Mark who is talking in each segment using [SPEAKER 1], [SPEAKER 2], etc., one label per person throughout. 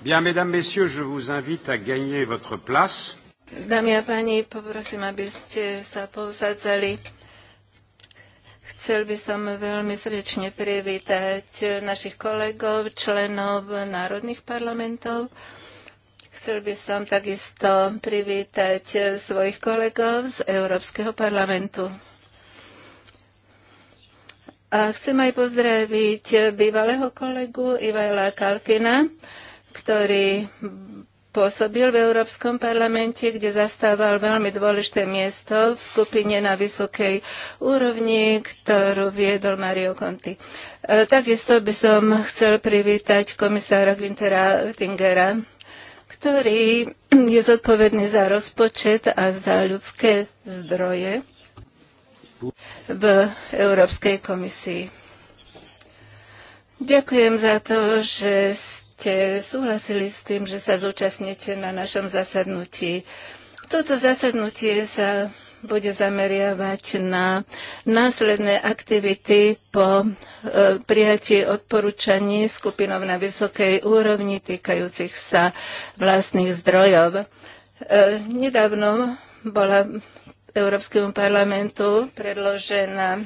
[SPEAKER 1] Bien, mesdames, messieurs, je vous invite à gagner votre place.
[SPEAKER 2] Dámy a páni, poprosím, aby ste sa pousadzali. Chcel by som veľmi srdečne privítať našich kolegov, členov národných parlamentov. Chcel by som takisto privítať svojich kolegov z Európskeho parlamentu. A chcem aj pozdraviť bývalého kolegu Ivajla Kalkina, ktorý pôsobil v Európskom parlamente, kde zastával veľmi dôležité miesto v skupine na vysokej úrovni, ktorú viedol Mario Conti. E, takisto by som chcel privítať komisára Quintera Tingera, ktorý je zodpovedný za rozpočet a za ľudské zdroje v Európskej komisii. Ďakujem za to, že ste ste súhlasili s tým, že sa zúčastnite na našom zasadnutí. Toto zasadnutie sa bude zameriavať na následné aktivity po e, prijatí odporúčaní skupinov na vysokej úrovni týkajúcich sa vlastných zdrojov. E, nedávno bola Európskemu parlamentu predložená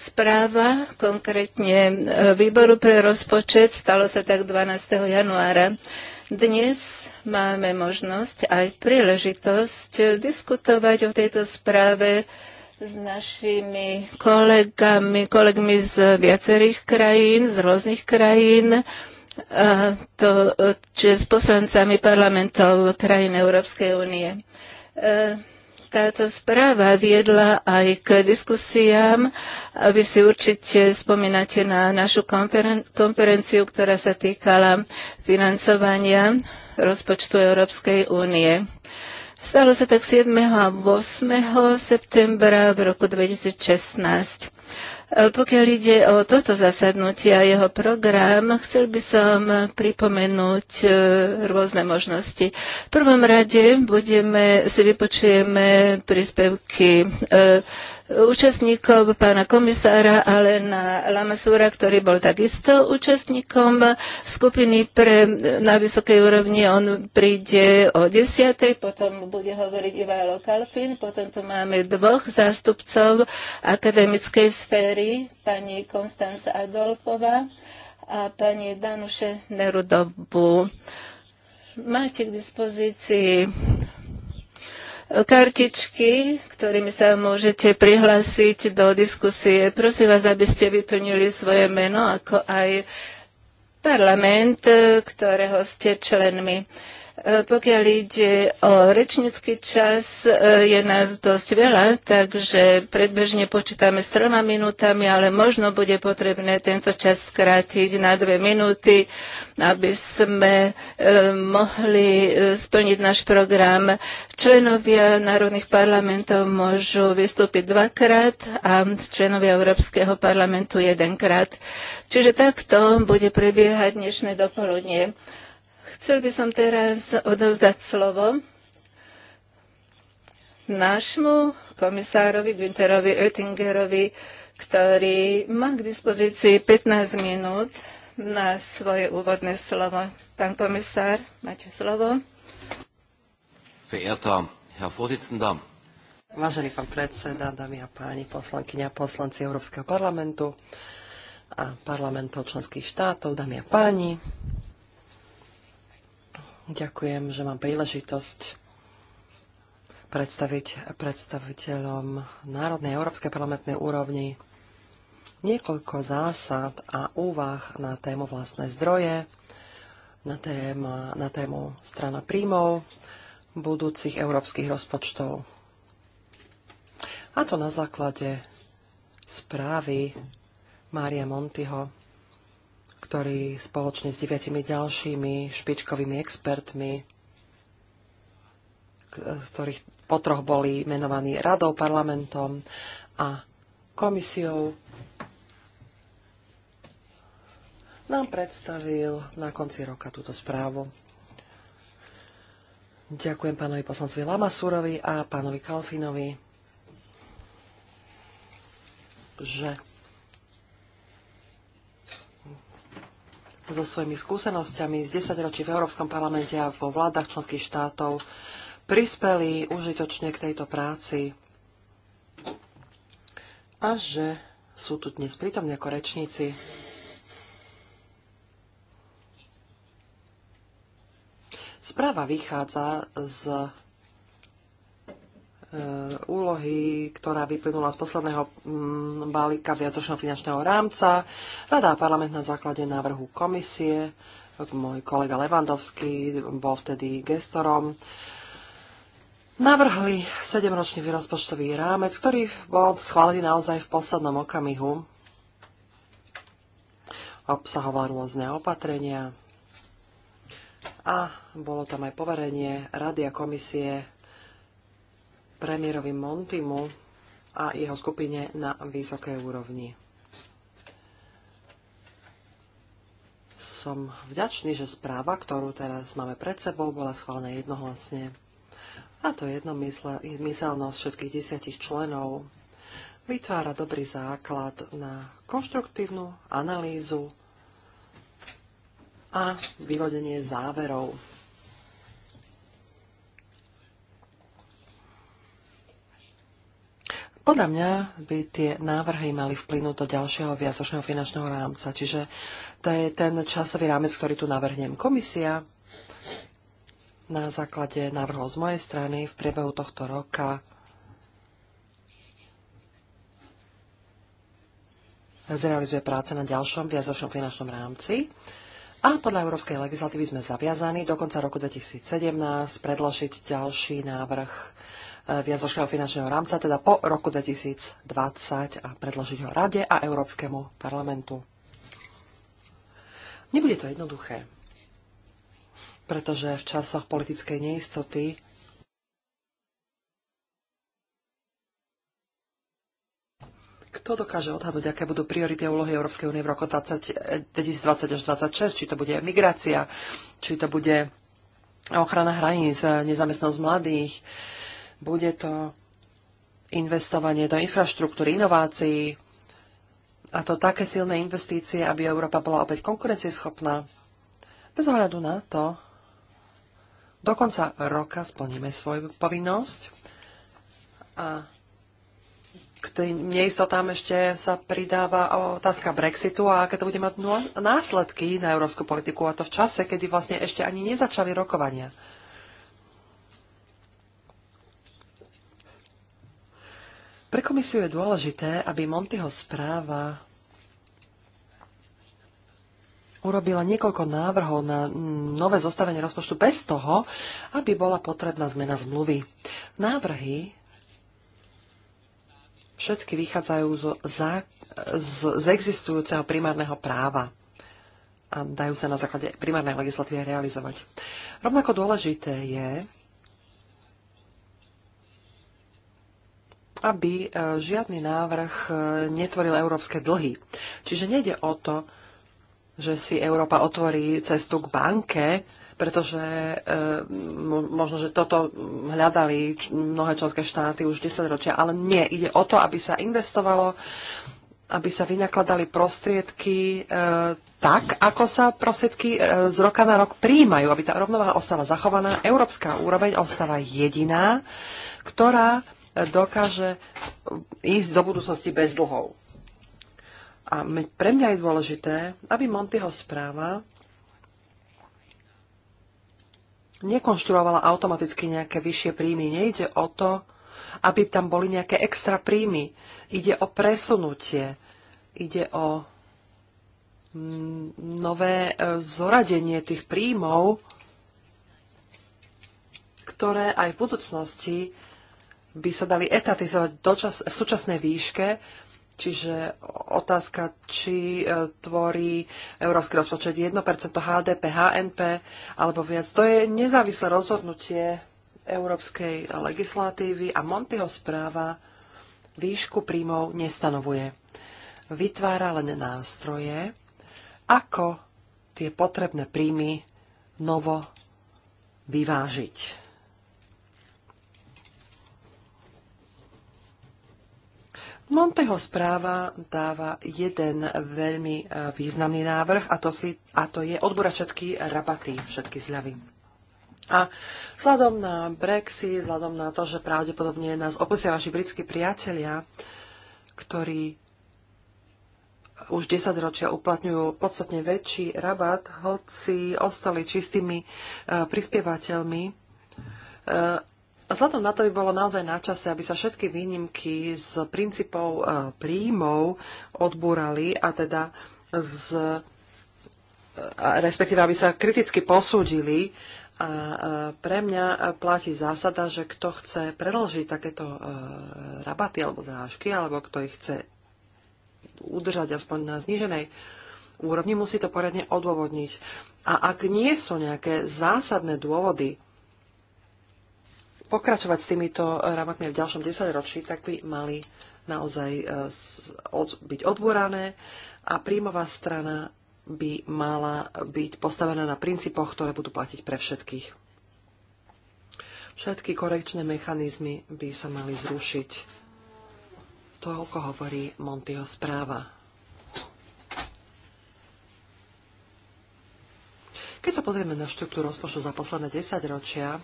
[SPEAKER 2] správa, konkrétne e, výboru pre rozpočet, stalo sa tak 12. januára. Dnes máme možnosť aj príležitosť diskutovať o tejto správe s našimi kolegami, kolegmi z viacerých krajín, z rôznych krajín, a to, e, či s poslancami parlamentov krajín Európskej únie. E, táto správa viedla aj k diskusiám. Vy si určite spomínate na našu konferen- konferenciu, ktorá sa týkala financovania rozpočtu Európskej únie. Stalo sa tak 7. a 8. septembra v roku 2016. E, pokiaľ ide o toto zasadnutie a jeho program, chcel by som pripomenúť e, rôzne možnosti. V prvom rade budeme, si vypočujeme príspevky e, účastníkov pána komisára Alena Lamasúra, ktorý bol takisto účastníkom skupiny pre, na vysokej úrovni. On príde o 10. potom bude hovoriť Ivalo Kalfin, potom tu máme dvoch zástupcov akademickej sféry, pani Konstanca Adolfová a pani Danuše Nerudovu. Máte k dispozícii kartičky, ktorými sa môžete prihlásiť do diskusie. Prosím vás, aby ste vyplnili svoje meno, ako aj parlament, eh, ktorého ste členmi. E, pokiaľ ide o rečnícky čas, e, je nás dosť veľa, takže predbežne počítame s troma minútami, ale možno bude potrebné tento čas skrátiť na dve minúty, aby sme e, mohli splniť náš program. Členovia národných parlamentov môžu vystúpiť dvakrát a členovia Európskeho parlamentu jedenkrát. Čiže takto bude prebiehať dnešné dopoludnie. Chcel by som teraz odovzdať slovo nášmu komisárovi Günterovi Oettingerovi, ktorý má k dispozícii 15 minút na svoje úvodné slovo. Pán komisár, máte slovo.
[SPEAKER 3] Verehrter Herr Vorsitzender, Vážený pán predseda, dámy a páni, poslankyňa a poslanci Európskeho parlamentu a parlamentov členských štátov, dámy a páni, Ďakujem, že mám príležitosť predstaviť predstaviteľom národnej európskej parlamentnej úrovni niekoľko zásad a úvah na tému vlastné zdroje, na, téma, na tému strana príjmov budúcich európskych rozpočtov. A to na základe správy Mária Montyho ktorý spoločne s deviatimi ďalšími špičkovými expertmi, z ktorých po troch boli menovaní radou, parlamentom a komisiou, nám predstavil na konci roka túto správu. Ďakujem pánovi poslancovi Lamasúrovi a pánovi Kalfinovi, že so svojimi skúsenosťami z 10 ročí v Európskom parlamente a vo vládach členských štátov prispeli užitočne k tejto práci a že sú tu dnes prítomní ako rečníci. Správa vychádza z E, úlohy, ktorá vyplynula z posledného mm, balíka viacročného finančného rámca. Rada a parlament na základe návrhu komisie, môj kolega Levandovský bol vtedy gestorom, navrhli 7-ročný rozpočtový rámec, ktorý bol schválený naozaj v poslednom okamihu. Obsahoval rôzne opatrenia a bolo tam aj poverenie Rady a komisie premiérovi Montimu a jeho skupine na vysokej úrovni. Som vďačný, že správa, ktorú teraz máme pred sebou, bola schválená jednohlasne. A to jednomyselnosť všetkých desiatich členov vytvára dobrý základ na konštruktívnu analýzu a vyvodenie záverov Podľa mňa by tie návrhy mali vplynúť do ďalšieho viacočného finančného rámca, čiže to je ten časový rámec, ktorý tu navrhnem. Komisia na základe návrhov z mojej strany v priebehu tohto roka zrealizuje práce na ďalšom viacročnom finančnom rámci. A podľa európskej legislatívy sme zaviazaní do konca roku 2017 predložiť ďalší návrh Eh, viacročného finančného rámca, teda po roku 2020 a predložiť ho Rade a Európskemu parlamentu. Nebude to jednoduché, pretože v časoch politickej neistoty Kto dokáže odhadnúť, aké budú priority a úlohy Európskej únie v roku 2020 eh, až 2026? Či to bude migrácia, či to bude ochrana hraníc, eh, nezamestnosť mladých, uh, bude to investovanie do infraštruktúry, inovácií a to také silné investície, aby Európa bola opäť konkurencieschopná. Bez ohľadu na to, do konca roka splníme svoju povinnosť a k tým neistotám ešte sa pridáva otázka Brexitu a aké to bude mať následky na európsku politiku a to v čase, kedy vlastne ešte ani nezačali rokovania. Pre komisiu je dôležité, aby Montyho správa urobila niekoľko návrhov na nové zostavenie rozpočtu bez toho, aby bola potrebná zmena zmluvy. Návrhy všetky vychádzajú z, za, z, z existujúceho primárneho práva a dajú sa na základe primárnej legislatívy realizovať. Rovnako dôležité je, aby e, žiadny návrh e, netvoril európske dlhy. Čiže nejde o to, že si Európa otvorí cestu k banke, pretože e, možno, že toto hľadali mnohé členské štáty už 10 ročia, ale nie. Ide o to, aby sa investovalo, aby sa vynakladali prostriedky tak, ako sa prostriedky z roka na rok príjmajú, aby tá rovnováha ostala zachovaná. Európska úroveň ostáva jediná, ktorá dokáže ísť do budúcnosti bez dlhov. A pre mňa je dôležité, aby Montyho správa nekonštruovala automaticky nejaké vyššie príjmy. Nejde o to, aby tam boli nejaké extra príjmy. Ide o presunutie. Ide o nové e, zoradenie tých príjmov, ktoré aj v budúcnosti by sa dali etatizovať dočas, v súčasnej výške, čiže otázka, či e, tvorí európsky rozpočet 1% HDP, HNP alebo viac. To je nezávislé rozhodnutie európskej legislatívy a Montyho správa výšku príjmov nestanovuje. Vytvára len nástroje, ako tie potrebné príjmy novo vyvážiť. Monteho správa dáva jeden veľmi e, významný návrh a to, si, a to je odbúrať všetky rabaty, všetky zľavy. A vzhľadom na Brexit, vzhľadom na to, že pravdepodobne nás opustia vaši britskí priatelia, ktorí už 10 ročia uplatňujú podstatne väčší rabat, hoci ostali čistými e, prispievateľmi, e, Vzhľadom na to by bolo naozaj na čase, aby sa všetky výnimky z princípov e, príjmov odbúrali a teda z, e, respektíve aby sa kriticky posúdili. A e, pre mňa platí zásada, že kto chce predlžiť takéto rabaty alebo zrážky, alebo kto ich chce udržať aspoň na zniženej úrovni, musí to poriadne odôvodniť. A ak nie sú nejaké zásadné dôvody, pokračovať s týmito e, ramatmi v ďalšom desaťročí, tak by mali naozaj e, byť odborané a príjmová strana by mala byť postavená na princípoch, ktoré budú platiť pre všetkých. Všetky korekčné mechanizmy by sa mali zrušiť. Toľko hovorí Montyho správa. Keď sa pozrieme na štruktúru rozpočtu za posledné 10 ročia,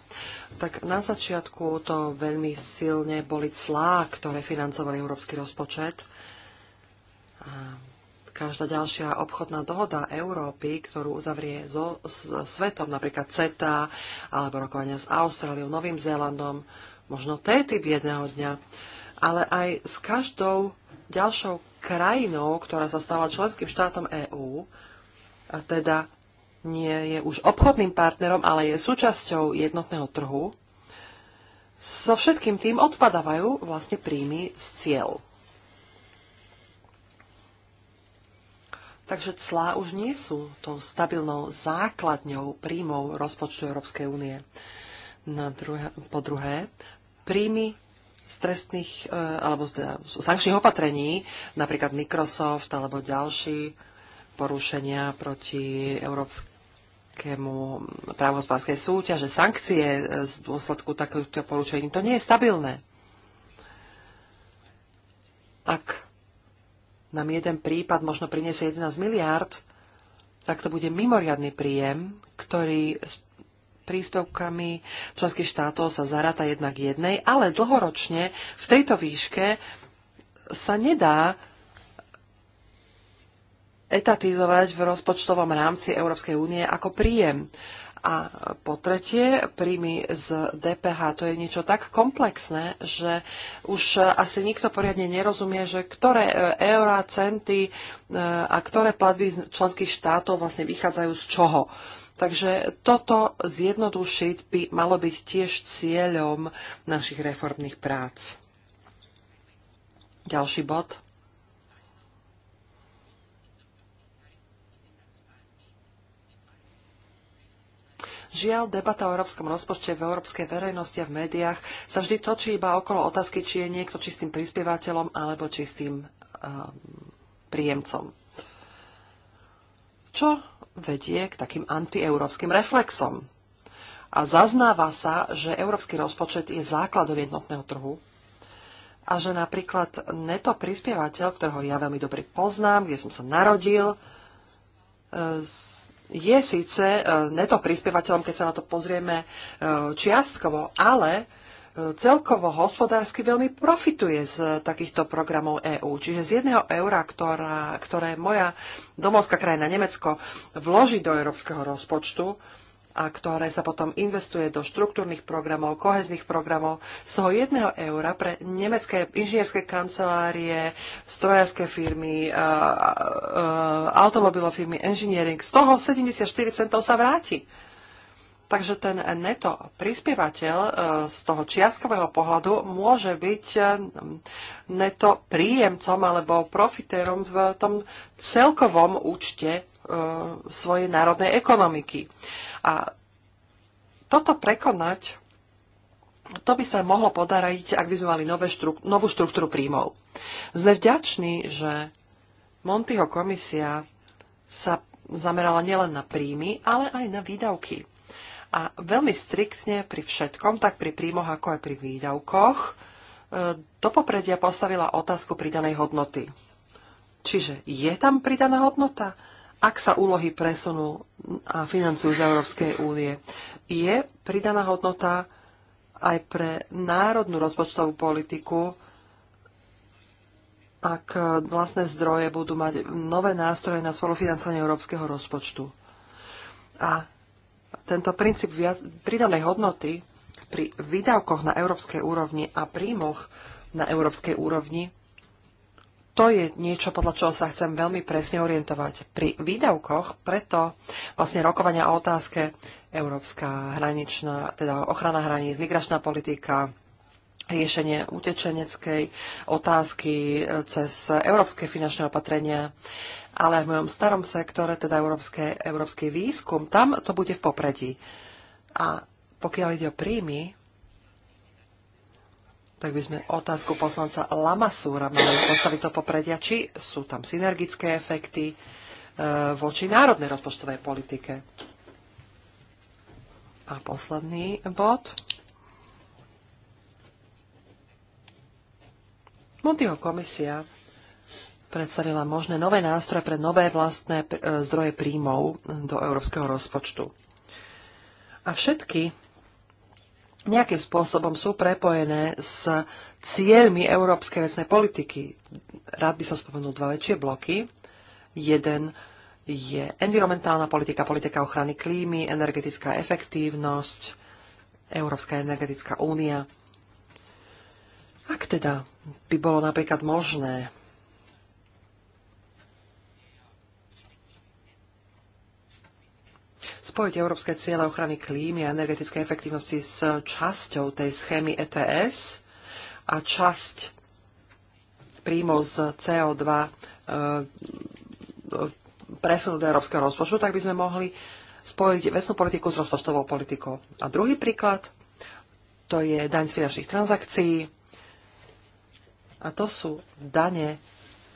[SPEAKER 3] tak na začiatku to veľmi silne boli clá, ktoré financovali európsky rozpočet. A každá ďalšia obchodná dohoda Európy, ktorú uzavrie so, s, svetom, napríklad CETA, alebo rokovania s Austráliou, Novým Zélandom, možno TTIP jedného dňa, ale aj s každou ďalšou krajinou, ktorá sa stala členským štátom EÚ, a teda nie je už obchodným partnerom, ale je súčasťou jednotného trhu, so všetkým tým odpadávajú vlastne príjmy z cieľ. Takže clá už nie sú tou stabilnou základňou príjmov rozpočtu Európskej únie. Na druhé, po druhé, príjmy trestných e, alebo teda z sankčných opatrení, napríklad Microsoft alebo ďalší porušenia proti európskym nejakému právospánskej súťaže, sankcie e, z dôsledku takýchto poručení. To nie je stabilné. Ak nám jeden prípad možno priniesie 11 miliárd, tak to bude mimoriadný príjem, ktorý s príspevkami členských štátov sa zaráta jednak jednej, ale dlhoročne v tejto výške sa nedá etatizovať v rozpočtovom rámci Európskej únie ako príjem. A po tretie, príjmy z DPH. To je niečo tak komplexné, že už asi nikto poriadne nerozumie, že ktoré e, eurá, centy e, a ktoré platby z členských štátov vlastne vychádzajú z čoho. Takže toto zjednodušiť by malo byť tiež cieľom našich reformných prác. Ďalší bod Žiaľ, debata o európskom rozpočte v európskej verejnosti a v médiách sa vždy točí iba okolo otázky, či je niekto čistým prispievateľom alebo čistým uh, príjemcom. Čo vedie k takým antieurópskym reflexom. A zaznáva sa, že európsky rozpočet je základom jednotného trhu, a že napríklad neto prispievateľ, ktorého ja veľmi dobre poznám, kde som sa narodil, ehm, je síce e, neto prispievateľom, keď sa na to pozrieme e, čiastkovo, ale e, celkovo hospodársky veľmi profituje z takýchto programov EÚ. Čiže z jedného eura, ktorá, ktoré moja domovská krajina Nemecko vloží do európskeho rozpočtu, a ktoré sa potom investuje do štruktúrnych programov, kohezných programov. Z toho jedného eura pre nemecké inžinierské kancelárie, strojárske firmy, firmy engineering, z toho 74 centov sa vráti. Takže ten neto prispievateľ e, z toho čiastkového pohľadu môže byť e, neto príjemcom alebo profitérom v tom celkovom účte E, svojej národnej ekonomiky. A toto prekonať, to by sa mohlo podariť, ak by sme mali nové štru, novú štruktúru príjmov. Sme vďační, že Montyho komisia sa zamerala nielen na príjmy, ale aj na výdavky. A veľmi striktne pri všetkom, tak pri príjmoch, ako aj pri výdavkoch, e, do popredia postavila otázku pridanej hodnoty. Čiže je tam pridaná hodnota? ak sa úlohy presunú a financujú z Európskej únie. Je pridaná hodnota aj pre národnú rozpočtovú politiku, ak vlastné zdroje budú mať nové nástroje na spolufinancovanie európskeho rozpočtu. A tento princíp viac, pridanej hodnoty pri výdavkoch na európskej úrovni a príjmoch na európskej úrovni to je niečo, podľa čoho sa chcem veľmi presne orientovať. Pri výdavkoch preto vlastne rokovania o otázke európska hraničná, teda ochrana hraníc, migračná politika, riešenie utečeneckej otázky e, cez európske finančné opatrenia, ale v mojom starom sektore, teda európske, európsky výskum, tam to bude v popredí. A pokiaľ ide o príjmy, tak by sme otázku poslanca Lamasúra mali postaviť to popredia, či sú tam synergické efekty e, voči národnej rozpočtovej politike. A posledný bod. Montiho komisia predstavila možné nové nástroje pre nové vlastné e, zdroje príjmov do európskeho rozpočtu. A všetky nejakým spôsobom sú prepojené s cieľmi európskej vecnej politiky. Rád by som spomenul dva väčšie bloky. Jeden je environmentálna politika, politika ochrany klímy, energetická efektívnosť, Európska energetická únia. Ak teda by bolo napríklad možné spojiť európske ciele ochrany klímy a energetickej efektivnosti s časťou tej schémy ETS a časť príjmov z CO2 e, presunúť do európskeho rozpočtu, tak by sme mohli spojiť vesnú politiku s rozpočtovou politikou. A druhý príklad, to je daň z finančných transakcií. A to sú dane,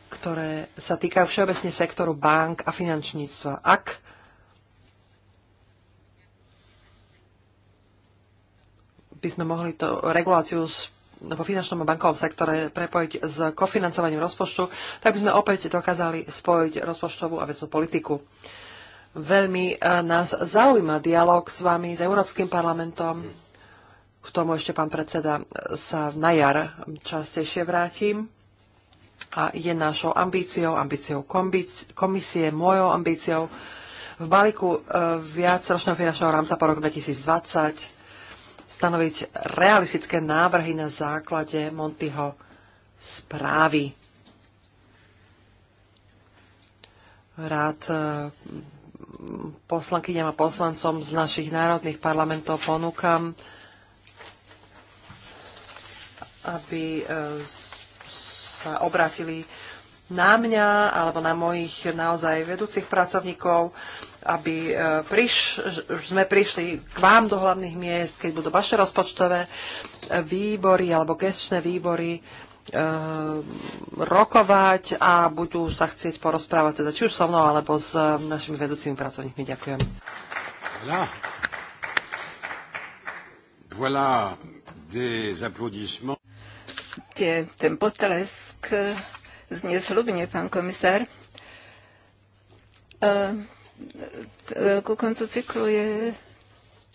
[SPEAKER 3] ktoré sa týkajú všeobecne sektoru bank a finančníctva. Ak by sme mohli to reguláciu vo finančnom a bankovom sektore prepojiť s kofinancovaním rozpočtu, tak by sme opäť dokázali spojiť rozpočtovú a vecnú politiku. Veľmi e, nás zaujíma dialog s vami, s Európskym parlamentom. K tomu ešte pán predseda e, sa na jar častejšie vrátim. A je našou ambíciou, ambíciou komisie, mojou ambíciou v balíku e, viacročného finančného rámca po roku 2020 stanoviť realistické návrhy na základe Montyho správy. Rád e, poslankyňam a poslancom z našich národných parlamentov ponúkam, aby e, sa obratili na mňa alebo na mojich naozaj vedúcich pracovníkov, aby e, priš, sme prišli k vám do hlavných miest, keď budú vaše rozpočtové e, výbory alebo gestčné výbory e, rokovať a budú sa chcieť porozprávať teda či už so mnou alebo s e, našimi vedúcimi pracovníkmi. Ďakujem.
[SPEAKER 1] Voilà. Voilà des applaudissements.
[SPEAKER 2] Tie, ten potlesk znie slubne, pán komisár. Uh, ku koncu cyklu je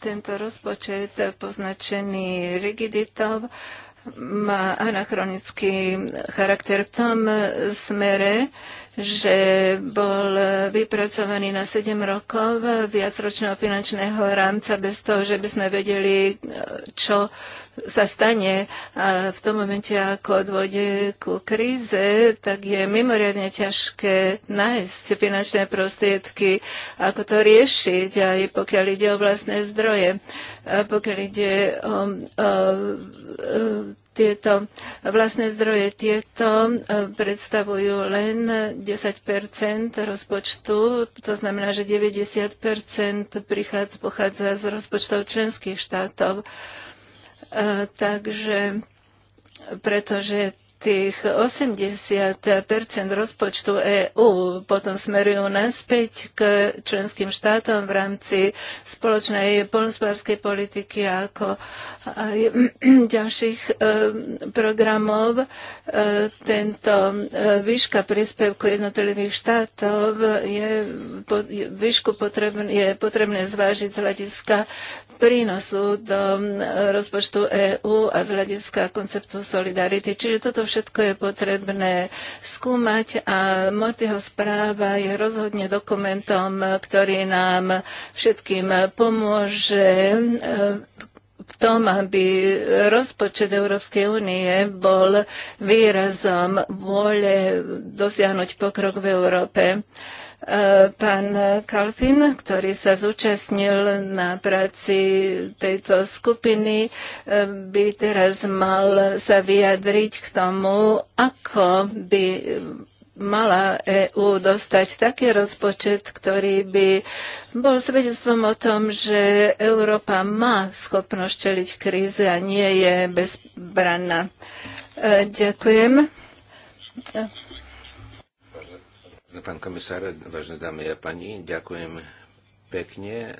[SPEAKER 2] tento rozpočet poznačený rigiditou, má anachronický charakter v tom smere, že bol vypracovaný na 7 rokov viacročného finančného rámca bez toho, že by sme vedeli, čo sa stane a v tom momente, ako dôjde ku kríze, tak je mimoriadne ťažké nájsť finančné prostriedky, ako to riešiť, aj pokiaľ ide o vlastné zdroje, pokiaľ ide o, o, o tieto vlastné zdroje. Tieto e, predstavujú len 10 rozpočtu, to znamená, že 90 prichádz, pochádza z rozpočtov členských štátov. E, takže pretože tých 80 rozpočtu EÚ potom smerujú naspäť k členským štátom v rámci spoločnej polnospodárskej politiky ako aj ďalších e, programov. E, tento e, výška príspevku jednotlivých štátov je, výšku je potrebné zvážiť z hľadiska prínosu do um, rozpočtu EÚ a z hľadiska konceptu solidarity. Čiže toto všetko je potrebné skúmať a Mortyho správa je rozhodne dokumentom, ktorý nám všetkým pomôže um, v tom, aby rozpočet Európskej únie bol výrazom vôle dosiahnuť pokrok v Európe. Eh, pán Kalfin, ktorý sa zúčastnil na práci tejto skupiny, eh, by teraz mal sa vyjadriť k tomu, ako by mala EÚ dostať taký rozpočet, ktorý by bol svedectvom o tom, že Európa má schopnosť čeliť kríze a nie je bezbranná. Eh, ďakujem.
[SPEAKER 1] Pán komisár, vážne dámy a pani, ďakujem pekne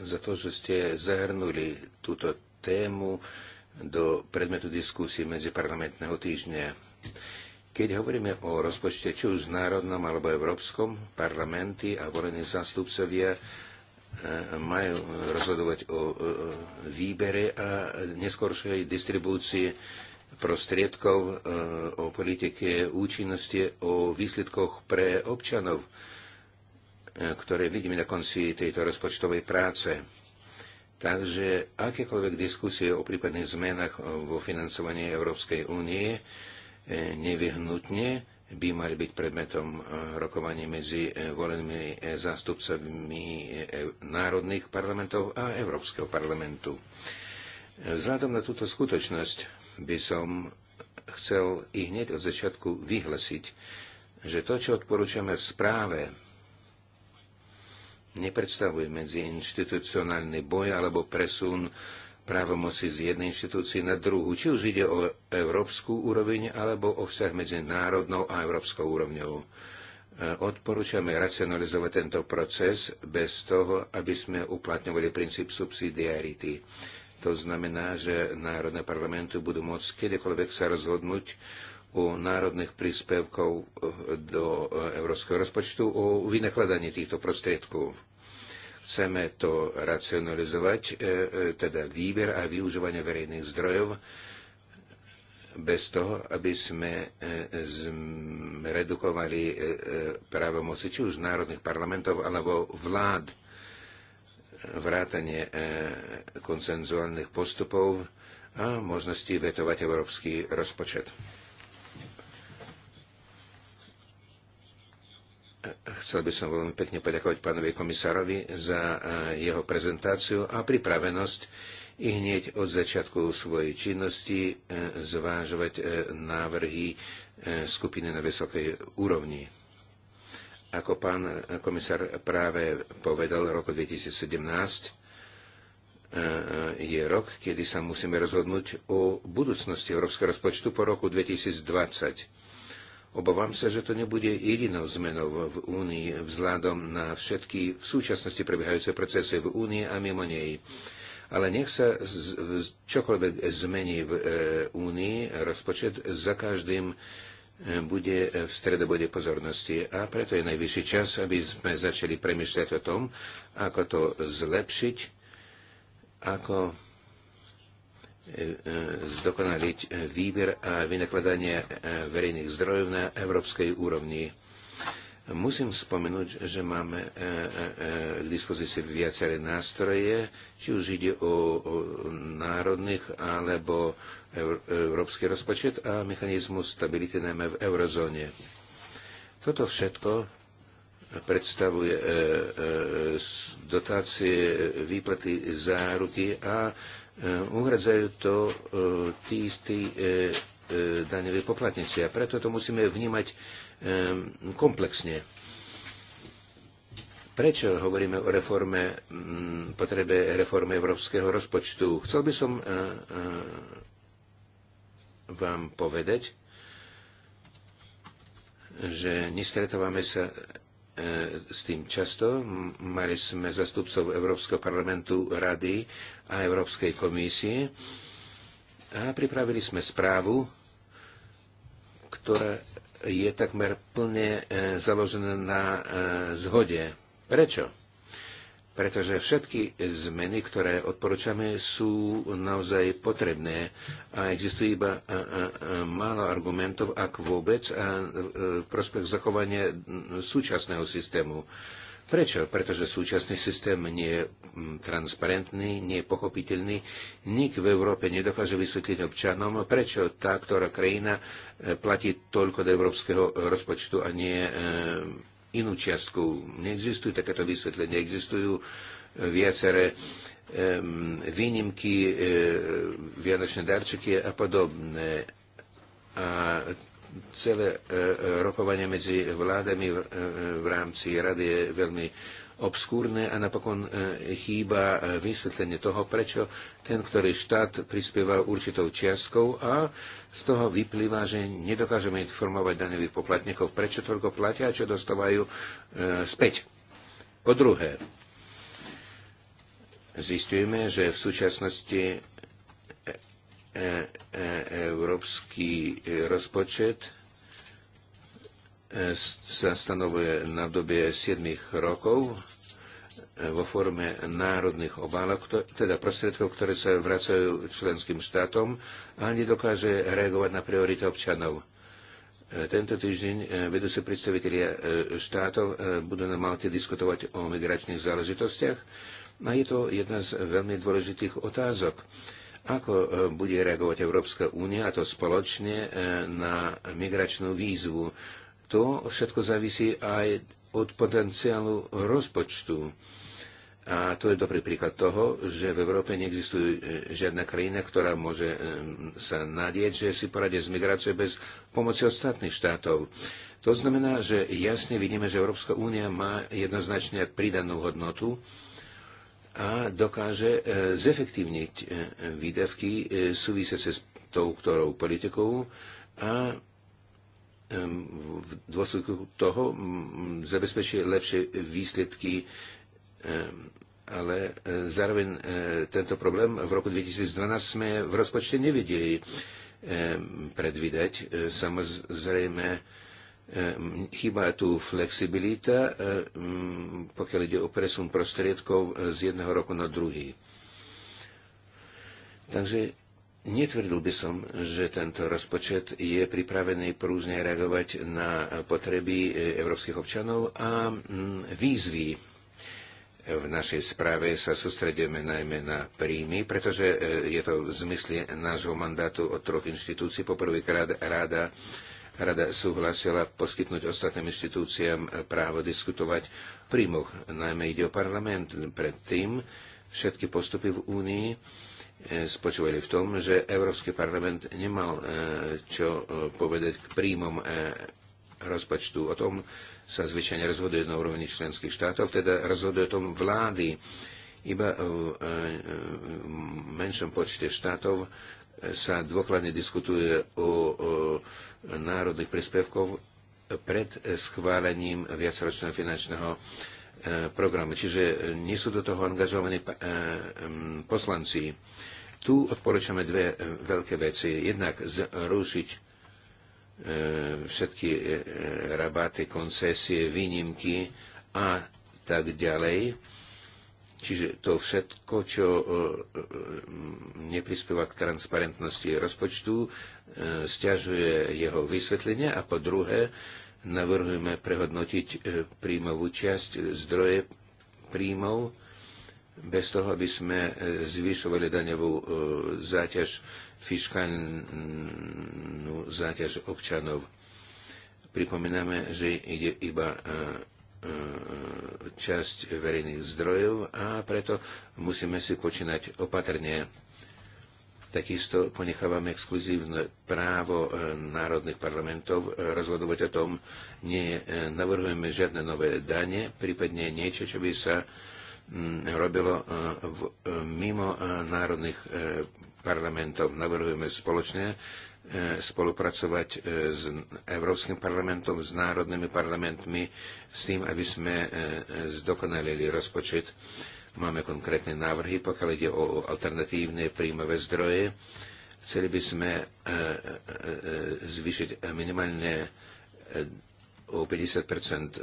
[SPEAKER 1] za to, že ste zahrnuli túto tému do predmetu diskusie medziparlamentného týždňa. Keď hovoríme o rozpočte či už národnom alebo európskom, parlamenty a volení zástupcovia e, majú rozhodovať o e, e, výbere a neskôršej distribúcii prostriedkov, eh, o politike účinnosti, o výsledkoch pre občanov, eh, ktoré vidíme na konci tejto rozpočtovej práce. Takže akékoľvek diskusie o prípadných zmenách eh, vo financovaní Európskej únie nevyhnutne by mali byť predmetom rokovania medzi volenými zástupcami národných parlamentov a Európskeho parlamentu. Vzhľadom na túto skutočnosť by som chcel i hneď od začiatku vyhlasiť, že to, čo odporúčame v správe, nepredstavuje medzi institucionálny boj alebo presun právomoci z jednej inštitúcii na druhú, či už ide o európsku úroveň alebo o vzťah medzi národnou a európskou úrovňou. E, odporúčame racionalizovať tento proces bez toho, aby sme uplatňovali princíp subsidiarity to znamená, že národné parlamenty budú môcť kedykoľvek sa rozhodnúť o národných príspevkov eh, do eh, európskeho rozpočtu o vynakladaní týchto prostriedkov. Chceme to racionalizovať, eh, teda výber a využívanie verejných zdrojov, bez toho, aby sme redukovali právomoci či už národných parlamentov alebo vlád vrátanie e, koncenzuálnych postupov a možnosti vetovať európsky rozpočet. Chcel by som veľmi pekne poďakovať pánovi komisárovi za e, jeho prezentáciu a pripravenosť i hneď od začiatku svojej činnosti e, zvážovať návrhy skupiny na vysokej úrovni. Ako pán komisár práve povedal, roku 2017 e, e, je rok, kedy sa musíme rozhodnúť o budúcnosti európskeho rozpočtu po roku 2020. Obávam sa, že to nebude jedinou zmenou v Únii vzhľadom na všetky v súčasnosti prebiehajúce procesy v Únii a mimo nej. Ale nech sa čokoľvek zmení v e, Únii, rozpočet za každým bude e, v stredobode pozornosti a preto je najvyšší čas, aby sme začali premyšľať o tom, ako to zlepšiť, ako e, e, zdokonaliť výber a vynakladanie verejných zdrojov na európskej úrovni. Musím spomenúť, že máme k dispozícii viaceré nástroje, či už ide o, národných alebo európsky rozpočet a mechanizmus stability najmä v eurozóne. Toto všetko predstavuje e, e, dotácie, výplaty, záruky a e, uhradzajú to tí istí daňoví poplatníci. A preto to musíme vnímať komplexne. Prečo hovoríme o reforme, potrebe reforme európskeho rozpočtu? Chcel by som vám povedať, že nestretávame sa e, s tým často. Mali sme zastupcov Európskeho parlamentu, Rady a Európskej komisie a pripravili sme správu, ktorá je takmer plne e, založená na e, zhode. Prečo? pretože všetky zmeny, ktoré odporúčame, sú naozaj potrebné a existuje iba málo argumentov, ak vôbec, a v e, prospech zachovania súčasného systému. Prečo? Pretože súčasný systém nie je transparentný, nie je pochopiteľný. Nik v Európe nedokáže vysvetliť občanom, prečo tá, ktorá krajina e, platí toľko do európskeho rozpočtu a nie e, inú čiastku. Neexistujú takéto vysvetlenie, existujú e, viaceré výnimky, e, vianočné darčeky a podobné. A celé e, rokovanie medzi vládami v rámci rady je veľmi obskúrne a napokon e, chýba e, vysvetlenie toho, prečo ten, ktorý štát prispieva určitou čiastkou a z toho vyplýva, že nedokážeme informovať daňových poplatníkov, prečo toľko platia a čo dostávajú e, späť. Po druhé, zistujeme, že v súčasnosti európsky rozpočet sa stanovuje na dobie 7 rokov e, vo forme národných obálok, teda prostriedkov, ktoré sa vracajú členským štátom a nedokáže reagovať na priority občanov. E, tento týždeň e, vedúci predstavitelia štátov budú na Malte diskutovať o migračných záležitostiach a je to jedna z veľmi dôležitých otázok. Ako bude reagovať Európska únia, a to spoločne, na migračnú výzvu? To všetko závisí aj od potenciálu rozpočtu. A to je dobrý príklad toho, že v Európe neexistuje žiadna krajina, ktorá môže e, sa nadieť, že si poradie s migráciou bez pomoci ostatných štátov. To znamená, že jasne vidíme, že Európska únia má jednoznačne pridanú hodnotu a dokáže e, zefektívniť e, výdavky súvisiace s tou ktorou politikou a Ehm, v dôsledku toho zabezpečí lepšie výsledky, ehm, ale e, zároveň e, tento problém v roku 2012 sme v rozpočte nevideli ehm, predvídať. E, samozrejme, chýba tu flexibilita, pokiaľ ide o presun prostriedkov z jedného roku na druhý. Takže Netvrdil by som, že tento rozpočet je pripravený prúzne reagovať na potreby e, európskych občanov a mm, výzvy. V našej správe sa sústredujeme najmä na príjmy, pretože e, je to v zmysle nášho mandátu od troch inštitúcií. Poprvýkrát rada, rada súhlasila poskytnúť ostatným inštitúciám právo diskutovať príjmoch. Najmä ide o parlament. Predtým všetky postupy v Únii E, spočívali v tom, že Európsky parlament nemal e, čo e, povedať k príjmom rozpočtu. O tom sa zvyčajne rozhoduje na úrovni členských štátov, teda rozhoduje o tom vlády. Iba v menšom počte štátov sa dôkladne diskutuje o národných príspevkov pred schválením viacročného finančného E, programy, čiže e, nie sú do toho angažovaní e, poslanci. Tu odporúčame dve veľké veci. Jednak zrušiť všetky rabaty, koncesie, výnimky a tak ďalej. Čiže to všetko, čo neprispieva k transparentnosti rozpočtu, stiažuje jeho vysvetlenie a po druhé, Navrhujeme prehodnotiť e, príjmovú časť, zdroje príjmov, bez toho, aby sme e, zvyšovali daňovú e, záťaž, fiskálnu záťaž občanov. Pripomíname, že ide iba časť verejných zdrojov a preto musíme si počínať opatrne. Takisto ponechávame exkluzívne právo e, národných parlamentov e, rozhodovať o tom. Nie e, navrhujeme žiadne nové dane, prípadne niečo, čo by sa robilo mimo národných parlamentov. Navrhujeme spoločne spolupracovať s Európskym parlamentom, s národnými parlamentmi, s tým, aby sme zdokonalili rozpočet Máme konkrétne návrhy, pokiaľ ide o alternatívne príjmové zdroje. Chceli by sme e, e, e, zvýšiť minimálne o 50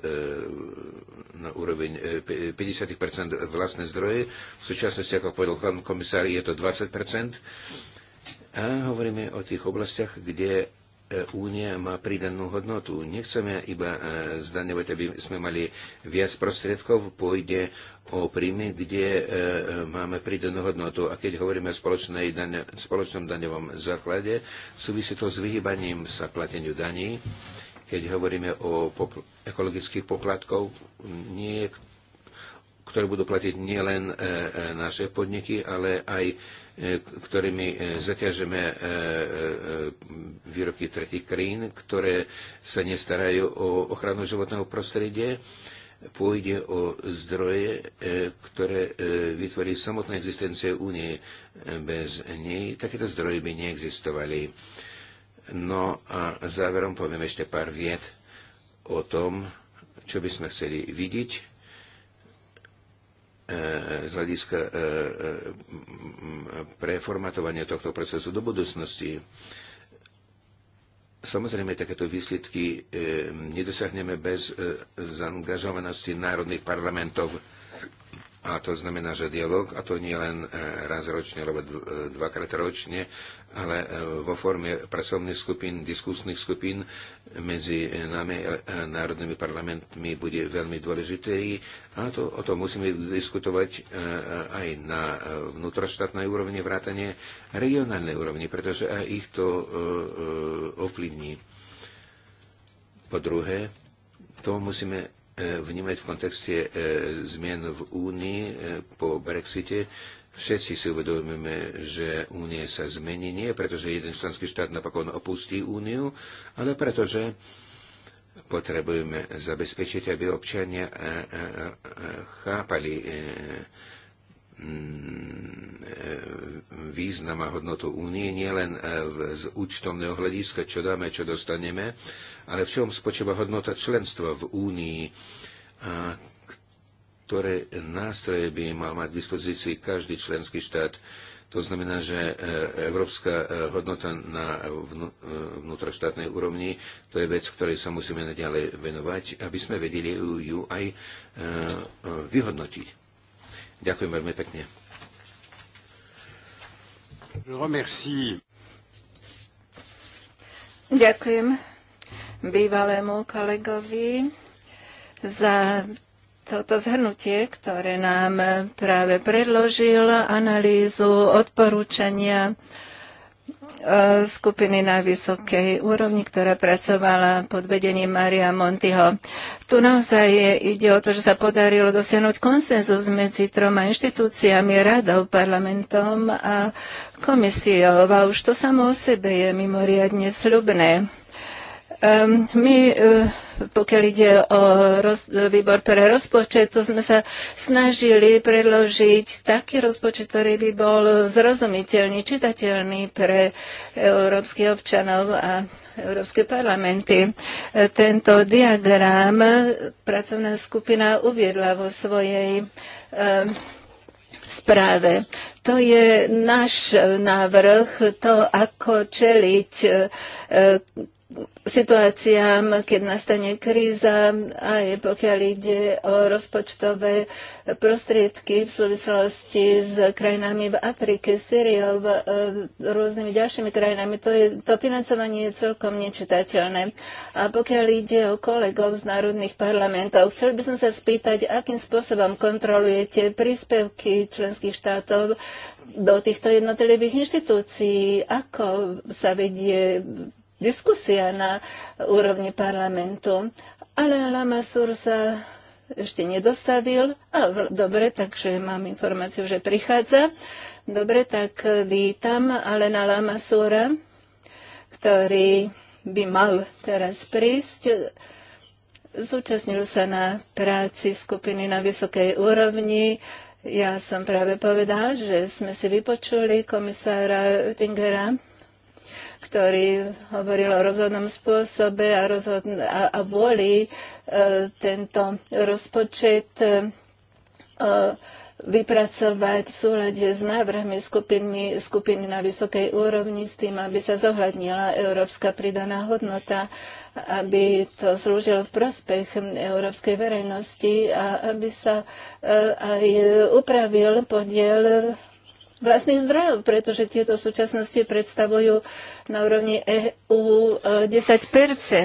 [SPEAKER 1] na úroveň 50 vlastné zdroje. V súčasnosti, ako povedal pán komisár, je to 20 A hovoríme o tých oblastiach, kde E, únia má pridanú hodnotu. Nechceme iba e, zdaňovať, aby sme mali viac prostriedkov, pôjde o príjmy, kde e, máme pridanú hodnotu. A keď hovoríme o spoločnej spoločnom daňovom základe, súvisí to s vyhýbaním sa plateniu daní. Keď hovoríme o popl- ekologických poplatkov, nie, ktoré budú platiť nielen naše podniky, ale aj E, ktorými e, zaťažeme e, výrobky tretich krajín, ktoré sa nestarajú o ochranu životného prostredia pôjde o zdroje, ktoré vytvorí samotná existencia únie. Bez nej takéto zdroje by neexistovali. No a záverom poviem ešte pár viet o tom, čo by sme chceli vidieť Eh, z hľadiska eh, eh, preformatovania tohto procesu do budúcnosti. Samozrejme, takéto výsledky nedosiahneme bez zaangažovanosti národných parlamentov a to znamená, že dialog, a to nie len e, raz ročne, alebo e, dvakrát ročne, ale e, vo forme pracovných skupín, diskusných skupín medzi nami a národnými parlamentmi bude veľmi dôležité A to, o tom musíme diskutovať aj na vnútroštátnej úrovni, vrátane regionálnej úrovni, pretože aj ich to ovplyvní. Po druhé, to musíme E, vnímať v kontexte e, zmien v Únii e, po Brexite. Všetci si uvedomíme, že Únie sa zmení nie preto, že jeden členský štát napokon opustí Úniu, ale preto, že potrebujeme zabezpečiť, aby občania chápali Mm, e, význam a hodnotu únie nielen e, z účtovného hľadiska, čo dáme, čo dostaneme, ale v čom spočíva hodnota členstva v únii, a ktoré nástroje by mal mať k dispozícii každý členský štát. To znamená, že e, európska hodnota na vnútroštátnej úrovni to je vec, ktorej sa musíme naďalej venovať, aby sme vedeli ju aj vyhodnotiť. Ďakujem veľmi pekne.
[SPEAKER 2] Ďakujem bývalému kolegovi za toto zhrnutie, ktoré nám práve predložil, analýzu, odporúčania Eh, skupiny na vysokej úrovni, ktorá pracovala pod vedením Maria Montiho. Tu naozaj je, ide o to, že sa podarilo dosiahnuť konsenzus medzi troma inštitúciami, radou, parlamentom a komisiou. A už to samo o sebe je mimoriadne slubné. Ehm, my, eh, pokiaľ ide o roz, výbor pre rozpočet, to sme sa snažili predložiť taký rozpočet, ktorý by bol zrozumiteľný, čitateľný pre európskych občanov a Európske parlamenty. Eh, tento diagram pracovná skupina uviedla vo svojej ehm, správe. To je náš eh, návrh, to, ako čeliť situáciám, keď nastane kríza, aj pokiaľ ide o rozpočtové prostriedky v súvislosti s krajinami v Afrike, Syriou, e, rôznymi ďalšími krajinami. To, je, to financovanie je celkom nečitateľné. A pokiaľ ide o kolegov z národných parlamentov, chcel by som sa spýtať, akým spôsobom kontrolujete príspevky členských štátov do týchto jednotlivých inštitúcií, ako sa vedie diskusia na úrovni parlamentu. Ale Lamasur sa ešte nedostavil. A, dobre, takže mám informáciu, že prichádza. Dobre, tak vítam Alena Lamasura, ktorý by mal teraz prísť. Zúčastnil sa na práci skupiny na vysokej úrovni. Ja som práve povedal, že sme si vypočuli komisára Tingera ktorý hovoril o rozhodnom spôsobe a, rozhodn- a, a volí e, tento rozpočet e, e vypracovať v súhľade s návrhmi skupiny, skupiny na vysokej úrovni s tým, aby sa zohľadnila európska pridaná hodnota, aby to slúžilo v prospech európskej verejnosti a aby sa e, aj upravil podiel vlastných zdrojov, pretože tieto v súčasnosti predstavujú na úrovni EU 10 e,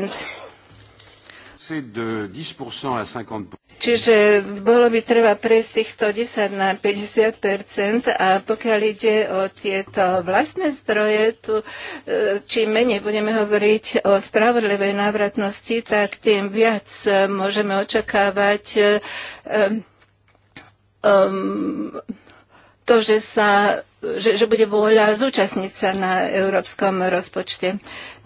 [SPEAKER 2] Čiže bolo by treba prejsť týchto 10 na 50 a pokiaľ ide o tieto vlastné zdroje, tu, e, čím menej budeme hovoriť o spravodlivej návratnosti, tak tým viac e, môžeme očakávať um, um, to, že, sa, že, že bude vôľa zúčastniť sa na európskom rozpočte.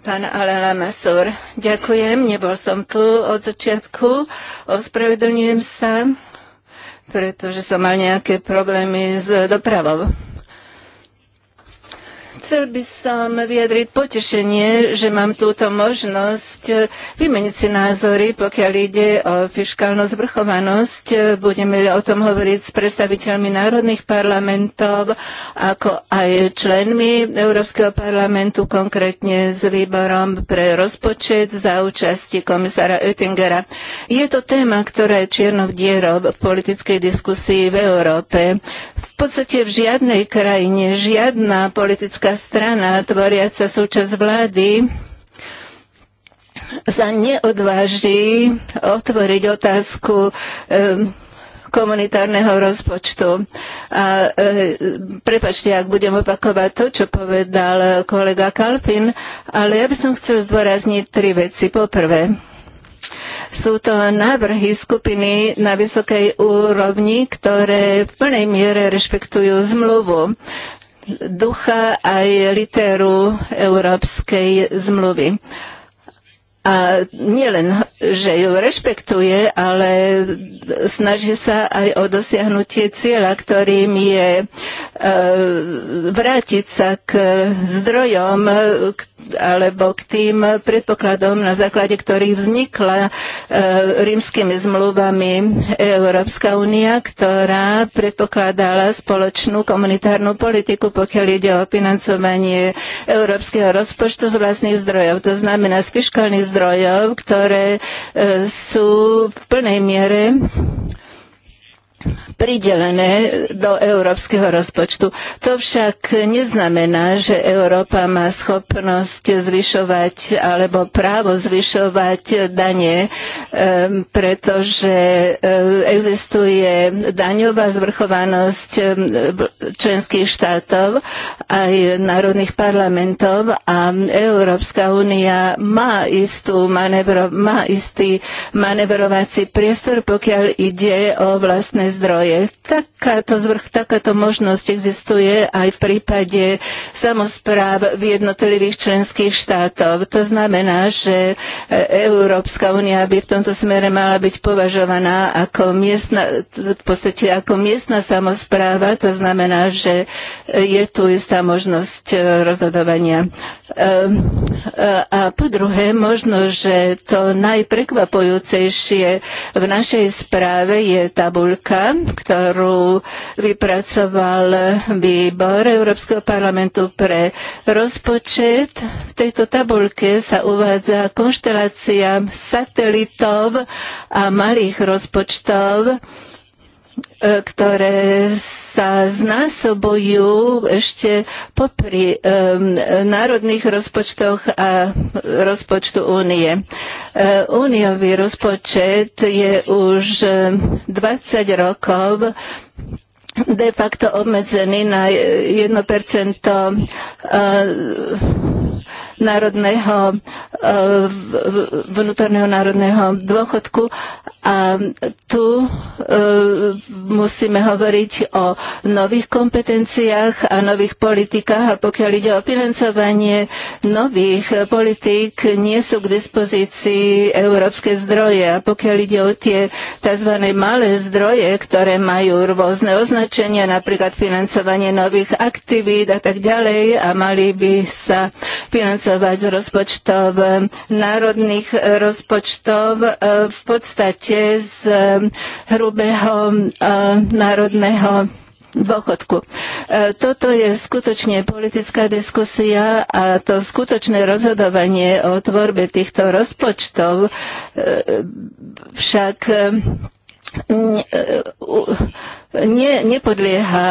[SPEAKER 2] Pán Alela Masur, ďakujem, nebol som tu od začiatku, ospravedlňujem sa, pretože som mal nejaké problémy s dopravou. Chcel by som vyjadriť potešenie, že mám túto možnosť eh, vymeniť si názory, pokiaľ ide o fiskálnu zvrchovanosť. Budeme o tom hovoriť s predstaviteľmi národných parlamentov, ako aj členmi Európskeho parlamentu, konkrétne s výborom pre rozpočet za účasti komisára Oettingera. Je to téma, ktorá je čiernou dierou v politickej diskusii v Európe. V podstate v žiadnej krajine žiadna politická strana, tvoriaca súčasť vlády, sa neodváži otvoriť otázku komunitárneho rozpočtu. A e, prepačte, ak budem opakovať to, čo povedal kolega Kalfin, ale ja by som chcel zdôrazniť tri veci. Poprvé, sú to návrhy skupiny na vysokej úrovni, ktoré v plnej miere rešpektujú zmluvu ducha aj literu Európskej zmluvy a nielen, že ju rešpektuje, ale snaží sa aj o dosiahnutie cieľa, ktorým je e, vrátiť sa k zdrojom alebo k tým predpokladom, na základe ktorých vznikla e, rímskymi zmluvami Európska únia, ktorá predpokladala spoločnú komunitárnu politiku, pokiaľ ide o financovanie európskeho rozpočtu z vlastných zdrojov, to znamená z fiskálnych zdrojov zdrojov, ktoré e, sú v plnej miere pridelené do európskeho rozpočtu. To však neznamená, že Európa má schopnosť zvyšovať alebo právo zvyšovať dane, pretože existuje daňová zvrchovanosť členských štátov aj národných parlamentov a Európska únia má, istú má istý manevrovací priestor, pokiaľ ide o vlastné zdroje. Takáto, zvrch, takáto možnosť existuje aj v prípade samozpráv v jednotlivých členských štátov. To znamená, že e, Európska únia by v tomto smere mala byť považovaná ako miestna, v podstate ako miestna samozpráva. To znamená, že je tu istá možnosť e, rozhodovania. E, a po druhé, možno, že to najprekvapujúcejšie v našej správe je tabulka, ktorú vypracoval výbor Európskeho parlamentu pre rozpočet. V tejto tabulke sa uvádza konštelácia satelitov a malých rozpočtov E, ktoré sa znásobujú ešte popri e, národných rozpočtoch a rozpočtu únie. E, Úniový rozpočet je už 20 rokov de facto obmedzený na 1% národného, e, vnútorného národného dôchodku. A tu e, musíme hovoriť o nových kompetenciách a nových politikách. A pokiaľ ide o financovanie nových politík, nie sú k dispozícii európske zdroje. A pokiaľ ide o tie tzv. malé zdroje, ktoré majú rôzne označenia, napríklad financovanie nových aktivít a tak ďalej, a mali by sa financovať financovať z rozpočtov eh, národných eh, rozpočtov eh, v podstate z hrubého národného dôchodku. Toto je skutočne politická diskusia a to skutočné rozhodovanie o tvorbe týchto rozpočtov však ne, nepodlieha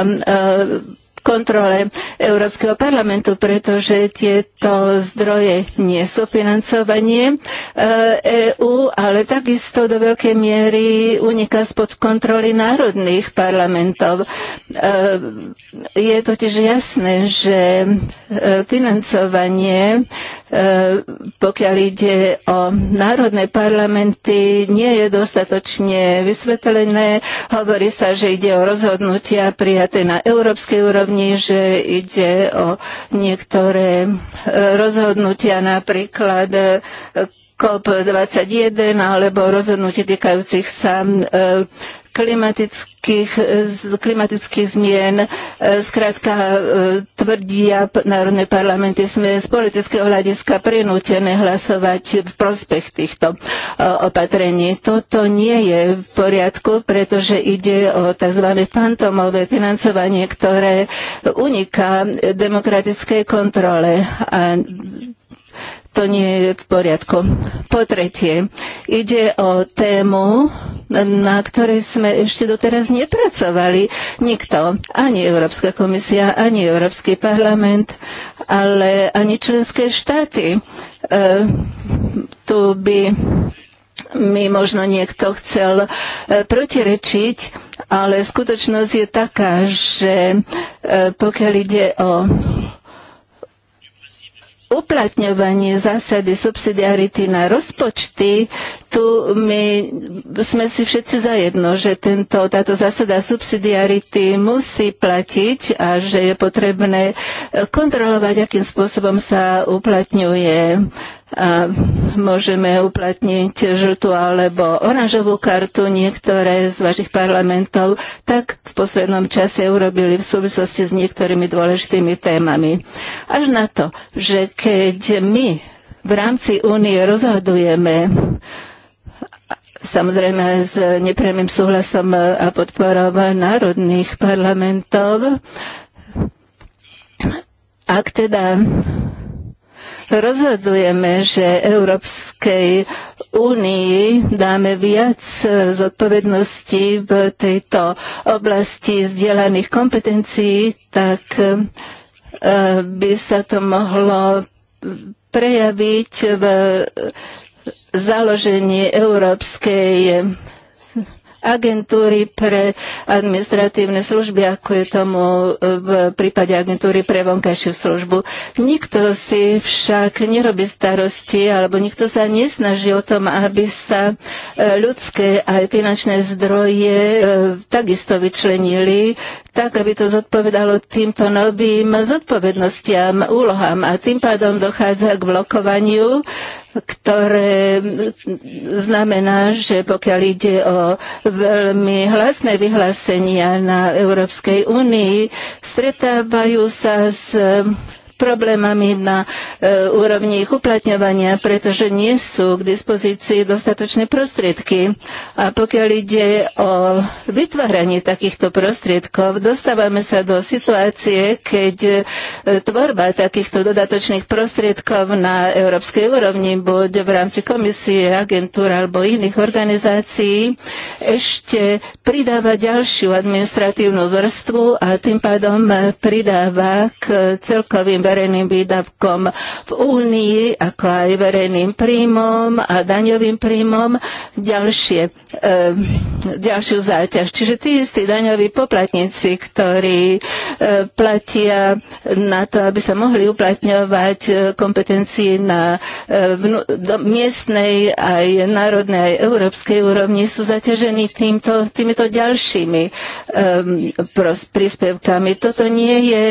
[SPEAKER 2] kontrole Európskeho parlamentu, pretože tieto zdroje nie sú financovanie EÚ, e ale takisto do veľkej miery uniká spod kontroly národných parlamentov. E, je totiž jasné, že financovanie, e, pokiaľ ide o národné parlamenty, nie je dostatočne vysvetlené. Hovorí sa, že ide o rozhodnutia prijaté na európskej úrovni, že ide o niektoré e, rozhodnutia napríklad COP21 e, alebo rozhodnutie týkajúcich sa e, klimatických, klimatických zmien. Zkrátka e, e, tvrdia národné parlamenty, sme z politického hľadiska prinútené hlasovať v prospech týchto e, opatrení. Toto nie je v poriadku, pretože ide o tzv. fantomové financovanie, ktoré uniká demokratickej kontrole. A to nie je v poriadku. Po tretie, ide o tému, na ktorej sme ešte doteraz nepracovali nikto, ani Európska komisia, ani Európsky parlament, ale ani členské štáty. E, tu by mi možno niekto chcel e, protirečiť, ale skutočnosť je taká, že e, pokiaľ ide o uplatňovanie zásady subsidiarity na rozpočty, tu my sme si všetci zajedno, že tento, táto zásada subsidiarity musí platiť a že je potrebné kontrolovať, akým spôsobom sa uplatňuje a môžeme uplatniť žltú alebo oranžovú kartu niektoré z vašich parlamentov, tak v poslednom čase urobili v súvislosti s niektorými dôležitými témami. Až na to, že keď my v rámci únie rozhodujeme samozrejme s nepremým súhlasom a podporou národných parlamentov. Ak teda rozhodujeme, že Európskej únii dáme viac zodpovednosti v tejto oblasti zdieľaných kompetencií, tak eh, by sa to mohlo prejaviť v založení Európskej agentúry pre administratívne služby, ako je tomu e, v prípade agentúry pre vonkajšiu službu. Nikto si však nerobí starosti, alebo nikto sa nesnaží o tom, aby sa e, ľudské aj finančné zdroje e, takisto vyčlenili, tak aby to zodpovedalo týmto novým zodpovednostiam, úlohám. A tým pádom dochádza k blokovaniu ktoré znamená, že pokiaľ ide o veľmi hlasné vyhlásenia na Európskej únii, stretávajú sa s problémami na e, úrovni ich uplatňovania, pretože nie sú k dispozícii dostatočné prostriedky. A pokiaľ ide o vytváranie takýchto prostriedkov, dostávame sa do situácie, keď e, tvorba takýchto dodatočných prostriedkov na európskej úrovni, buď v rámci komisie, agentúr alebo iných organizácií, ešte pridáva ďalšiu administratívnu vrstvu a tým pádom e, pridáva k celkovým verejným výdavkom v Únii, ako aj verejným príjmom a daňovým príjmom ďalšie, e, ďalšiu záťaž. Čiže tí istí daňoví poplatníci, ktorí e, platia na to, aby sa mohli uplatňovať eh, kompetencii na e, vnú, do, miestnej, aj národnej, aj európskej úrovni, sú zaťažení týmto, týmito ďalšími e, príspevkami. Toto nie je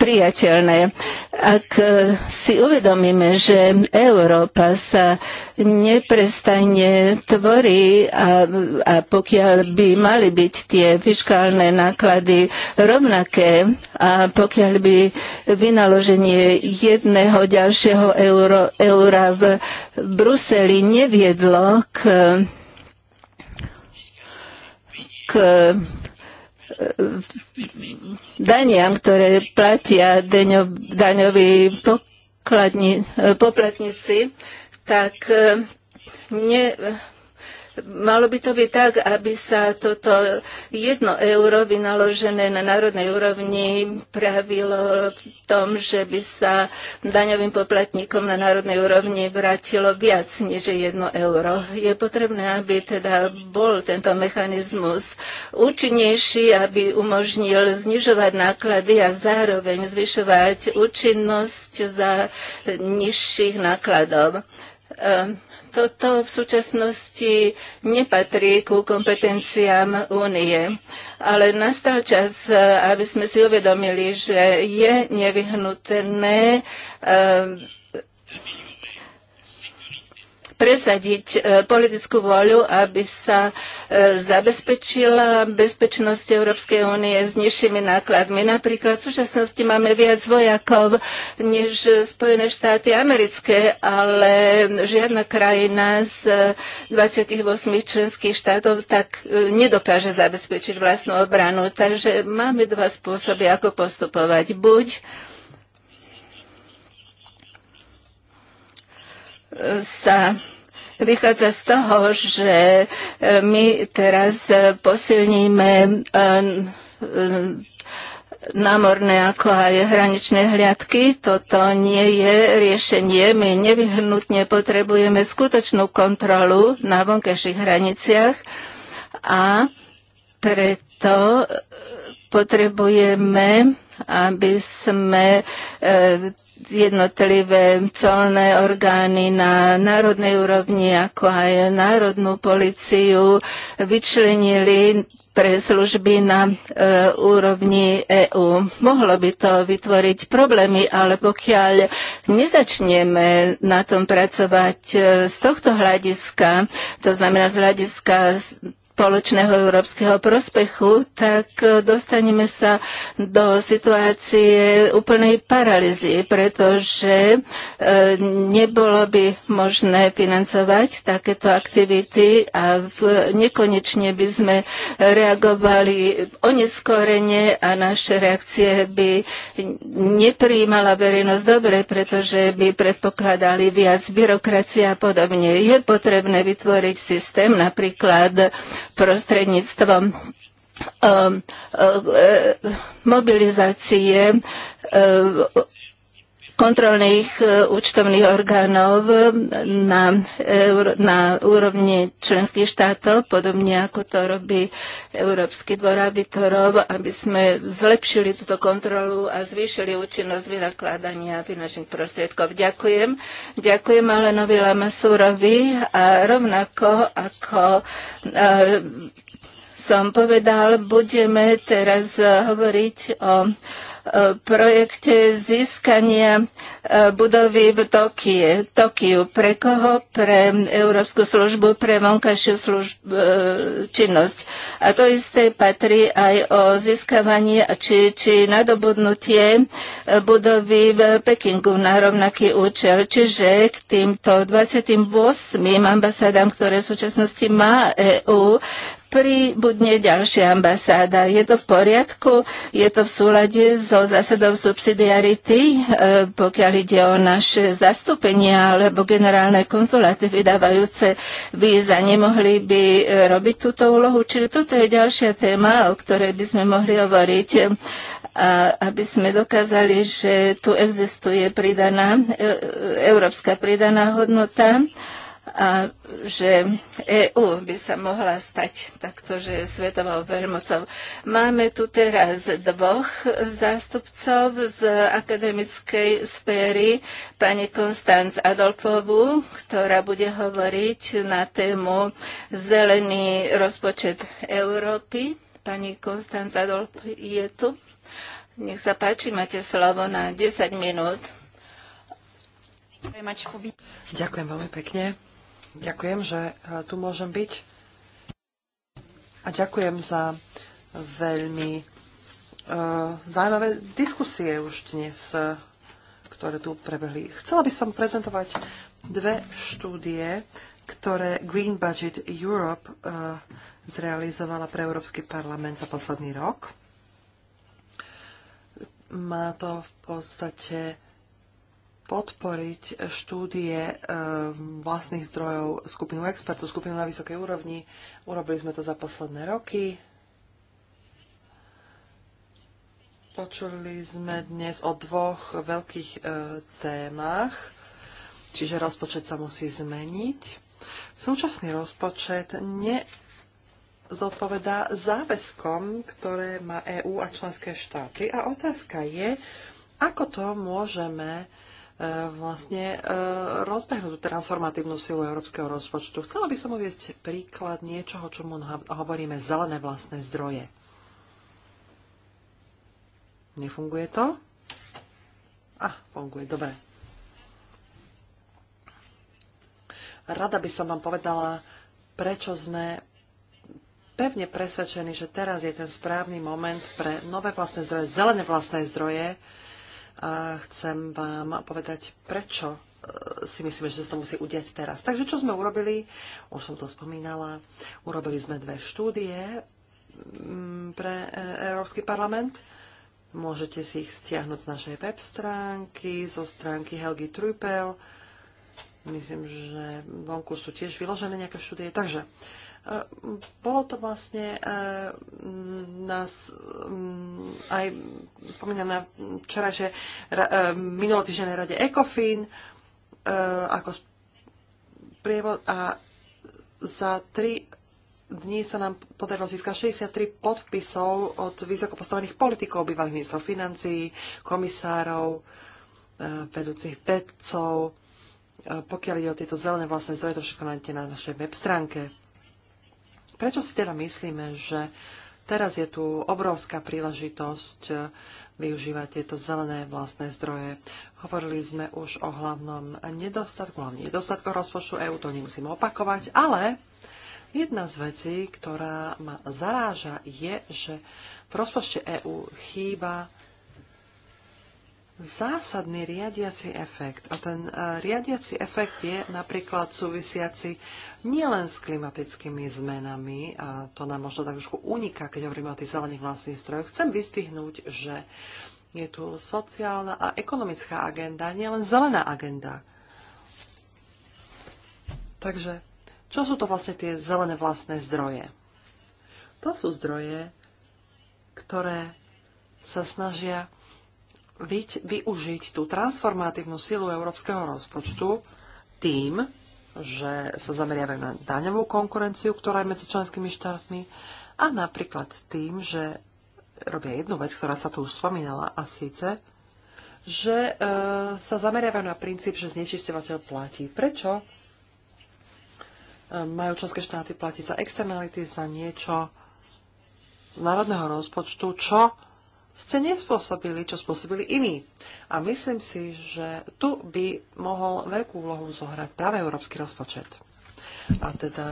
[SPEAKER 2] priateľné. Ak e, si uvedomíme, že Európa sa neprestane tvorí a, a pokiaľ by mali byť tie fiskálne náklady rovnaké a pokiaľ by vynaloženie jedného ďalšieho euro, eura v Bruseli neviedlo k k daniam, ktoré platia daňoví poplatníci, tak e, ne, Malo by to byť tak, aby sa toto jedno euro vynaložené na národnej úrovni pravilo v tom, že by sa daňovým poplatníkom na národnej úrovni vrátilo viac než jedno euro. Je potrebné, aby teda bol tento mechanizmus účinnejší, aby umožnil znižovať náklady a zároveň zvyšovať účinnosť za nižších nákladov. Ehm, toto v súčasnosti nepatrí ku kompetenciám únie. Ale nastal čas, eh, aby sme si uvedomili, že je nevyhnutné eh, presadiť e, politickú voľu, aby sa e, zabezpečila bezpečnosť Európskej únie s nižšími nákladmi. Napríklad v súčasnosti máme viac vojakov než Spojené štáty americké, ale žiadna krajina z 28 členských štátov tak e, nedokáže zabezpečiť vlastnú obranu. Takže máme dva spôsoby, ako postupovať. Buď sa vychádza z toho, že e, my teraz posilníme e, e, námorné ako aj hraničné hliadky. Toto nie je riešenie. My nevyhnutne potrebujeme skutočnú kontrolu na vonkajších hraniciach a preto potrebujeme, aby sme jednotlivé colné orgány na národnej úrovni, ako aj národnú policiu, vyčlenili pre služby na e, úrovni EÚ. Mohlo by to vytvoriť problémy, ale pokiaľ nezačneme na tom pracovať e, z tohto hľadiska, to znamená z hľadiska spoločného európskeho prospechu, tak eh, dostaneme sa do situácie úplnej paralýzy, pretože eh, nebolo by možné financovať takéto aktivity a v, nekonečne by sme reagovali oneskorene a naše reakcie by neprijímala verejnosť dobre, pretože by predpokladali viac byrokracie a podobne. Je potrebné vytvoriť systém napríklad prostredníctvom um, uh, uh, mobilizácie uh, kontrolných e, účtovných orgánov na, e, na úrovni členských štátov, podobne ako to robí Európsky dvor auditorov, aby sme zlepšili túto kontrolu a zvýšili účinnosť vynakladania finančných prostriedkov. Ďakujem. Ďakujem Alenovi Lamasúrovi a rovnako ako e, som povedal, budeme teraz hovoriť o projekte získania e, budovy v Tokie, Tokiu. Pre koho? Pre Európsku službu pre vonkajšiu služb, e, činnosť. A to isté patrí aj o získavanie či, či nadobudnutie e, budovy v Pekingu na rovnaký účel. Čiže k týmto 28 ambasádám, ktoré v súčasnosti má EU pribudne ďalšia ambasáda. Je to v poriadku? Je to v súlade so zásadou subsidiarity, e, pokiaľ ide o naše zastúpenia alebo generálne konzuláty vydávajúce víza? Nemohli by e, robiť túto úlohu? Čiže toto je ďalšia téma, o ktorej by sme mohli hovoriť a aby sme dokázali, že tu existuje pridaná, e, európska pridaná hodnota a že EÚ by sa mohla stať takto, že svetovou veľmocou. Máme tu teraz dvoch zástupcov z akademickej sféry, pani Konstanc Adolfovu, ktorá bude hovoriť na tému Zelený rozpočet Európy. Pani Konstanc Adolf je tu. Nech sa páči, máte slovo na 10 minút.
[SPEAKER 3] Ďakujem veľmi pekne Ďakujem, že e, tu môžem byť. A ďakujem za veľmi uh, zaujímavé diskusie už dnes, e, ktoré tu prebehli. Chcela by som prezentovať dve štúdie, ktoré Green Budget Europe uh, zrealizovala pre Európsky parlament za posledný rok. Má to v podstate podporiť štúdie eh, vlastných zdrojov skupinu expertov, skupinu na vysokej úrovni. Urobili sme to za posledné roky. Počuli sme dnes o dvoch veľkých eh, témach, čiže rozpočet sa musí zmeniť. Súčasný rozpočet ne zodpovedá záväzkom, ktoré má EÚ a členské štáty. A otázka je, ako to môžeme uh, E, vlastne e, rozbehnú tú transformatívnu silu európskeho rozpočtu. Chcela by som uviesť príklad niečoho, čomu hovoríme zelené vlastné zdroje. Nefunguje to? A, ah, funguje, dobre. Rada by som vám povedala, prečo sme pevne presvedčení, že teraz je ten správny moment pre nové vlastné zdroje, zelené vlastné zdroje, a chcem vám povedať, prečo e, si myslíme, že sa to musí udiať teraz. Takže čo sme urobili? Už som to spomínala. Urobili sme dve štúdie mm, pre e, Európsky parlament. Môžete si ich stiahnuť z našej web stránky, zo stránky Helgi Trupel. Myslím, že vonku sú tiež vyložené nejaké štúdie. Takže uh, E, bolo to vlastne e, nás aj spomínané včera, že e, minulý týždeň na rade ECOFIN ako prievod a za tri dní sa nám podarilo získať 63 podpisov od vysoko postavených politikov, bývalých ministrov financií, komisárov, vedúcich vedcov. Pokiaľ ide o tieto zelené vlastné zdroje, to všetko nájdete na našej web stránke. Prečo si teda myslíme, že teraz je tu obrovská príležitosť e, využívať tieto zelené vlastné zdroje? Hovorili sme už o hlavnom nedostatku, hlavne nedostatku rozpočtu EÚ, to nemusím opakovať, ale jedna z vecí, ktorá ma zaráža, je, že v rozpočte EÚ chýba zásadný riadiaci efekt. A ten e, riadiaci efekt je napríklad súvisiaci nielen s klimatickými zmenami, a to nám možno tak trošku uniká, keď hovoríme o tých zelených vlastných strojoch. Chcem vystihnúť, že je tu sociálna a ekonomická agenda, nielen zelená agenda. Takže, čo sú to vlastne tie zelené vlastné zdroje? To sú zdroje, ktoré sa snažia byť, využiť tú transformatívnu silu európskeho rozpočtu tým, že sa zameriavajú na daňovú konkurenciu, ktorá je medzi členskými štátmi a napríklad tým, že robia jednu vec, ktorá sa tu už spomínala a síce, že e, sa zameriavajú na princíp, že znečisťovateľ platí. Prečo e, majú členské štáty platiť za externality, za niečo z národného rozpočtu, čo ste nespôsobili, čo spôsobili iní. A myslím si, že tu by mohol veľkú úlohu zohrať práve európsky rozpočet. A teda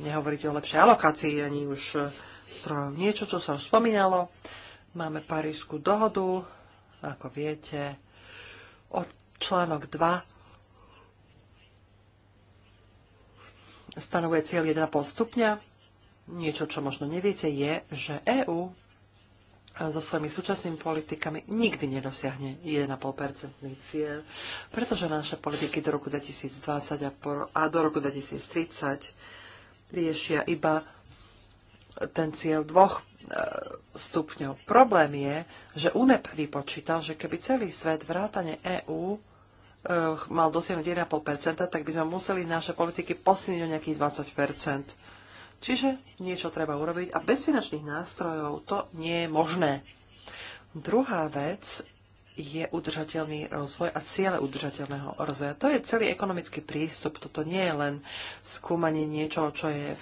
[SPEAKER 3] nehovoriť o lepšej alokácii ani už Niečo, čo sa už spomínalo. Máme Parísku dohodu, ako viete, od článok 2 stanovuje cieľ 1,5 stupňa. Niečo, čo možno neviete, je, že EÚ so svojimi súčasnými politikami nikdy nedosiahne 1,5-percentný cieľ, pretože naše politiky do roku 2020 a, a do roku 2030 riešia iba ten cieľ dvoch e, stupňov. Problém je, že UNEP vypočítal, že keby celý svet vrátane EÚ e, mal dosiahnuť 1,5%, tak by sme museli naše politiky posilniť o nejakých 20%. Čiže niečo treba urobiť a bez finančných nástrojov to nie je možné. Druhá vec je udržateľný rozvoj a ciele udržateľného rozvoja. To je celý ekonomický prístup. Toto nie je len skúmanie niečo, čo je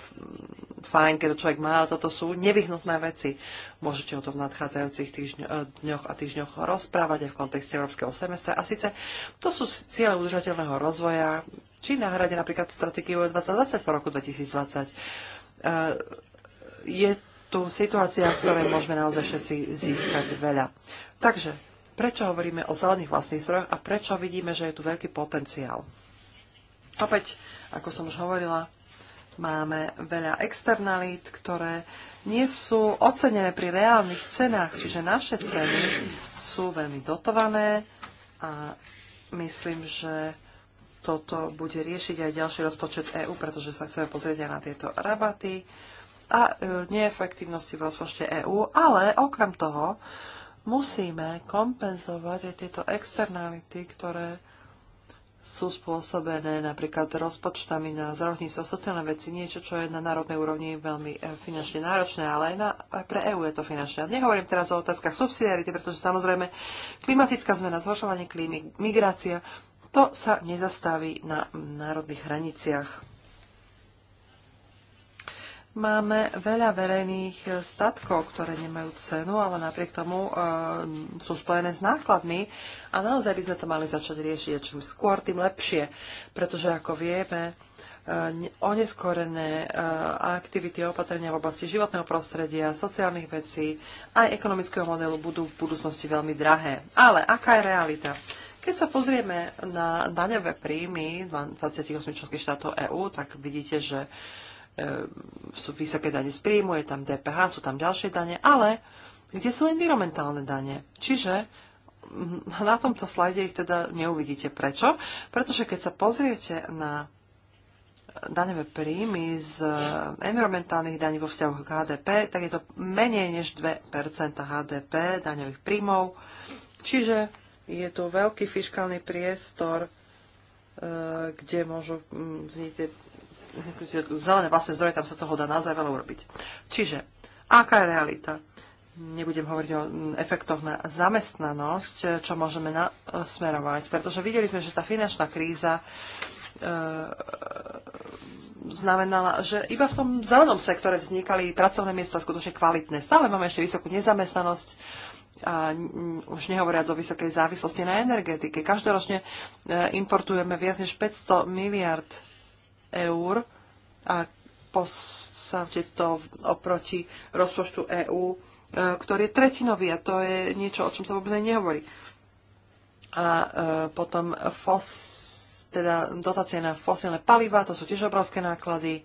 [SPEAKER 3] fajn, keď to človek má, ale toto sú nevyhnutné veci. Môžete o tom v nadchádzajúcich e, dňoch a týždňoch rozprávať aj v kontexte európskeho semestra. A síce to sú ciele udržateľného rozvoja, či nahrade napríklad stratégiu 2020 e po roku 2020 Eh, je tu situácia, v ktorej môžeme naozaj všetci získať veľa. Takže, prečo hovoríme o zelených vlastných a prečo vidíme, že je tu veľký potenciál? Opäť, ako som už hovorila, máme veľa externalít, ktoré nie sú ocenené pri reálnych cenách, čiže naše ceny sú veľmi dotované a myslím, že toto bude riešiť aj ďalší rozpočet EÚ, pretože sa chceme pozrieť aj na tieto rabaty a e, neefektívnosti v rozpočte EÚ, ale okrem toho musíme kompenzovať aj tieto externality, ktoré sú spôsobené napríklad rozpočtami na zdravotníctvo, sociálne veci, niečo, čo je na národnej úrovni veľmi e, finančne náročné, ale aj, na, aj pre EÚ je to finančné. A nehovorím teraz o otázkach subsidiarity, pretože samozrejme klimatická zmena, zhoršovanie klímy, migrácia, to sa nezastaví na národných hraniciach. Máme veľa verejných statkov, ktoré nemajú cenu, ale napriek tomu e, sú spojené s nákladmi a naozaj by sme to mali začať riešiť čím skôr, tým lepšie, pretože ako vieme, e, oneskorené e, aktivity a opatrenia v oblasti životného prostredia, sociálnych vecí aj ekonomického modelu budú v budúcnosti veľmi drahé. Ale aká je realita? Keď sa pozrieme na daňové príjmy 28 členských štátov EÚ, tak vidíte, že e, sú vysoké dane z príjmu, je tam DPH, sú tam ďalšie dane, ale kde sú environmentálne dane? Čiže na tomto slajde ich teda neuvidíte. Prečo? Pretože keď sa pozriete na daňové príjmy z e, environmentálnych daní vo vzťahu k HDP, tak je to menej než 2% HDP daňových príjmov. Čiže je tu veľký fiskálny priestor, e, kde môžu mm, vzniknúť zelené vlastné zdroje, tam sa toho dá naozaj veľa urobiť. Čiže, aká je realita? Nebudem hovoriť o mm, efektoch na zamestnanosť, čo môžeme smerovať, pretože videli sme, že tá finančná kríza e, znamenala, že iba v tom zelenom sektore vznikali pracovné miesta skutočne kvalitné. Stále máme ešte vysokú nezamestnanosť, a už nehovoriac o vysokej závislosti na energetike. Každoročne e, importujeme viac než 500 miliard eur a postavte to oproti rozpočtu EÚ, e, ktorý je tretinový a to je niečo, o čom sa vôbec nehovorí. A e, potom FOS, teda dotácie na fosilné paliva, to sú tiež obrovské náklady.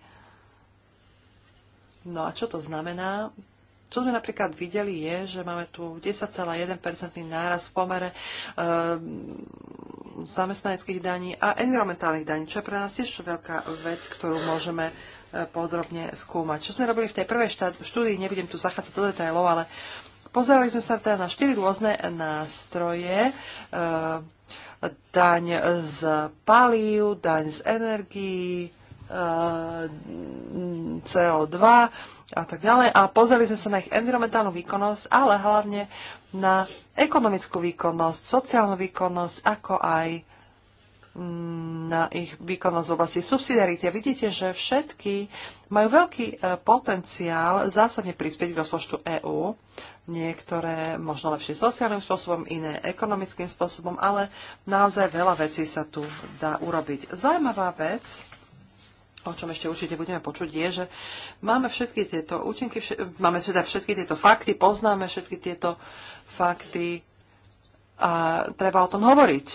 [SPEAKER 3] No a čo to znamená? Čo sme napríklad videli je, že máme tu 10,1% náraz v pomere e, zamestnaneckých daní a environmentálnych daní, čo je pre nás tiež veľká vec, ktorú môžeme e, podrobne skúmať. Čo sme robili v tej prvej štúdii, nebudem tu zachádzať do detailov, ale pozerali sme sa teda na štyri rôzne nástroje. E, daň z palív, daň z energií, ehm, CO2 a tak ďalej. A pozreli sme sa na ich environmentálnu výkonnosť, ale hlavne na ekonomickú výkonnosť, sociálnu výkonnosť, ako aj mm, na ich výkonnosť v oblasti subsidiarity. Vidíte, že všetky majú veľký e, potenciál zásadne prispieť k rozpočtu EÚ. Niektoré možno lepšie sociálnym spôsobom, iné ekonomickým spôsobom, ale naozaj veľa vecí sa tu dá urobiť. Zaujímavá vec, o čom ešte určite budeme počuť, je, že máme všetky tieto účinky, všetky, máme teda všetky tieto fakty, poznáme všetky tieto fakty a treba o tom hovoriť.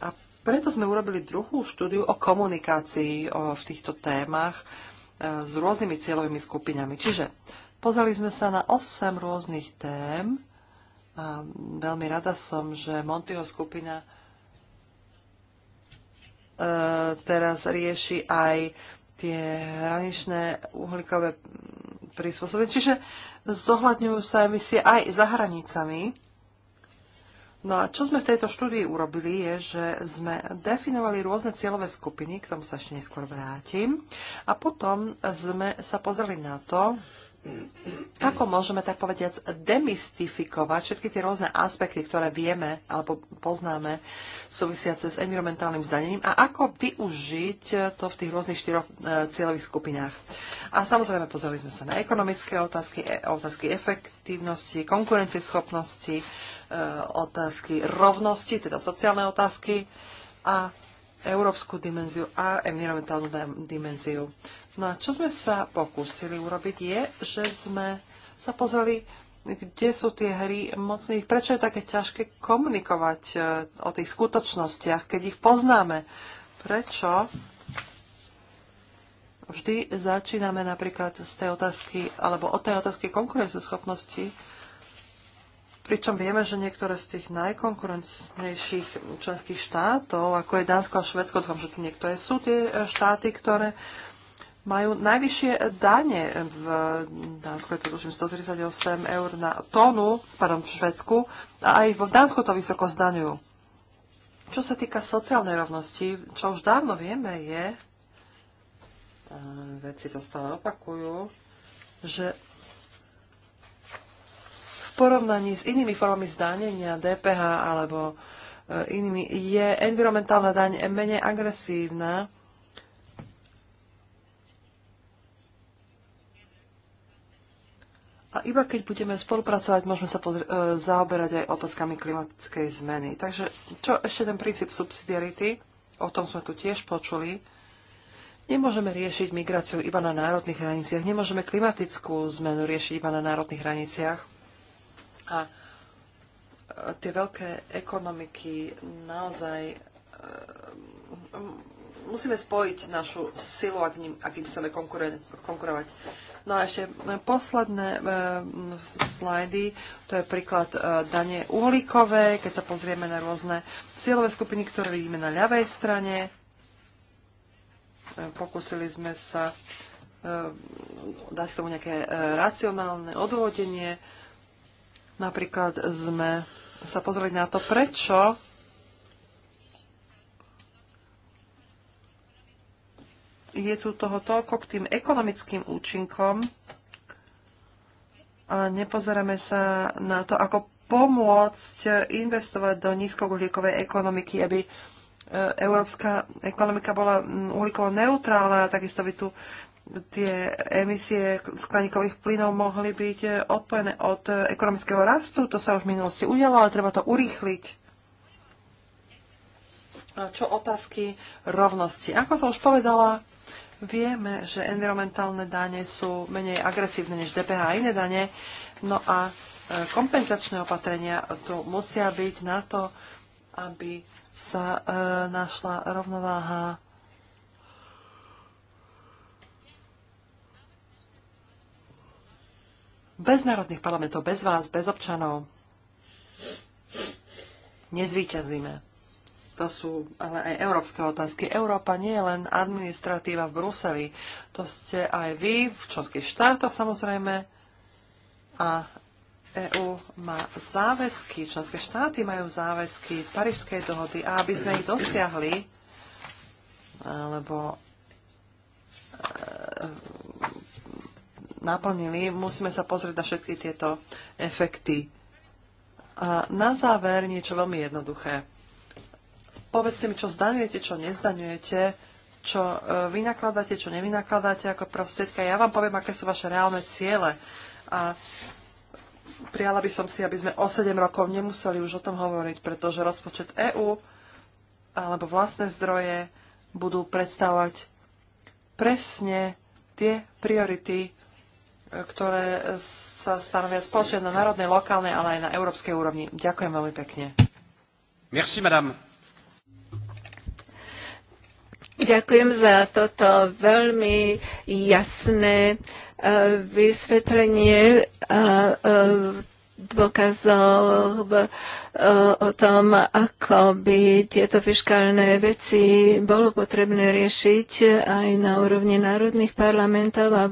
[SPEAKER 3] A preto sme urobili druhú štúdiu o komunikácii o, v týchto témach e, s rôznymi cieľovými skupinami. Čiže pozreli sme sa na 8 rôznych tém a veľmi rada som, že Montyho skupina E, teraz rieši aj tie hraničné uhlíkové prispôsoby. Čiže zohľadňujú sa emisie aj za hranicami. No a čo sme v tejto štúdii urobili, je, že sme definovali rôzne cieľové skupiny, k tomu sa ešte neskôr vrátim, a potom sme sa pozreli na to, ako môžeme tak povediať demystifikovať všetky tie rôzne aspekty, ktoré vieme alebo poznáme súvisiace s environmentálnym zdanením a ako využiť to v tých rôznych štyroch e, cieľových skupinách. A samozrejme pozreli sme sa na ekonomické otázky, e, otázky efektívnosti, konkurencieschopnosti, e, otázky rovnosti, teda sociálne otázky a európsku dimenziu a environmentálnu dimenziu. No a čo sme sa pokúsili urobiť je, že sme sa pozreli, kde sú tie hry mocných, prečo je také ťažké komunikovať e, o tých skutočnostiach, keď ich poznáme. Prečo vždy začíname napríklad z tej otázky, alebo od tej otázky schopnosti pričom vieme, že niektoré z tých najkonkurenčnejších členských štátov, ako je Dánsko a Švedsko, dúfam, že tu niektoré sú tie e, štáty, ktoré majú najvyššie dane. V Dánsku je to tuším 138 eur na tónu, pardon, v Švedsku, a aj v Dánsku to vysoko zdaňujú. Čo sa týka sociálnej rovnosti, čo už dávno vieme je, e, veci to stále opakujú, že porovnaní s inými formami zdánenia DPH alebo e, inými je environmentálna daň menej agresívna. A iba keď budeme spolupracovať, môžeme sa e, zaoberať aj otázkami klimatickej zmeny. Takže čo ešte ten princíp subsidiarity, o tom sme tu tiež počuli. Nemôžeme riešiť migráciu iba na národných hraniciach, nemôžeme klimatickú zmenu riešiť iba na národných hraniciach a tie veľké ekonomiky naozaj e, musíme spojiť našu silu, ak, ním, ak im chceme konkurovať. No a ešte posledné e, slajdy, to je príklad e, dane uhlíkové, keď sa pozrieme na rôzne cieľové skupiny, ktoré vidíme na ľavej strane. E, pokúsili sme sa e, dať k tomu nejaké e, racionálne odvodenie. E, Napríklad sme sa pozreli na to, prečo je tu toho toľko k tým ekonomickým účinkom a nepozeráme sa na to, ako pomôcť investovať do nízkouhlíkovej ekonomiky, aby e, európska ekonomika bola uhlíkovo neutrálna a takisto by tu tie emisie skleníkových plynov mohli byť eh, odpojené od eh, ekonomického rastu. To sa už v minulosti udialo, ale treba to urýchliť. A čo otázky rovnosti? Ako som už povedala, vieme, že environmentálne dane sú menej agresívne než DPH a iné dane. No a eh, kompenzačné opatrenia tu musia byť na to, aby sa e, našla rovnováha Bez národných parlamentov, bez vás, bez občanov nezvýťazíme. To sú ale aj európske otázky. Európa nie je len administratíva v Bruseli. To ste aj vy v členských štátoch samozrejme. A EÚ má záväzky, členské štáty majú záväzky z Parížskej dohody a aby sme ich dosiahli, lebo e, naplnili, musíme sa pozrieť na všetky tieto efekty. A na záver niečo veľmi jednoduché. Povedzte mi, čo zdaňujete, čo nezdaňujete, čo e, vynakladáte, čo nevynakladáte ako prostriedka. Ja vám poviem, aké sú vaše reálne ciele. A prijala by som si, aby sme o 7 rokov nemuseli už o tom hovoriť, pretože rozpočet EÚ alebo vlastné zdroje budú predstavovať presne tie priority, ktoré sa stanovia spoločne na národnej, lokálnej, ale aj na európskej úrovni.
[SPEAKER 2] Ďakujem veľmi pekne.
[SPEAKER 1] Merci, madame.
[SPEAKER 2] Ďakujem za toto veľmi jasné eh, vysvetlenie eh, eh, dôkazov eh, o tom, ako by tieto fiskálne veci bolo potrebné riešiť aj na úrovni národných parlamentov a,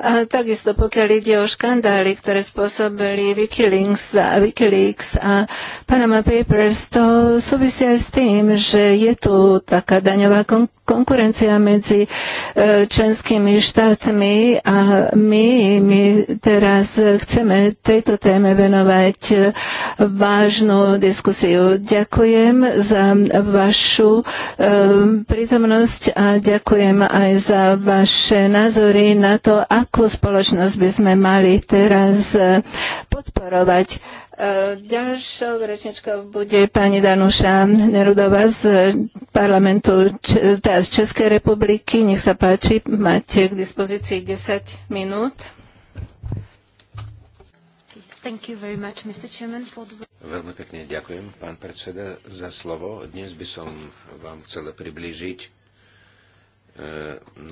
[SPEAKER 2] a takisto pokiaľ ide o škandály, ktoré spôsobili Wikileaks a, Wikileaks a Panama Papers, to súvisí aj s tým, že je tu taká daňová kon- konkurencia medzi eh, členskými štátmi a my, my teraz chceme tejto téme venovať vážnu diskusiu. Ďakujem za vašu ehm, prítomnosť a ďakujem aj za vaše názory na to, akú spoločnosť by sme mali teraz e, podporovať. E, ďalšou rečničkou bude pani Danuša Nerudová z parlamentu teda z Českej republiky. Nech sa páči, máte k dispozícii 10 minút. Thank you very much, Mr. Chairman, for the...
[SPEAKER 1] Veľmi pekne ďakujem, pán predseda, za slovo. Dnes by som vám chcel priblížiť e,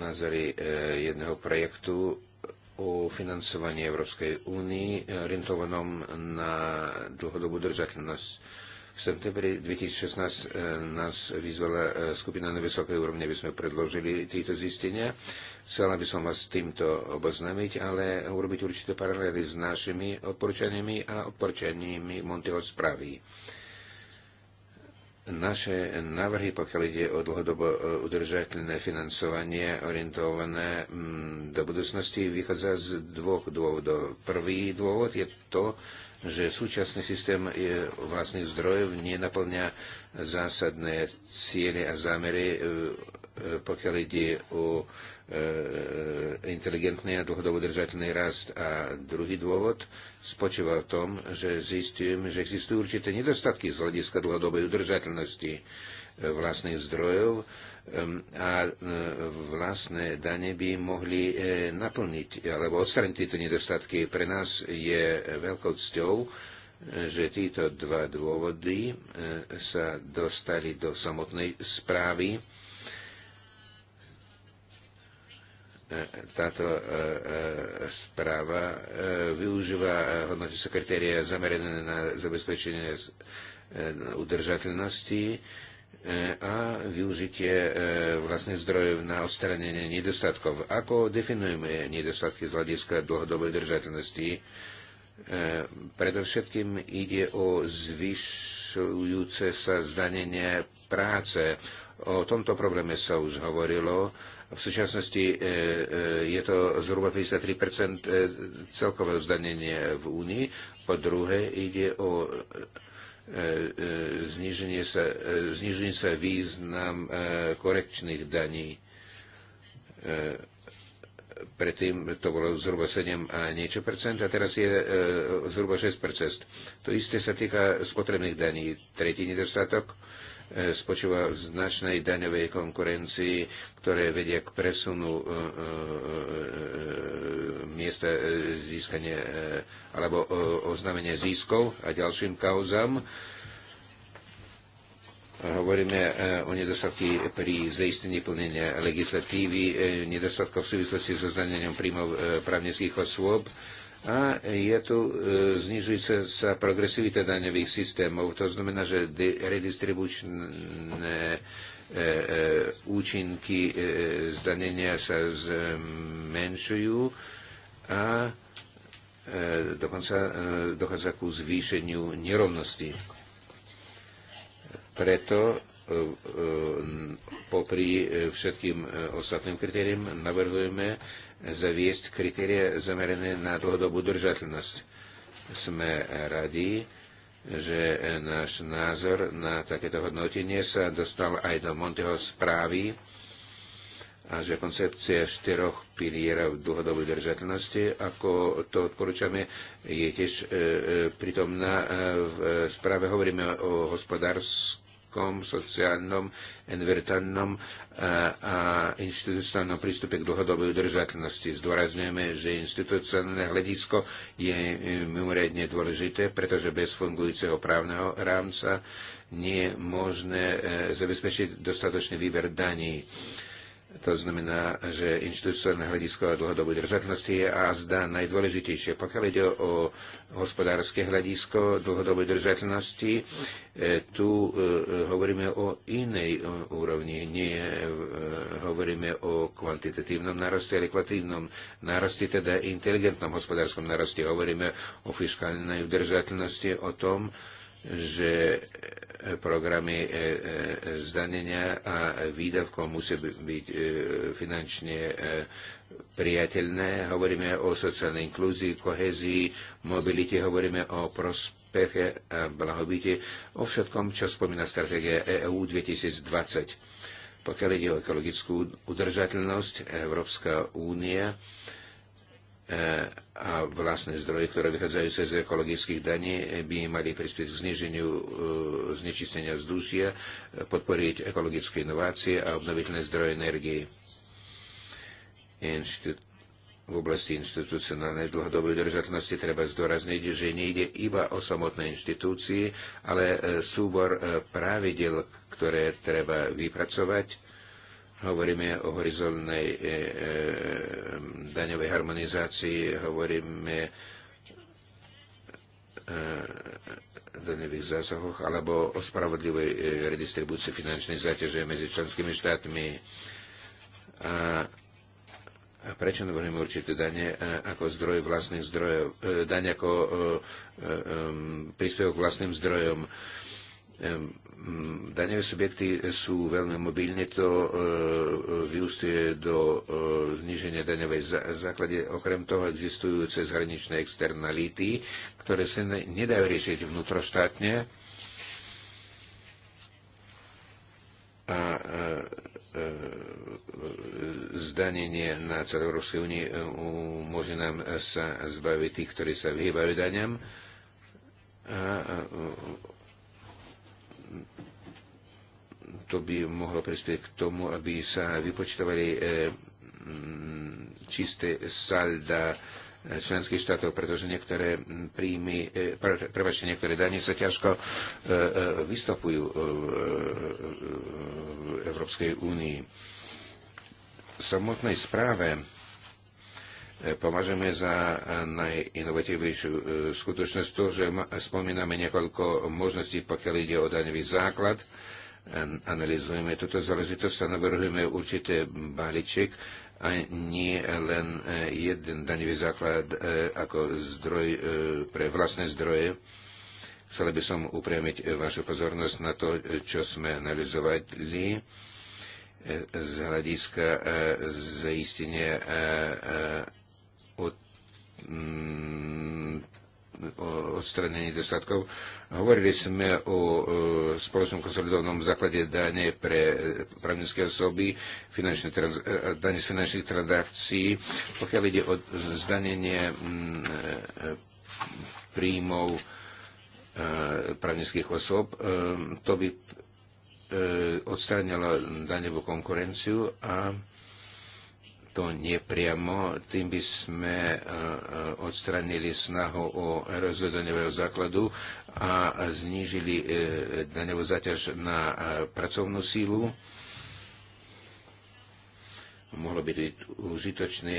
[SPEAKER 1] názory e, jedného projektu o financovaní Európskej únii orientovanom na dlhodobú držateľnosť v septembri 2016 e, nás vyzvala e, skupina na vysokej úrovni, aby sme predložili tieto zistenia. Chcela by som vás s týmto oboznámiť, ale urobiť určité paralely s našimi odporúčaniami a odporúčaniami Monteho správy. Naše návrhy, pokiaľ ide o dlhodobo e, udržateľné financovanie orientované do budúcnosti, vychádza z dvoch dôvodov. Prvý dôvod je to, že súčasný systém je vlastných zdrojov nenaplňa zásadné ciele a zámery, e, e, pokiaľ ide o e, inteligentný a dlhodobo držateľný rast. A druhý dôvod spočíva v tom, že zistujem, že existujú určité nedostatky z hľadiska dlhodobej udržateľnosti vlastných zdrojov, Ehm, a e, vlastné dane by mohli e, naplniť alebo odstraniť tieto nedostatky. Pre nás je veľkou cťou, e, že títo dva dôvody sa dostali do samotnej správy. táto správa využíva sa kritéria zamerané na zabezpečenie udržateľnosti E, a využitie e, vlastne zdrojov na odstranenie nedostatkov. Ako definujeme nedostatky z hľadiska dlhodobej držateľnosti? E, predovšetkým ide o zvyšujúce sa zdanenie práce. O tomto probléme sa už hovorilo. V súčasnosti je to zhruba 53 celkového zdanenia v Únii. Po druhé ide o zniženie sa, znižuje sa význam e, korekčných daní. E, predtým to bolo zhruba 7 a niečo percent a teraz je e, zhruba 6 percent. To isté sa týka spotrebných daní. Tretí nedostatok E, spočíva v značnej daňovej konkurencii, ktoré vedie k presunu e, e, miesta získania alebo oznámenia získov a ďalším kauzám hovoríme o nedostatky pri zaistení plnenia legislatívy, nedostatkov v súvislosti so zdanením príjmov právnických osôb, a je tu e, znižujúca sa progresivita daňových systémov. To znamená, že redistribučné e, e, účinky zdanenia sa zmenšujú a dokonca dochádza ku zvýšeniu nerovnosti. Preto popri všetkým ostatným kritériám navrhujeme zaviesť kritéria zamerané na dlhodobú držateľnosť. Sme radi, že náš názor na takéto hodnotenie sa dostal aj do Monteho správy a že koncepcia štyroch pilierov dlhodobej držateľnosti, ako to odporúčame, je tiež e, e pritomná. E, v správe hovoríme o hospodárskom, sociálnom, environmentálnom a inštitucionálnom prístupe k dlhodobej udržateľnosti. Zdôrazňujeme, že inštitucionálne hľadisko je e, mimoriadne dôležité, pretože bez fungujúceho právneho rámca nie je možné e, zabezpečiť dostatočný výber daní. To znamená, že inštitucionálne hľadisko a dlhodobú držateľnosti je a zdá najdôležitejšie. Pokiaľ ide o hospodárske hľadisko dlhodobo držateľnosti, e, tu e, hovoríme o inej úrovni. Nie e, hovoríme o kvantitatívnom naroste, ale kvalitívnom naroste, teda inteligentnom hospodárskom naroste. Hovoríme o fiskálnej udržateľnosti, o tom, že programy e, e, zdanenia a výdavkom musí byť e, finančne priateľné. Hovoríme o sociálnej inklúzii, kohezii, mobilite, hovoríme o prospeche a blahobite, o všetkom, čo spomína stratégia EU 2020. Pokiaľ ide o ekologickú udržateľnosť, Európska únia E, a vlastné zdroje, ktoré vychádzajú z ekologických daní, by mali prispieť k zniženiu e, znečistenia vzdušia, podporiť ekologické inovácie a obnoviteľné zdroje energie. v oblasti inštitucionálnej dlhodobej udržateľnosti treba zdôrazniť, že nejde iba o samotné inštitúcie, ale e, súbor pravidel, ktoré treba vypracovať Hovoríme o horizontnej e, e, e, daňovej harmonizácii, hovoríme daňových zásahoch alebo o spravodlivej redistribúcii finančnej záťaže medzi členskými štátmi. A, a prečo navrhujeme určité dane ako zdroj vlastných zdrojov, daň ako príspevok vlastným zdrojom? Mm, daňové subjekty sú veľmi mobilní, to e, e, vyústuje do e, zniženia daňovej základe. Okrem toho existujú cezhraničné externality, ktoré sa nedajú riešiť vnútroštátne. A zdanenie na celé Európskej únie môže nám sa zbaviť tých, ktorí sa vyhýbajú daňam a to by mohlo prispieť k tomu, aby sa vypočítavali eh, mm, čisté salda eh, členských štátov, pretože niektoré mm, príjmy, eh, prebačte, niektoré dane sa ťažko vystupujú v Európskej únii. V samotnej správe považujeme za najinovatívnejšiu skutočnosť to, že spomíname niekoľko možností, pokiaľ ide o daňový základ, analizujeme túto záležitosť a navrhujeme určitý balíček a nie len e, jeden daňový základ e, ako zdroj e, pre vlastné zdroje. Chcel by som upriamiť vašu pozornosť na to, čo sme analizovali z hľadiska zaistenia od mm, odstranení dostatkov. Hovorili sme o spoločnom konsolidovanom základe dane pre právnické osoby, trans- dane z finančných transakcií, pokiaľ ide o zdanenie mm, e, e, príjmov e, právnických osob. To by odstranilo danevú konkurenciu a to nepriamo, tým by sme e, e, odstranili snahu o rozvoj daňového základu a znížili e, daňovú zaťaž na pracovnú sílu. Mohlo by byť užitočné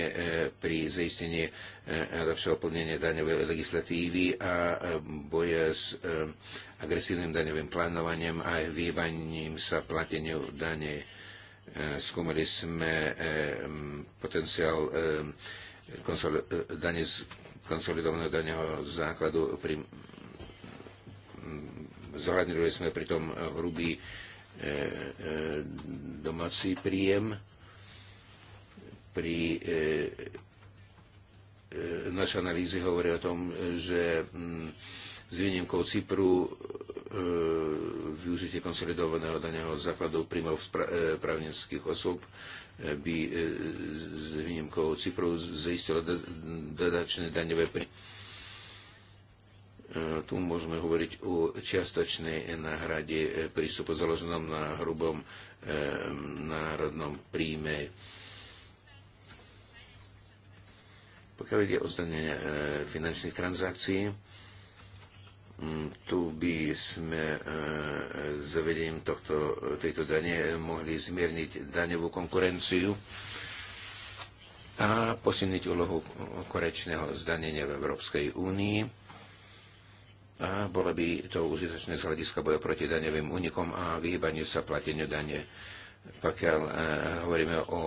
[SPEAKER 1] pri zaistení lepšieho plnenia daňovej legislatívy a boja s agresívnym daňovým plánovaním a vyhýbaním sa plateniu danej Eh, skúmali sme eh, potenciál eh, dane z konsolidovaného daného základu pri mm, zohľadnili sme pritom hrubý domácí príjem pri naše analýzy hovorí o tom, že mm, s výnimkou Cypru E, využitie konsolidovaného daného základu príjmov e, právnických osôb e, by s výnimkou Cypru zaistilo dodačné daňové príjmy. Tu môžeme hovoriť o čiastočnej náhrade prístupu založenom na hrubom národnom príjme. Pokiaľ ide o zdanenie finančných transakcií, Mm, tu by sme e, zavedením tohto, tejto dane mohli zmierniť daňovú konkurenciu a posilniť úlohu korečného zdanenia v Európskej únii a bolo by to užitočné z hľadiska boja proti daňovým únikom a vyhýbaniu sa plateniu dane. Pokiaľ e, hovoríme o, o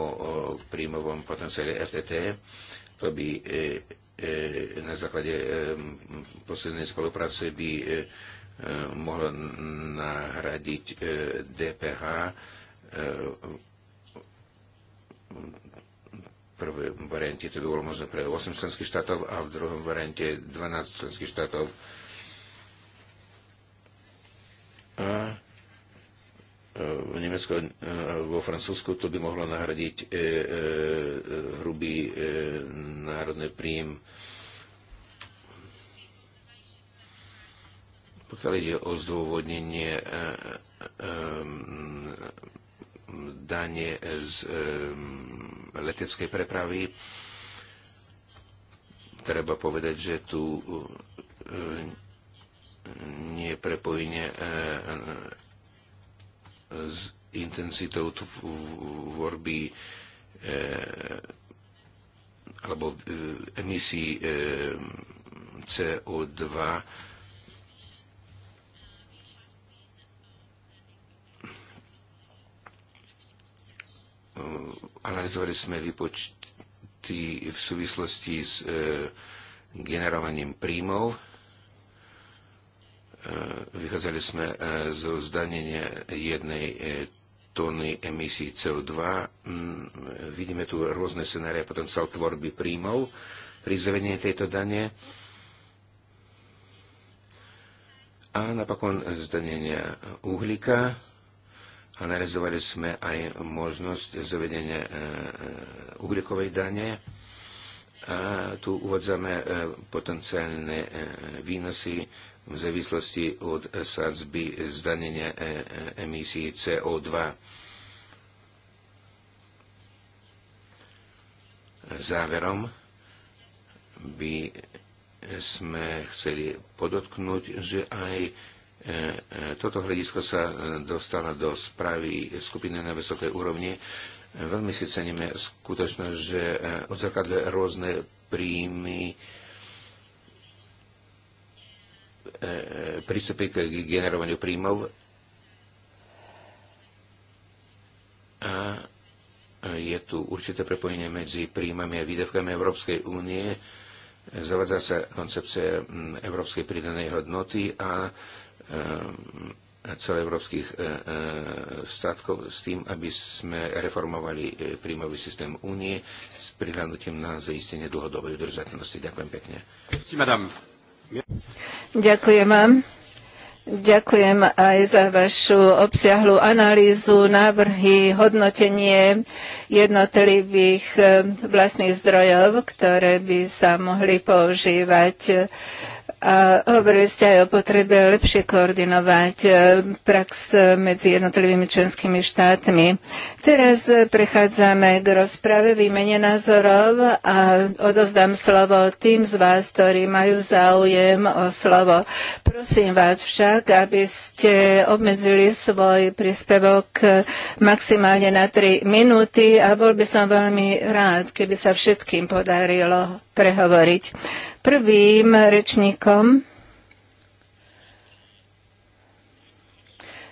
[SPEAKER 1] príjmovom potenciáli FTT, to by uh, Eh, na základe eh, poslednej spolupráce by eh, mohlo nahradiť DPH prvé variante to by bolo možno pre 8 členských štátov a v druhom variante 12 členských štátov. A v Nemecku vo Francúzsku to by mohlo nahradiť e, e, hrubý e, národný príjem. Pokiaľ ide o zdôvodnenie dane z leteckej prepravy, treba povedať, že tu nie je prepojenie s intenzitou tvorby e, alebo e, emisí e, CO2 analyzovali sme výpočty v súvislosti s generovaním príjmov E, vychádzali sme e, zo zdanenia jednej e, tony emisí CO2. Mm, vidíme tu rôzne scenárie potenciál tvorby príjmov pri zavedení tejto dane a napokon zdanenia uhlíka. Analizovali sme aj možnosť zavedenia uhlíkovej dane a tu uvádzame potenciálne výnosy v závislosti od sadzby zdanenia e, e, emisí CO2. Záverom by sme chceli podotknúť, že aj e, toto hľadisko sa dostalo do správy skupiny na vysokej úrovni. Veľmi si ceníme skutočnosť, že odzrkadľuje rôzne príjmy E, prístupy k generovaniu príjmov a je tu určité prepojenie medzi príjmami a výdavkami Európskej únie. Zavádza sa koncepcia európskej pridanej hodnoty a e, celoevropských e, statkov s tým, aby sme reformovali príjmový systém únie s prihľadnutím na zaistenie dlhodobej udržateľnosti. Ďakujem pekne.
[SPEAKER 2] Ďakujem vám. Ďakujem aj za vašu obsiahlu analýzu, návrhy, hodnotenie jednotlivých eh, vlastných zdrojov, ktoré by sa mohli používať eh, hovorili ste aj o potrebe lepšie koordinovať e, prax e, medzi jednotlivými členskými štátmi. Teraz prechádzame k rozprave výmene názorov a odovzdám slovo tým z vás, ktorí majú záujem o slovo. Prosím vás však, aby ste obmedzili svoj príspevok maximálne na 3 minúty a bol by som veľmi rád, keby sa všetkým podarilo prehovoriť. Prvým rečníkom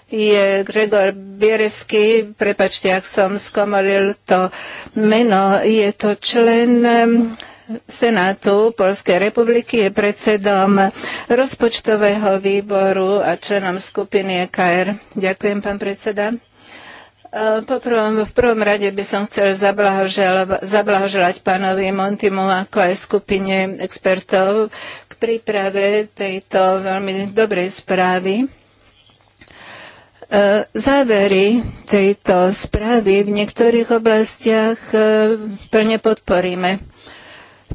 [SPEAKER 2] je Gregor Bieresky, prepačte, ak som skomolil to meno, je to člen Senátu Polskej republiky, je predsedom rozpočtového výboru a členom skupiny EKR. Ďakujem, pán predseda. Eh, poprvom, v prvom rade by som chcel zablahoželať, pánovi Montimu ako aj skupine expertov k príprave tejto veľmi dobrej správy. Eh, závery tejto správy v niektorých oblastiach eh, plne podporíme.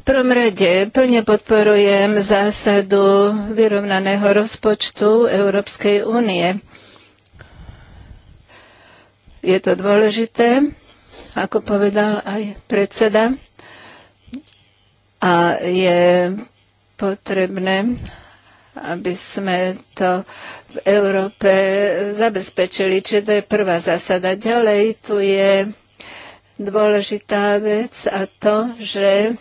[SPEAKER 2] V prvom rade plne podporujem zásadu vyrovnaného rozpočtu Európskej únie. Je to dôležité, ako povedal aj predseda, a je potrebné, aby sme to v Európe zabezpečili. Čiže to je prvá zásada. Ďalej tu je dôležitá vec a to, že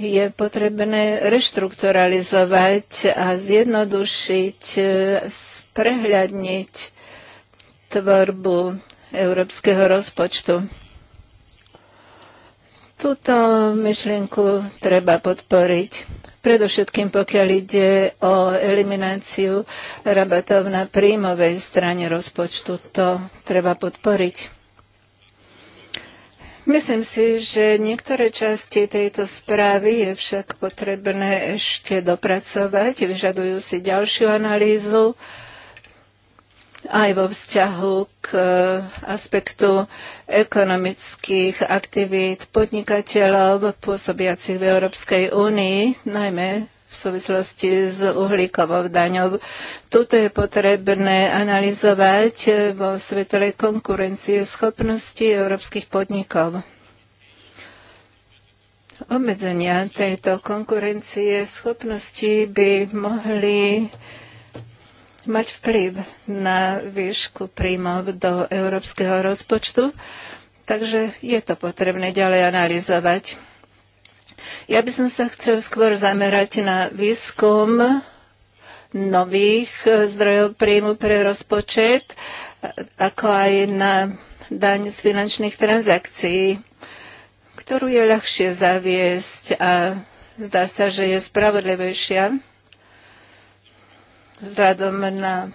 [SPEAKER 2] je potrebné reštrukturalizovať a zjednodušiť, sprehľadniť tvorbu európskeho rozpočtu. Túto myšlienku treba podporiť predovšetkým pokiaľ ide o elimináciu rabatov na príjmovej strane rozpočtu. To treba podporiť. Myslím si, že niektoré časti tejto správy je však potrebné ešte dopracovať. Vyžadujú si ďalšiu analýzu aj vo vzťahu k e, aspektu ekonomických aktivít podnikateľov pôsobiacich v Európskej únii, najmä v súvislosti s uhlíkovou daňou. Tuto je potrebné analyzovať vo svetlej konkurencie schopnosti európskych podnikov. Obmedzenia tejto konkurencie schopnosti by mohli mať vplyv na výšku príjmov do európskeho rozpočtu, takže je to potrebné ďalej analyzovať. Ja by som sa chcel skôr zamerať na výskum nových zdrojov príjmu pre rozpočet, ako aj na daň z finančných transakcií, ktorú je ľahšie zaviesť a zdá sa, že je spravodlivejšia vzhľadom na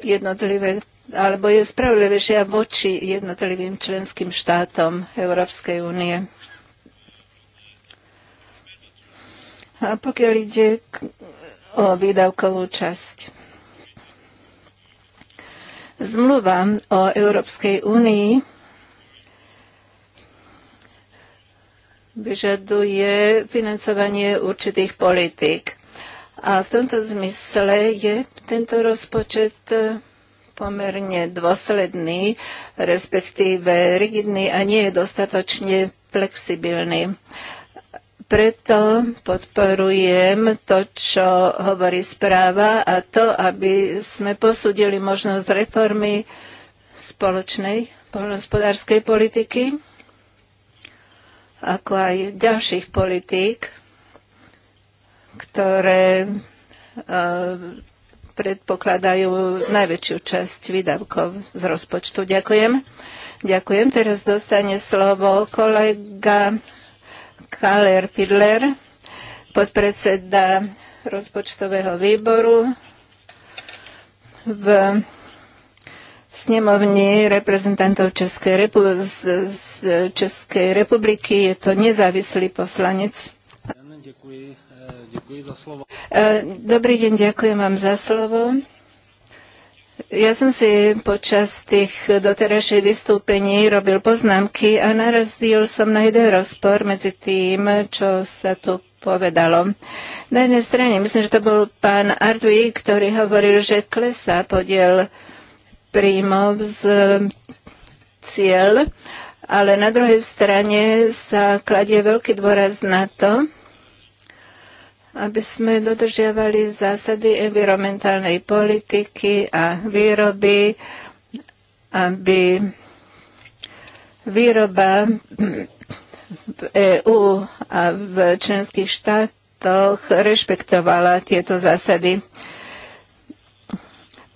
[SPEAKER 2] jednotlivé alebo je spravodlivejšia voči jednotlivým členským štátom Európskej únie. A pokiaľ ide o výdavkovú časť. Zmluva o Európskej únii vyžaduje financovanie určitých politik. A v tomto zmysle je tento rozpočet e, pomerne dôsledný, respektíve rigidný a nie je dostatočne flexibilný. Preto podporujem to, čo hovorí správa a to, aby sme posúdili možnosť reformy spoločnej poľnohospodárskej politiky, ako aj ďalších politík ktoré eh, predpokladajú najväčšiu časť výdavkov z rozpočtu. Ďakujem. Ďakujem. Teraz dostane slovo kolega Kaler Pidler, podpredseda rozpočtového výboru v snemovni reprezentantov Českej, repu- z, z Českej republiky. Je to nezávislý poslanec.
[SPEAKER 4] Ďakujem.
[SPEAKER 2] E, dobrý deň, ďakujem vám za slovo. Ja som si počas tých doterajších vystúpení robil poznámky a narazil som na jeden rozpor medzi tým, čo sa tu povedalo. Na jednej strane, myslím, že to bol pán Ardui, ktorý hovoril, že klesá podiel príjmov z cieľ, ale na druhej strane sa kladie veľký dôraz na to, aby sme dodržiavali zásady environmentálnej politiky a výroby, aby výroba v EÚ a v členských štátoch rešpektovala tieto zásady.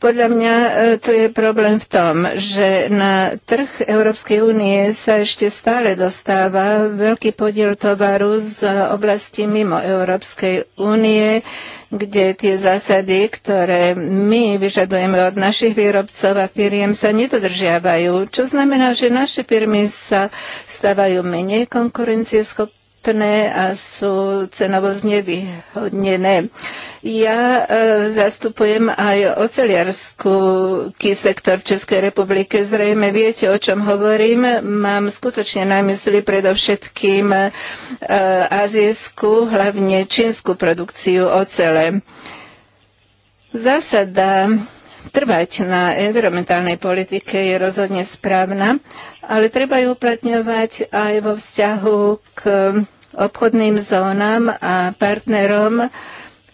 [SPEAKER 2] Podľa mňa e, tu je problém v tom, že na trh Európskej únie sa ešte stále dostáva veľký podiel tovaru z oblasti mimo Európskej únie, kde tie zásady, ktoré my vyžadujeme od našich výrobcov a firiem, sa nedodržiavajú. Čo znamená, že naše firmy sa stávajú menej konkurencieschopné dostupné a sú cenovo znevýhodnené. Ja e, zastupujem aj oceliarský sektor Českej republiky. Zrejme viete, o čom hovorím. Mám skutočne na mysli predovšetkým e, azijskú, hlavne čínsku produkciu ocele. Zásada trvať na environmentálnej politike je rozhodne správna, ale treba ju uplatňovať aj vo vzťahu k obchodným zónam a partnerom,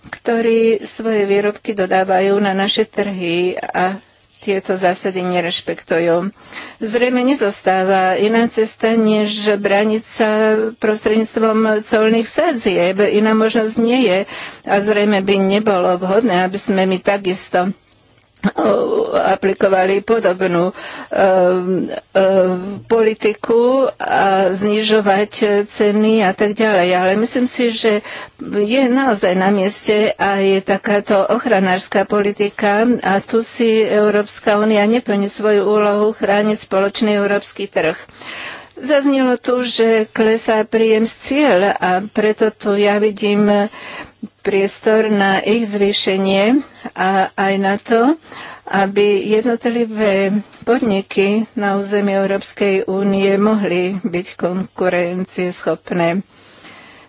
[SPEAKER 2] ktorí svoje výrobky dodávajú na naše trhy a tieto zásady nerešpektujú. Zrejme nezostáva iná cesta, než braniť sa prostredníctvom colných sadzieb. Iná možnosť nie je a zrejme by nebolo vhodné, aby sme my takisto aplikovali podobnú um, um, politiku a znižovať ceny a tak ďalej. Ale myslím si, že je naozaj na mieste a je takáto ochranárska politika a tu si Európska únia neplní svoju úlohu chrániť spoločný európsky trh. Zaznelo tu, že klesá príjem z cieľ a preto tu ja vidím priestor na ich zvýšenie a aj na to, aby jednotlivé podniky na území Európskej únie mohli byť konkurencieschopné.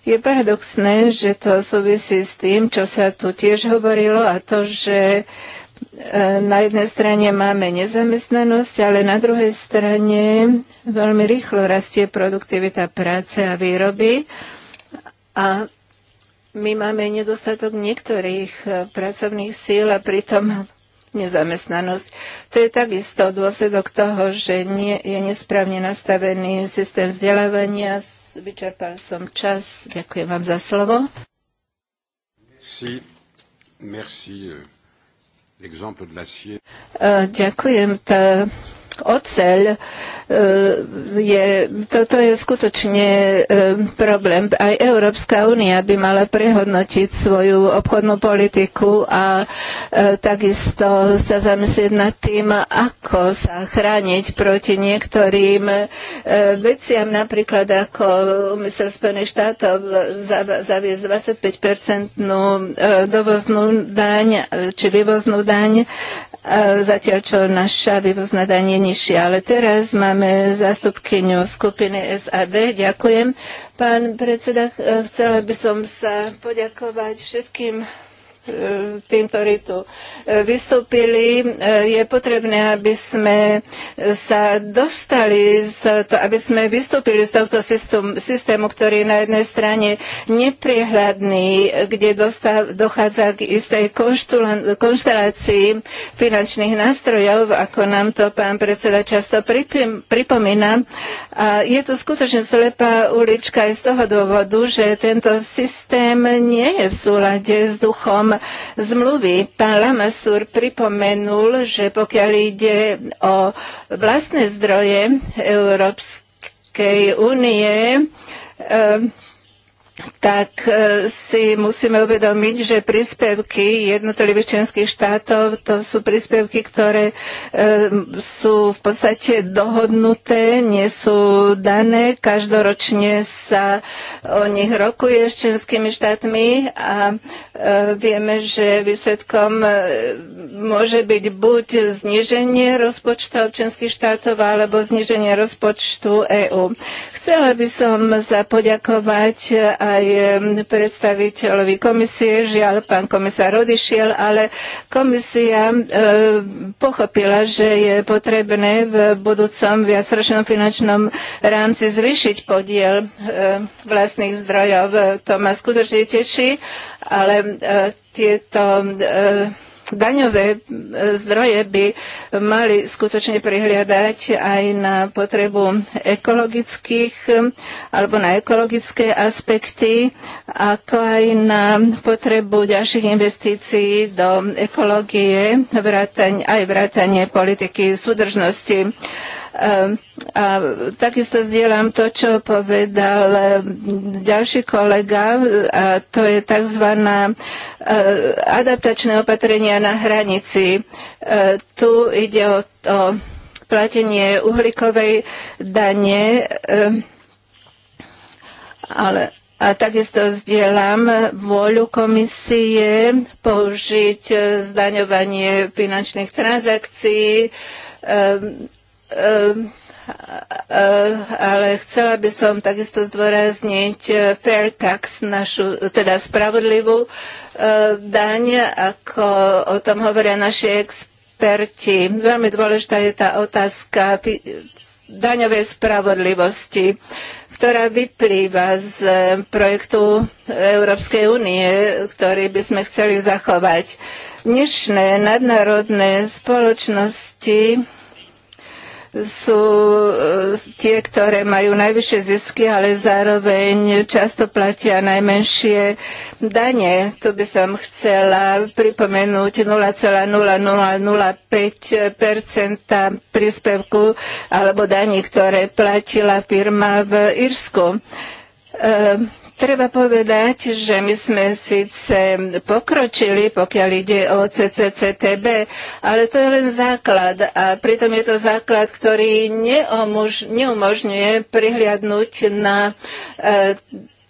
[SPEAKER 2] Je paradoxné, že to súvisí s tým, čo sa tu tiež hovorilo a to, že e, na jednej strane máme nezamestnanosť, ale na druhej strane veľmi rýchlo rastie produktivita práce a výroby. A my máme nedostatok niektorých e, pracovných síl a pritom nezamestnanosť. To je takisto dôsledok toho, že nie, je nesprávne nastavený systém vzdelávania. Vyčerpal som čas. Ďakujem vám za slovo.
[SPEAKER 1] Merci. merci. Uh, de e,
[SPEAKER 2] Ďakujem. Tá oceľ, e, je, to je skutočne e, problém. Aj Európska únia by mala prehodnotiť svoju obchodnú politiku a e, takisto sa zamyslieť nad tým, ako sa chrániť proti niektorým veciam, napríklad ako umysel Spojených štátov zaviesť 25-percentnú dovoznú daň či vývoznú daň zatiaľ čo naša vývozná daň je nižšia. Ale teraz máme zástupkyňu skupiny SAD. Ďakujem. Pán predseda, chcela by som sa poďakovať všetkým týmto ritu e, vystúpili. E, je potrebné, aby sme sa dostali, z to, aby sme vystúpili z tohto systému, systému ktorý je na jednej strane neprehľadný, kde dostav, dochádza k istej konštelácii finančných nástrojov, ako nám to pán predseda často pripomína. A je to skutočne slepá ulička aj z toho dôvodu, že tento systém nie je v súlade s duchom zmluvy. Pán Lamasur pripomenul, že pokiaľ ide o vlastné zdroje Európskej únie, ehm, tak e, si musíme uvedomiť, že príspevky jednotlivých členských štátov to sú príspevky, ktoré e, sú v podstate dohodnuté, nie sú dané. Každoročne sa o nich rokuje s členskými štátmi a e, vieme, že výsledkom môže byť buď zniženie rozpočtov členských štátov alebo zniženie rozpočtu EÚ. Chcela by som sa poďakovať a aj predstaviteľovi komisie. Žiaľ, pán komisár odišiel, ale komisia pochopila, že je potrebné v budúcom viacročnom finančnom rámci zvýšiť podiel vlastných zdrojov. To ma skutočne teší, ale tieto daňové e, zdroje by mali skutočne prihliadať aj na potrebu ekologických e, alebo na ekologické aspekty, ako aj na potrebu ďalších investícií do ekológie, vrátanie, aj vrátanie politiky súdržnosti. Ehm, a takisto zdieľam to, čo povedal ehm, ďalší kolega, a to je tzv. Eh, adaptačné opatrenia na hranici. Eh, tu ide o, o platenie uhlíkovej dane, ehm, ale a takisto zdieľam vôľu komisie použiť eh, zdaňovanie finančných transakcií Ehm, eh, ale chcela by som takisto zdôrazniť eh, fair tax, našu, teda spravodlivú eh, daň, ako o tom hovoria naši experti. Veľmi dôležitá je tá otázka daňovej spravodlivosti, ktorá vyplýva z projektu Európskej únie, ktorý by sme chceli zachovať. Dnešné nadnárodné spoločnosti sú e, tie, ktoré majú najvyššie zisky, ale zároveň často platia najmenšie dane. Tu by som chcela pripomenúť 0,0005 príspevku alebo daní, ktoré platila firma v Irsku. E, Treba povedať, že my sme síce pokročili, pokiaľ ide o CCCTB, ale to je len základ a pritom je to základ, ktorý neumož- neumožňuje prihliadnúť na e,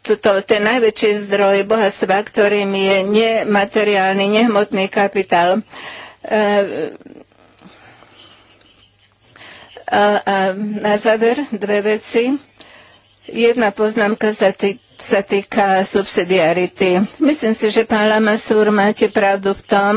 [SPEAKER 2] tuto, ten najväčší zdroj bohatstva, ktorým je nemateriálny, nehmotný kapitál. E, a, a na záver dve veci. Jedna poznámka sa týka sa týka subsidiarity. Myslím si, že pán Lamasúr máte pravdu v tom,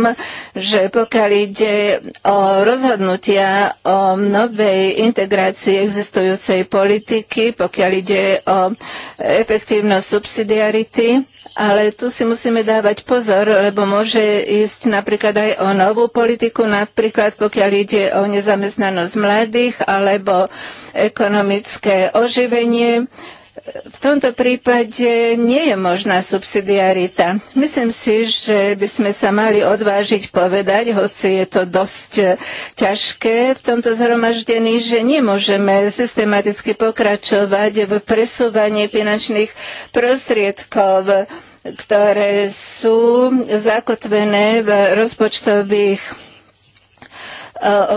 [SPEAKER 2] že pokiaľ ide o rozhodnutia o novej integrácii existujúcej politiky, pokiaľ ide o efektívnosť subsidiarity, ale tu si musíme dávať pozor, lebo môže ísť napríklad aj o novú politiku, napríklad pokiaľ ide o nezamestnanosť mladých alebo ekonomické oživenie v tomto prípade nie je možná subsidiarita. Myslím si, že by sme sa mali odvážiť povedať, hoci je to dosť ťažké v tomto zhromaždení, že nemôžeme systematicky pokračovať v presúvaní finančných prostriedkov, ktoré sú zakotvené v rozpočtových e,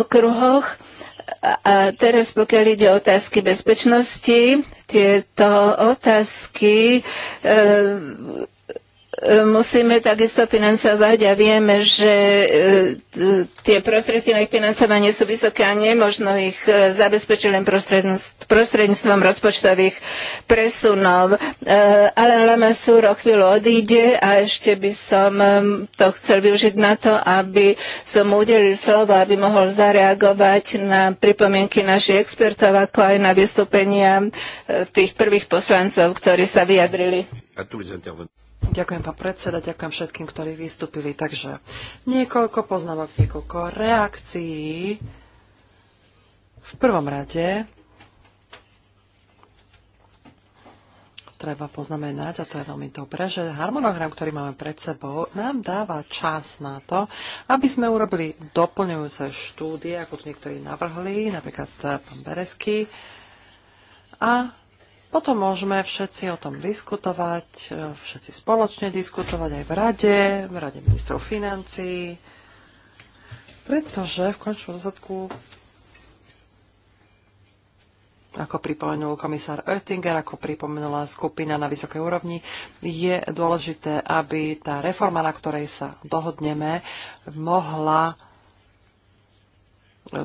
[SPEAKER 2] okruhoch a teraz, pokiaľ ide o otázky bezpečnosti, tieto otázky e, musíme takisto financovať a vieme, že e, tie prostredky na ich financovanie sú vysoké a nemožno ich e, zabezpečiť len prostredníctvom rozpočtových presunov. E, Ale Lamassur o chvíľu odíde a ešte by som to chcel využiť na to, aby som mu udelil slovo, aby mohol zareagovať na pripomienky našich expertov, ako aj na vystúpenia tých prvých poslancov, ktorí sa vyjadrili.
[SPEAKER 3] Ďakujem, pán predseda, ďakujem všetkým, ktorí vystúpili. Takže niekoľko poznámok, niekoľko reakcií. V prvom rade treba poznamenať, a to je veľmi dobré, že harmonogram, ktorý máme pred sebou, nám dáva čas na to, aby sme urobili doplňujúce štúdie, ako tu niektorí navrhli, napríklad pán Beresky, a potom môžeme všetci o tom diskutovať, e, všetci spoločne diskutovať aj v rade, v rade ministrov financií, pretože v končnom dôsledku ako pripomenul komisár Oettinger, ako pripomenula skupina na vysokej úrovni, je dôležité, aby tá reforma, na ktorej sa dohodneme, mohla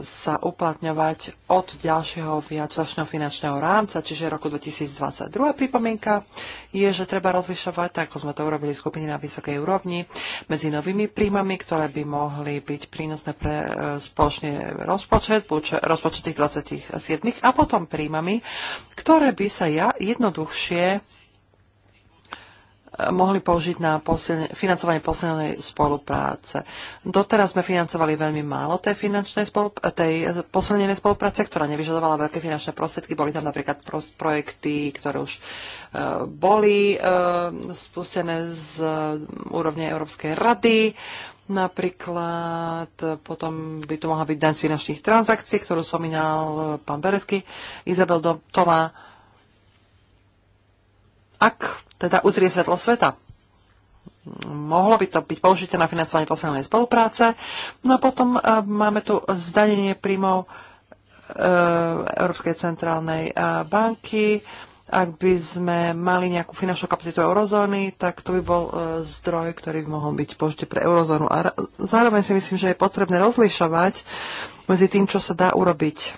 [SPEAKER 3] sa uplatňovať od ďalšieho viacročného finančného rámca, čiže roku 2020. Druhá pripomienka je, že treba rozlišovať, tak ako sme to urobili v skupine na vysokej úrovni, medzi novými príjmami, ktoré by mohli byť prínosné pre e, spoločný rozpočet, rozpočet tých 27 a potom príjmami, ktoré by sa ja jednoduchšie mohli použiť na posilne, financovanie posilnej spolupráce. Doteraz sme financovali veľmi málo tej, finančnej spolup- tej posilnenej spolupráce, ktorá nevyžadovala veľké finančné prostriedky. Boli tam napríklad projekty, ktoré už uh, boli uh, spustené z uh, úrovne Európskej rady. Napríklad e, potom by tu mohla byť daň z finančných transakcií, ktorú spomínal pán Beresky, Izabel Tomá. Ak teda uzrie svetlo sveta. Mohlo by to byť použité na financovanie poslednej spolupráce. No a potom uh, máme tu zdanenie príjmov uh, Európskej centrálnej uh, banky. Ak by sme mali nejakú finančnú kapacitu eurozóny, tak to by bol uh, zdroj, ktorý by mohol byť použitý pre eurozónu. A zároveň si myslím, že je potrebné rozlišovať medzi tým, čo sa dá urobiť.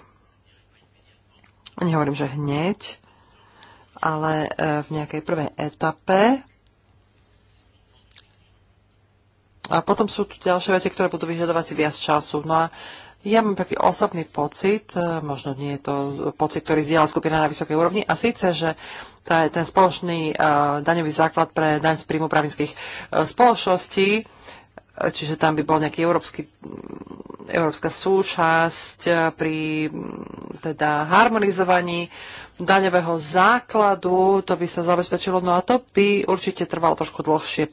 [SPEAKER 3] Nehovorím, že hneď, ale e, v nejakej prvej etape. A potom sú tu ďalšie veci, ktoré budú vyžadovať si viac času. No a ja mám taký osobný pocit, e, možno nie je to pocit, ktorý zdieľa skupina na vysokej úrovni, a síce, že tá, ten spoločný uh, daňový základ pre daň z príjmu právnických uh, spoločností čiže tam by bol nejaký európsky, európska súčasť pri teda harmonizovaní daňového základu, to by sa zabezpečilo, no a to by určite trvalo trošku dlhšie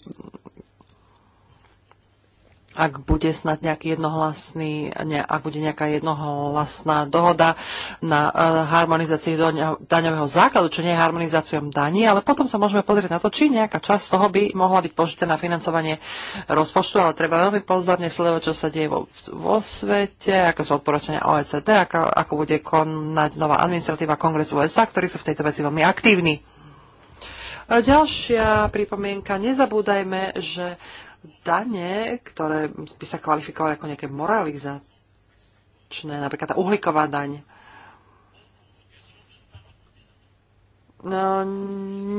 [SPEAKER 3] ak bude snad nejaký jednohlasný, ne, ak bude nejaká jednohlasná dohoda na uh, harmonizácii daňového základu, čo nie je harmonizáciou daní, ale potom sa môžeme pozrieť na to, či nejaká časť toho by mohla byť požitá na financovanie rozpočtu, ale treba veľmi pozorne sledovať, čo sa deje vo, vo svete, aké sú odporúčania OECD, ako, ako bude konať nová administratíva kongresu USA, e ktorí sú v tejto veci veľmi aktívni. Ďalšia pripomienka. Nezabúdajme, že dane, ktoré by sa kvalifikovali ako nejaké moralizačné, napríklad tá uhlíková daň. No,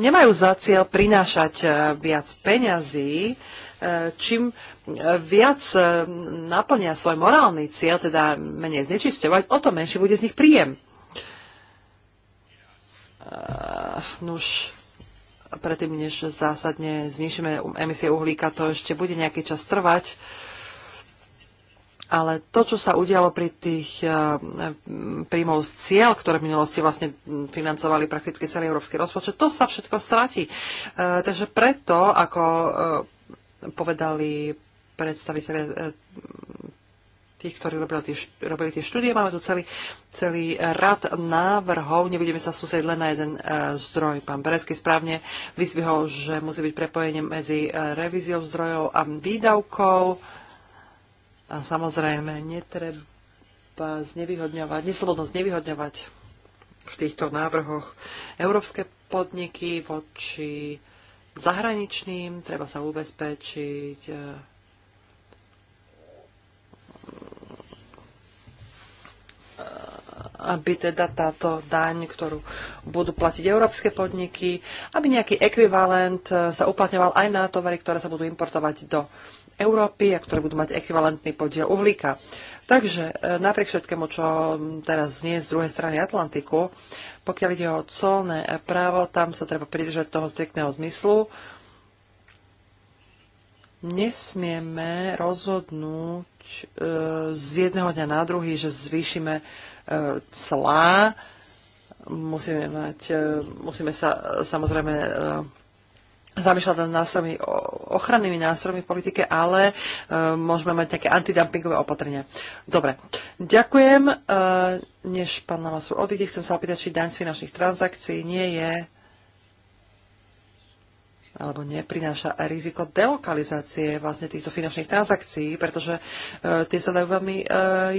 [SPEAKER 3] nemajú za cieľ prinášať e, viac peňazí, e, čím e, viac naplnia svoj morálny cieľ, teda menej znečisťovať, o to menší bude z nich príjem. Uh, nuž, predtým, než zásadne znižíme emisie uhlíka, to ešte bude nejaký čas trvať. Ale to, čo sa udialo pri tých eh, príjmov z cieľ, ktoré v minulosti vlastne financovali prakticky celý európsky rozpočet, to sa všetko stratí. Eh, takže preto, ako eh, povedali predstaviteľe tých, ktorí robili tie, robili tie štúdie. Máme tu celý, celý rad návrhov. Nebudeme sa sústrediť len na jeden uh, zdroj. Pán Beresky správne vyzvihol, že musí byť prepojenie medzi e, revíziou zdrojov a výdavkou A samozrejme, netreba znevýhodňovať, neslobodno znevýhodňovať v týchto návrhoch európske podniky voči zahraničným. Treba sa ubezpečiť, Uh, aby teda táto daň, ktorú budú platiť európske podniky, aby nejaký ekvivalent e, sa uplatňoval aj na tovary, ktoré sa budú importovať do Európy a ktoré budú mať ekvivalentný podiel uhlíka. Takže e, napriek všetkému, čo teraz znie z druhej strany Atlantiku, pokiaľ ide o colné právo, tam sa treba pridržať toho striktného zmyslu. Nesmieme rozhodnúť e, z jedného dňa na druhý, že zvýšime clá. Musíme, mať, e, musíme sa e, samozrejme e, zamýšľať nad nástrojmi, ochrannými nástrojmi v politike, ale môžeme mať také antidumpingové opatrenia. Dobre, ďakujem. než pán Lamasur odíde, chcem sa opýtať, či daň z finančných transakcií nie je alebo neprináša riziko delokalizácie vlastne týchto finančných transakcií, pretože e, tie sa dajú veľmi e,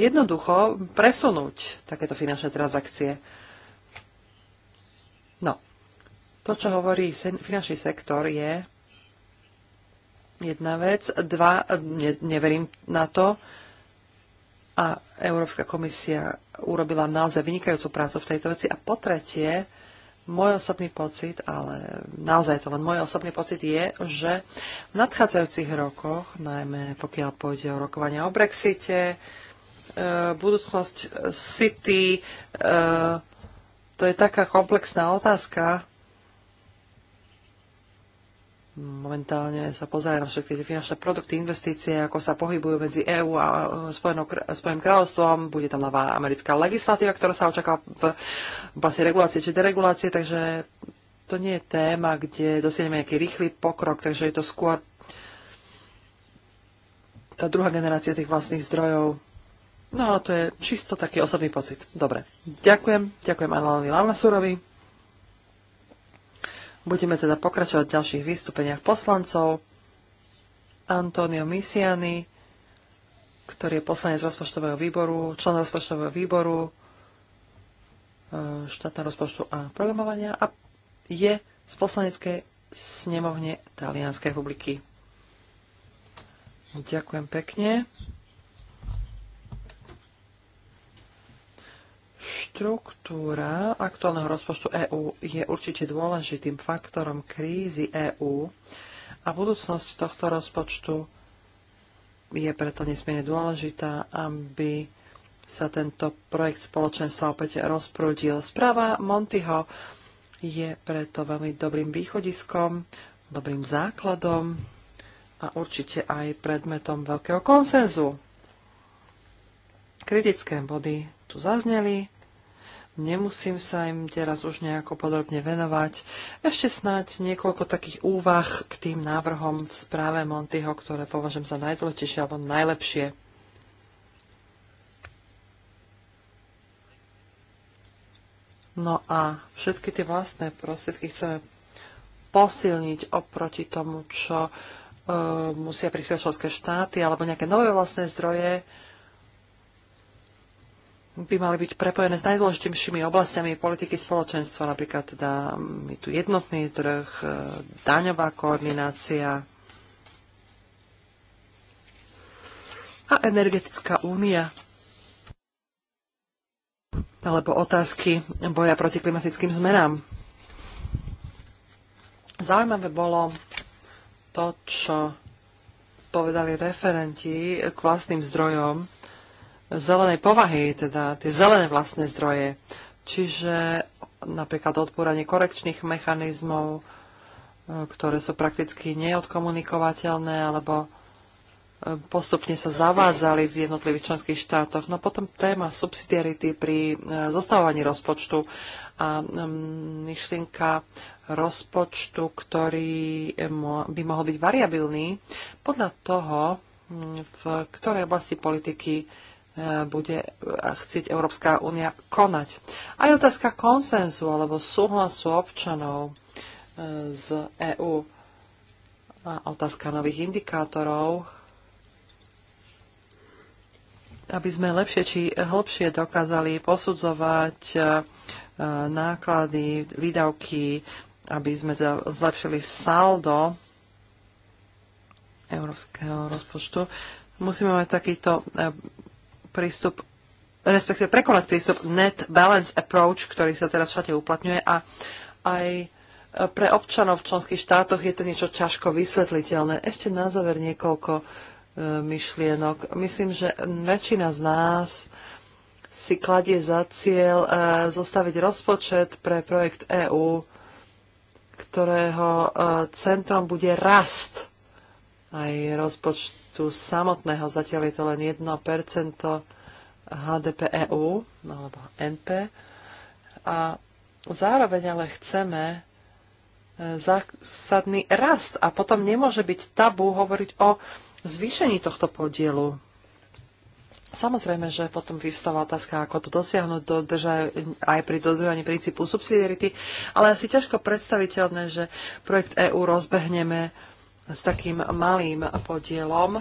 [SPEAKER 3] jednoducho presunúť, takéto finančné transakcie. No, to, čo hovorí finančný sektor, je jedna vec. Dva, ne, neverím na to. A Európska komisia urobila naozaj vynikajúcu prácu v tejto veci. A po tretie, môj osobný pocit, ale naozaj to len môj osobný pocit je, že v nadchádzajúcich rokoch, najmä pokiaľ pôjde o rokovania o Brexite, e, budúcnosť City, e, to je taká komplexná otázka, momentálne sa pozerajú na všetky tie finančné produkty, investície, ako sa pohybujú medzi EÚ a e, Spojeným kráľovstvom. Bude tam nová americká legislatíva, ktorá sa očakáva v oblasti regulácie či deregulácie, takže to nie je téma, kde dosiahneme nejaký rýchly pokrok, takže je to skôr tá druhá generácia tých vlastných zdrojov. No ale to je čisto taký osobný pocit. Dobre. Ďakujem. Ďakujem Analoni Lavnasurovi. Budeme teda pokračovať v ďalších vystúpeniach poslancov. Antonio Misiani, ktorý je poslanec rozpočtového výboru, člen rozpočtového výboru, e, štátna rozpočtu a programovania a je z poslaneckej snemovne Talianskej republiky. Ďakujem pekne. Štruktúra aktuálneho rozpočtu EÚ je určite dôležitým faktorom krízy EÚ a budúcnosť tohto rozpočtu je preto nesmierne dôležitá, aby sa tento projekt spoločenstva opäť rozprúdil. Správa Montyho je preto veľmi dobrým východiskom, dobrým základom a určite aj predmetom veľkého konsenzu. Kritické body tu zazneli. Nemusím sa im teraz už nejako podrobne venovať. Ešte snáď niekoľko takých úvah k tým návrhom v správe Montyho, ktoré považujem za najdôležitejšie alebo najlepšie. No a všetky tie vlastné prostriedky chceme posilniť oproti tomu, čo e, musia prispievať členské štáty alebo nejaké nové vlastné zdroje, by mali byť prepojené s najdôležitejšími oblastiami politiky spoločenstva, napríklad teda mm, je tu jednotný trh, e, daňová koordinácia a energetická únia alebo otázky boja proti klimatickým zmenám. Zaujímavé bolo to, čo povedali referenti k vlastným zdrojom zelenej povahy, teda tie zelené vlastné zdroje. Čiže napríklad odporanie korekčných mechanizmov, e, ktoré sú prakticky neodkomunikovateľné, alebo e, postupne sa zavádzali v jednotlivých členských štátoch. No potom téma subsidiarity pri e, zostavovaní rozpočtu a myšlienka rozpočtu, ktorý by mohol byť variabilný podľa toho, v ktorej oblasti politiky E, bude e, chcieť Európska únia konať. Aj otázka konsenzu alebo súhlasu občanov e, z EÚ a otázka nových indikátorov, aby sme lepšie či hlbšie dokázali posudzovať náklady, výdavky, aby sme teda zlepšili saldo európskeho rozpočtu. Musíme mať takýto prístup respektíve prekonať prístup net balance approach, ktorý sa teraz všade uplatňuje a aj pre občanov v členských štátoch je to niečo ťažko vysvetliteľné. Ešte na záver niekoľko e, myšlienok. Myslím, že väčšina z nás si kladie za cieľ e, zostaviť rozpočet pre projekt EÚ, ktorého e, centrom bude rast aj rozpočtu samotného. Zatiaľ je to len 1% HDP EU alebo NP. A zároveň ale chceme e, zásadný rast a potom nemôže byť tabu hovoriť o zvýšení tohto podielu. Samozrejme, že potom vyvstáva otázka, ako to dosiahnuť dodrža- aj pri dodržaní princípu subsidiarity, ale asi ťažko predstaviteľné, že projekt EÚ rozbehneme s takým malým podielom.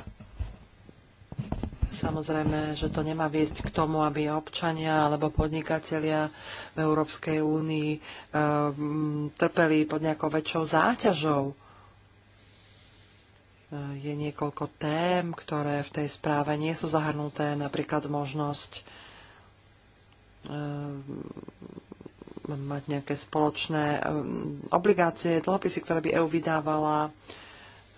[SPEAKER 3] Samozrejme, že to nemá viesť k tomu, aby občania alebo podnikatelia v Európskej únii e, trpeli pod nejakou väčšou záťažou. E, je niekoľko tém, ktoré v tej správe nie sú zahrnuté, napríklad možnosť e, mať nejaké spoločné e, obligácie, dlhopisy, ktoré by EU vydávala, e,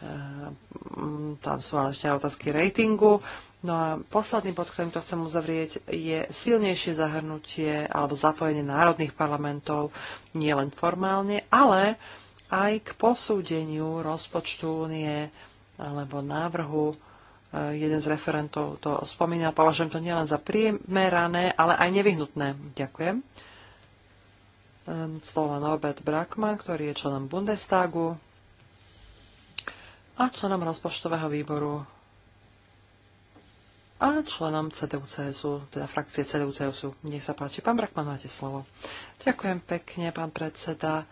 [SPEAKER 3] Ehm, tam sú ale ešte otázky ratingu. No a posledný bod, ktorým to chcem uzavrieť, je silnejšie zahrnutie alebo zapojenie národných parlamentov nielen formálne, ale aj k posúdeniu rozpočtu únie alebo návrhu. Ehm, jeden z referentov to spomínal. Považujem to nielen za primerané, ale aj nevyhnutné. Ďakujem. Ehm, slovo Norbert Brackmann, ktorý je členom Bundestagu a členom rozpočtového výboru a členom CDU-CSU, teda frakcie CDU-CSU. Nech sa páči. Pán Brakman, máte slovo. Ďakujem pekne, pán predseda.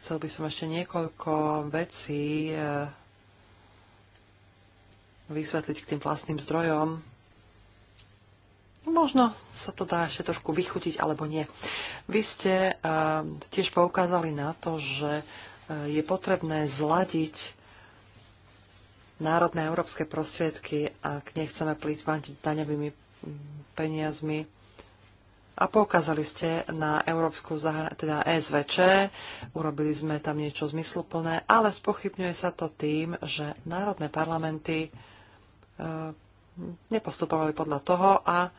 [SPEAKER 3] Chcel by som ešte niekoľko vecí eh, vysvetliť k tým vlastným zdrojom. Možno sa to dá ešte trošku vychutiť, alebo nie. Vy ste uh, tiež poukázali na to, že Eh, je potrebné zladiť národné európske prostriedky, ak nechceme plýtvať daňovými mm, peniazmi. A poukázali ste na Európsku zahra- teda SVČ, urobili sme tam niečo zmysluplné, ale spochybňuje sa to tým, že národné parlamenty e, nepostupovali podľa toho a e,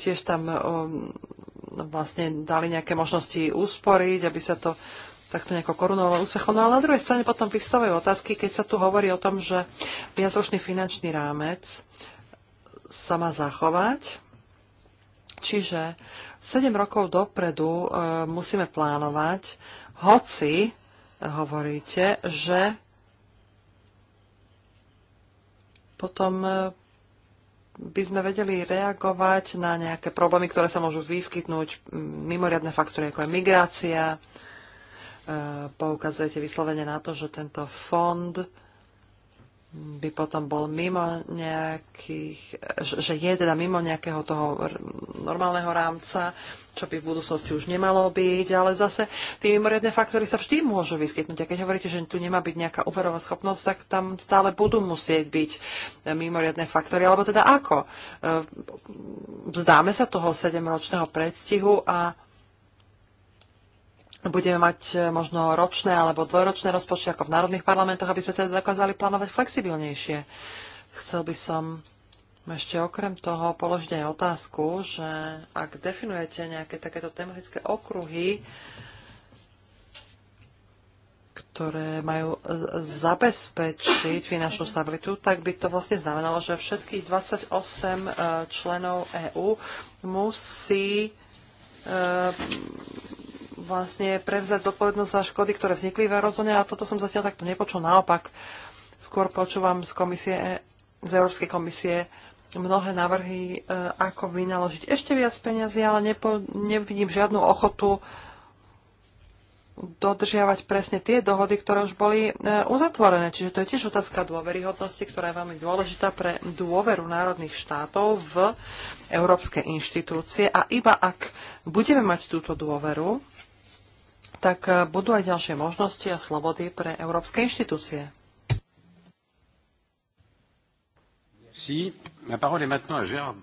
[SPEAKER 3] tiež tam vlastne dali nejaké možnosti úsporiť, aby sa to takto nejako korunovalo úspechom. No ale na druhej strane potom vyvstávajú otázky, keď sa tu hovorí o tom, že viacročný finančný rámec sa má zachovať, čiže 7 rokov dopredu e, musíme plánovať, hoci hovoríte, že potom e, by sme vedeli reagovať na nejaké problémy, ktoré sa môžu vyskytnúť, mimoriadne faktory, ako je migrácia. E, poukazujete vyslovene na to, že tento fond by potom bol mimo nejakých, že je teda mimo nejakého toho normálneho rámca, čo by v budúcnosti už nemalo byť, ale zase tie mimoriadne faktory sa vždy môžu vyskytnúť. A keď hovoríte, že tu nemá byť nejaká úverová schopnosť, tak tam stále budú musieť byť e, mimoriadne faktory. Alebo teda ako? E, vzdáme sa toho sedemročného ročného predstihu a budeme mať e, možno ročné alebo dvojročné rozpočty ako v národných parlamentoch, aby sme teda dokázali plánovať flexibilnejšie. Chcel by som ešte okrem toho položiť aj otázku, že ak definujete nejaké takéto tematické okruhy, ktoré majú e, zabezpečiť finančnú stabilitu, tak by to vlastne znamenalo, že všetkých 28 e, členov EÚ musí vlastne prevzať zodpovednosť za škody, ktoré vznikli v eurozóne a toto som zatiaľ takto nepočul. Naopak, skôr počúvam z komisie, z Európskej komisie mnohé návrhy, e, ako vynaložiť ešte viac peniazy, ale nepo, nevidím žiadnu ochotu dodržiavať presne tie dohody, ktoré už boli e, uzatvorené. Čiže to je tiež otázka dôveryhodnosti, ktorá je veľmi dôležitá pre dôveru národných štátov v európske inštitúcie. A iba ak budeme mať túto dôveru, tak eh, budú aj ďalšie možnosti a slobody pre európske inštitúcie.
[SPEAKER 1] Si, la parole est maintenant à Gérard.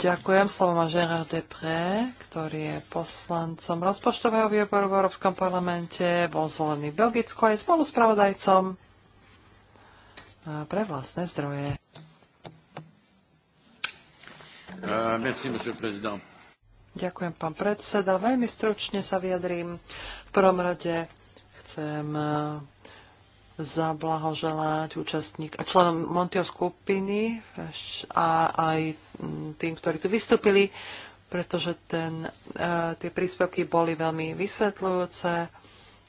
[SPEAKER 3] Ďakujem, slovo má Gérard Depré, ktorý je poslancom rozpočtového výboru v Európskom parlamente, bol zvolený v Belgicku spolu je pravodajcom eh, pre vlastné zdroje.
[SPEAKER 1] Uh, merci, monsieur président.
[SPEAKER 3] Ďakujem, pán predseda. Veľmi stručne sa vyjadrím. V prvom rade chcem e, zablahoželať účastník a členom Montio skupiny a aj tým, ktorí tu vystúpili, pretože ten, e, tie príspevky boli veľmi vysvetľujúce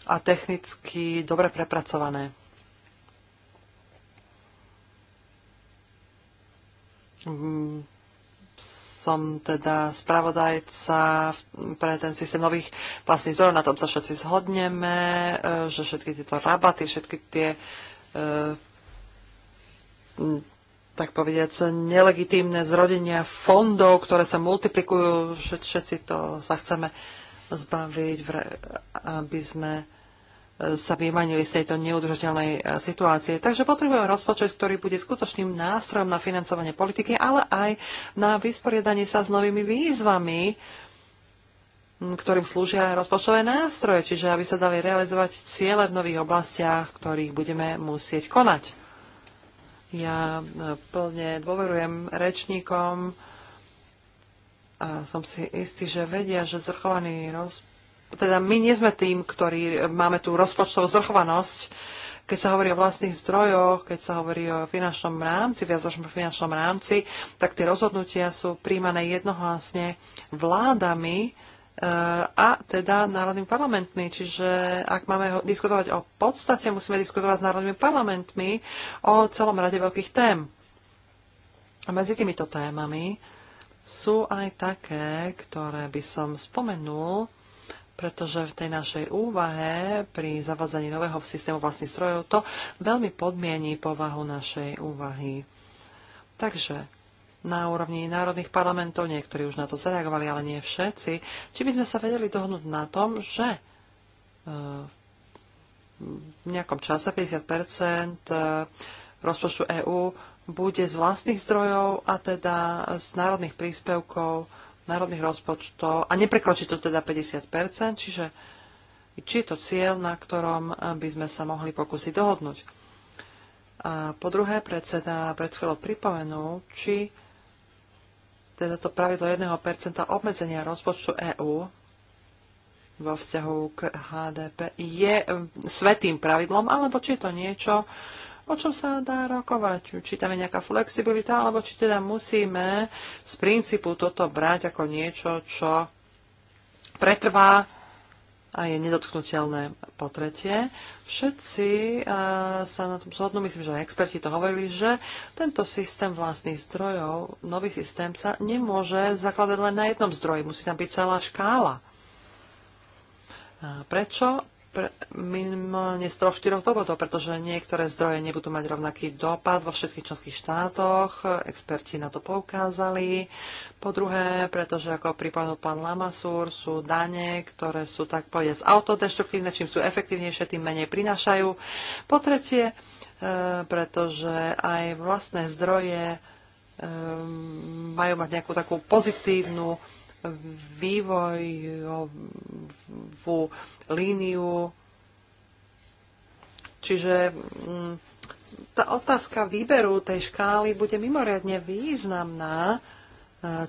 [SPEAKER 3] a technicky dobre prepracované som teda spravodajca pre ten systém nových vlastných zdrojov, na tom sa všetci zhodneme, e, že všetky tieto rabaty, všetky tie e, tak povediac, nelegitímne zrodenia fondov, ktoré sa multiplikujú, všetci to sa chceme zbaviť, aby sme sa vymanili z tejto neudržateľnej e, situácie. Takže potrebujeme rozpočet, ktorý bude skutočným nástrojom na financovanie politiky, ale aj na vysporiadanie sa s novými výzvami, ktorým slúžia rozpočtové nástroje, čiže aby sa dali realizovať ciele v nových oblastiach, ktorých budeme musieť konať. Ja e, plne dôverujem rečníkom a som si istý, že vedia, že zrchovaný rozpočet teda my nie sme tým, ktorí e, máme tú rozpočtovú zrchovanosť, keď sa hovorí o vlastných zdrojoch, keď sa hovorí o finančnom rámci, o finančnom rámci, tak tie rozhodnutia sú príjmané jednohlasne vládami e, a teda národnými parlamentmi. Čiže ak máme diskutovať o podstate, musíme diskutovať s národnými parlamentmi o celom rade veľkých tém. A medzi týmito témami sú aj také, ktoré by som spomenul, pretože v tej našej úvahe pri zavádzaní nového systému vlastných strojov to veľmi podmiení povahu našej úvahy. Takže na úrovni národných parlamentov, niektorí už na to zareagovali, ale nie všetci, či by sme sa vedeli dohodnúť na tom, že e, v nejakom čase 50 e, rozpočtu EÚ bude z vlastných zdrojov a teda z národných príspevkov národných rozpočtov a neprekročí to teda 50%, čiže či je to cieľ, na ktorom eh, by sme sa mohli pokúsiť dohodnúť. A po druhé, predseda pred chvíľou pripomenul, či teda to pravidlo 1% obmedzenia rozpočtu EÚ vo vzťahu k HDP je eh, svetým pravidlom, alebo či je to niečo, o čom sa dá rokovať. Či tam je nejaká flexibilita, alebo či teda musíme z princípu toto brať ako niečo, čo pretrvá a je nedotknutelné po tretie. Všetci eh, sa na tom zhodnú, myslím, že aj experti to hovorili, že tento systém vlastných zdrojov, nový systém sa nemôže zakladať len na jednom zdroji, musí tam byť celá škála. Prečo? minimálne z troch, štyroch dôvodov, pretože niektoré zdroje nebudú mať rovnaký dopad vo všetkých členských štátoch, experti na to poukázali. Po druhé, pretože ako pripomenul pán Lamasúr, sú dane, ktoré sú tak povedať autodestruktívne, čím sú efektívnejšie, tým menej prinášajú. Po tretie, e, pretože aj vlastné zdroje e, majú mať nejakú takú pozitívnu vývojovú líniu. Čiže mm, tá otázka výberu tej škály bude mimoriadne významná, e,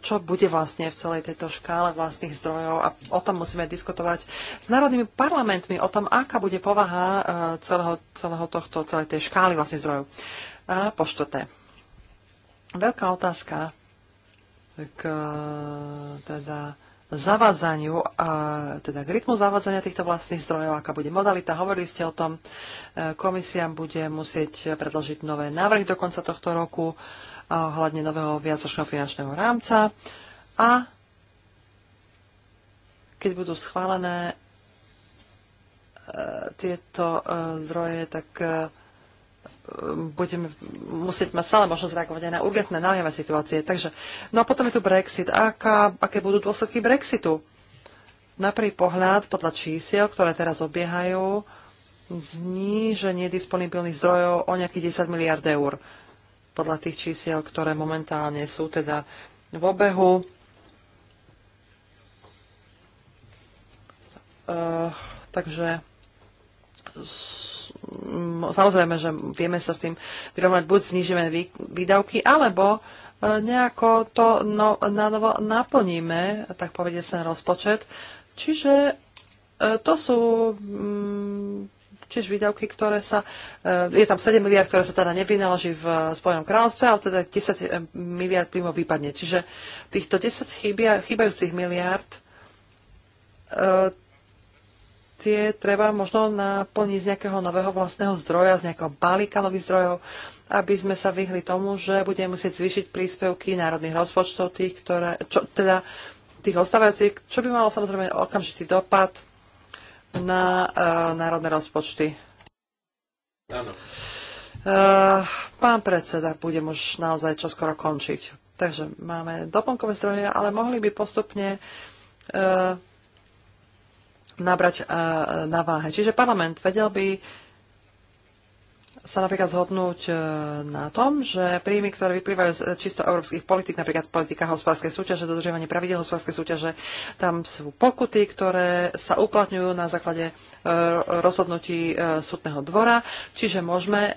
[SPEAKER 3] čo bude vlastne v celej tejto škále vlastných zdrojov a o tom musíme diskutovať s národnými parlamentmi, o tom, aká bude povaha e, celého, celého tohto, celej tej škály vlastných zdrojov. A po štvrté. Veľká otázka k teda zavádzaniu, a, teda k rytmu zavádzania týchto vlastných zdrojov, aká bude modalita. Hovorili ste o tom, e, komisia bude musieť predložiť nové návrhy do konca tohto roku e, ohľadne nového viacročného finančného rámca a keď budú schválené e, tieto zdroje, tak budeme musieť mať stále možnosť reagovať aj na urgentné naliehavé situácie. Takže, no a potom je tu Brexit. Aká, aké budú dôsledky Brexitu? Na prvý pohľad, podľa čísiel, ktoré teraz obiehajú, zníženie disponibilných zdrojov o nejakých 10 miliard eur. Podľa tých čísiel, ktoré momentálne sú teda v obehu. Uh, takže samozrejme, že vieme sa s tým vyrovnať, buď znižíme výdavky, alebo e, nejako to no, na novo naplníme, tak povedie sa rozpočet. Čiže e, to sú mm, tiež výdavky, ktoré sa... E, je tam 7 miliard, ktoré sa teda nevynaloží v Spojenom kráľovstve, ale teda 10 miliard príjmov vypadne. Čiže týchto 10 chýbia, chýbajúcich miliard tie treba možno naplniť z nejakého nového vlastného zdroja, z nejakého balíka nových zdrojov, aby sme sa vyhli tomu, že budeme musieť zvýšiť príspevky národných rozpočtov, tých, ktoré, čo, teda tých ostávajúcich, čo by malo samozrejme okamžitý dopad na uh, národné rozpočty. Uh, pán predseda, budem už naozaj čoskoro končiť. Takže máme doplnkové zdroje, ale mohli by postupne uh, nabrať e, na váhe. Čiže parlament vedel by sa napríklad zhodnúť e, na tom, že príjmy, ktoré vyplývajú z e, čisto európskych politik, napríklad politika hospodárskej súťaže, dodržiavanie pravidel hospodárskej súťaže, tam sú pokuty, ktoré sa uplatňujú na základe rozhodnutí súdneho dvora, čiže môžeme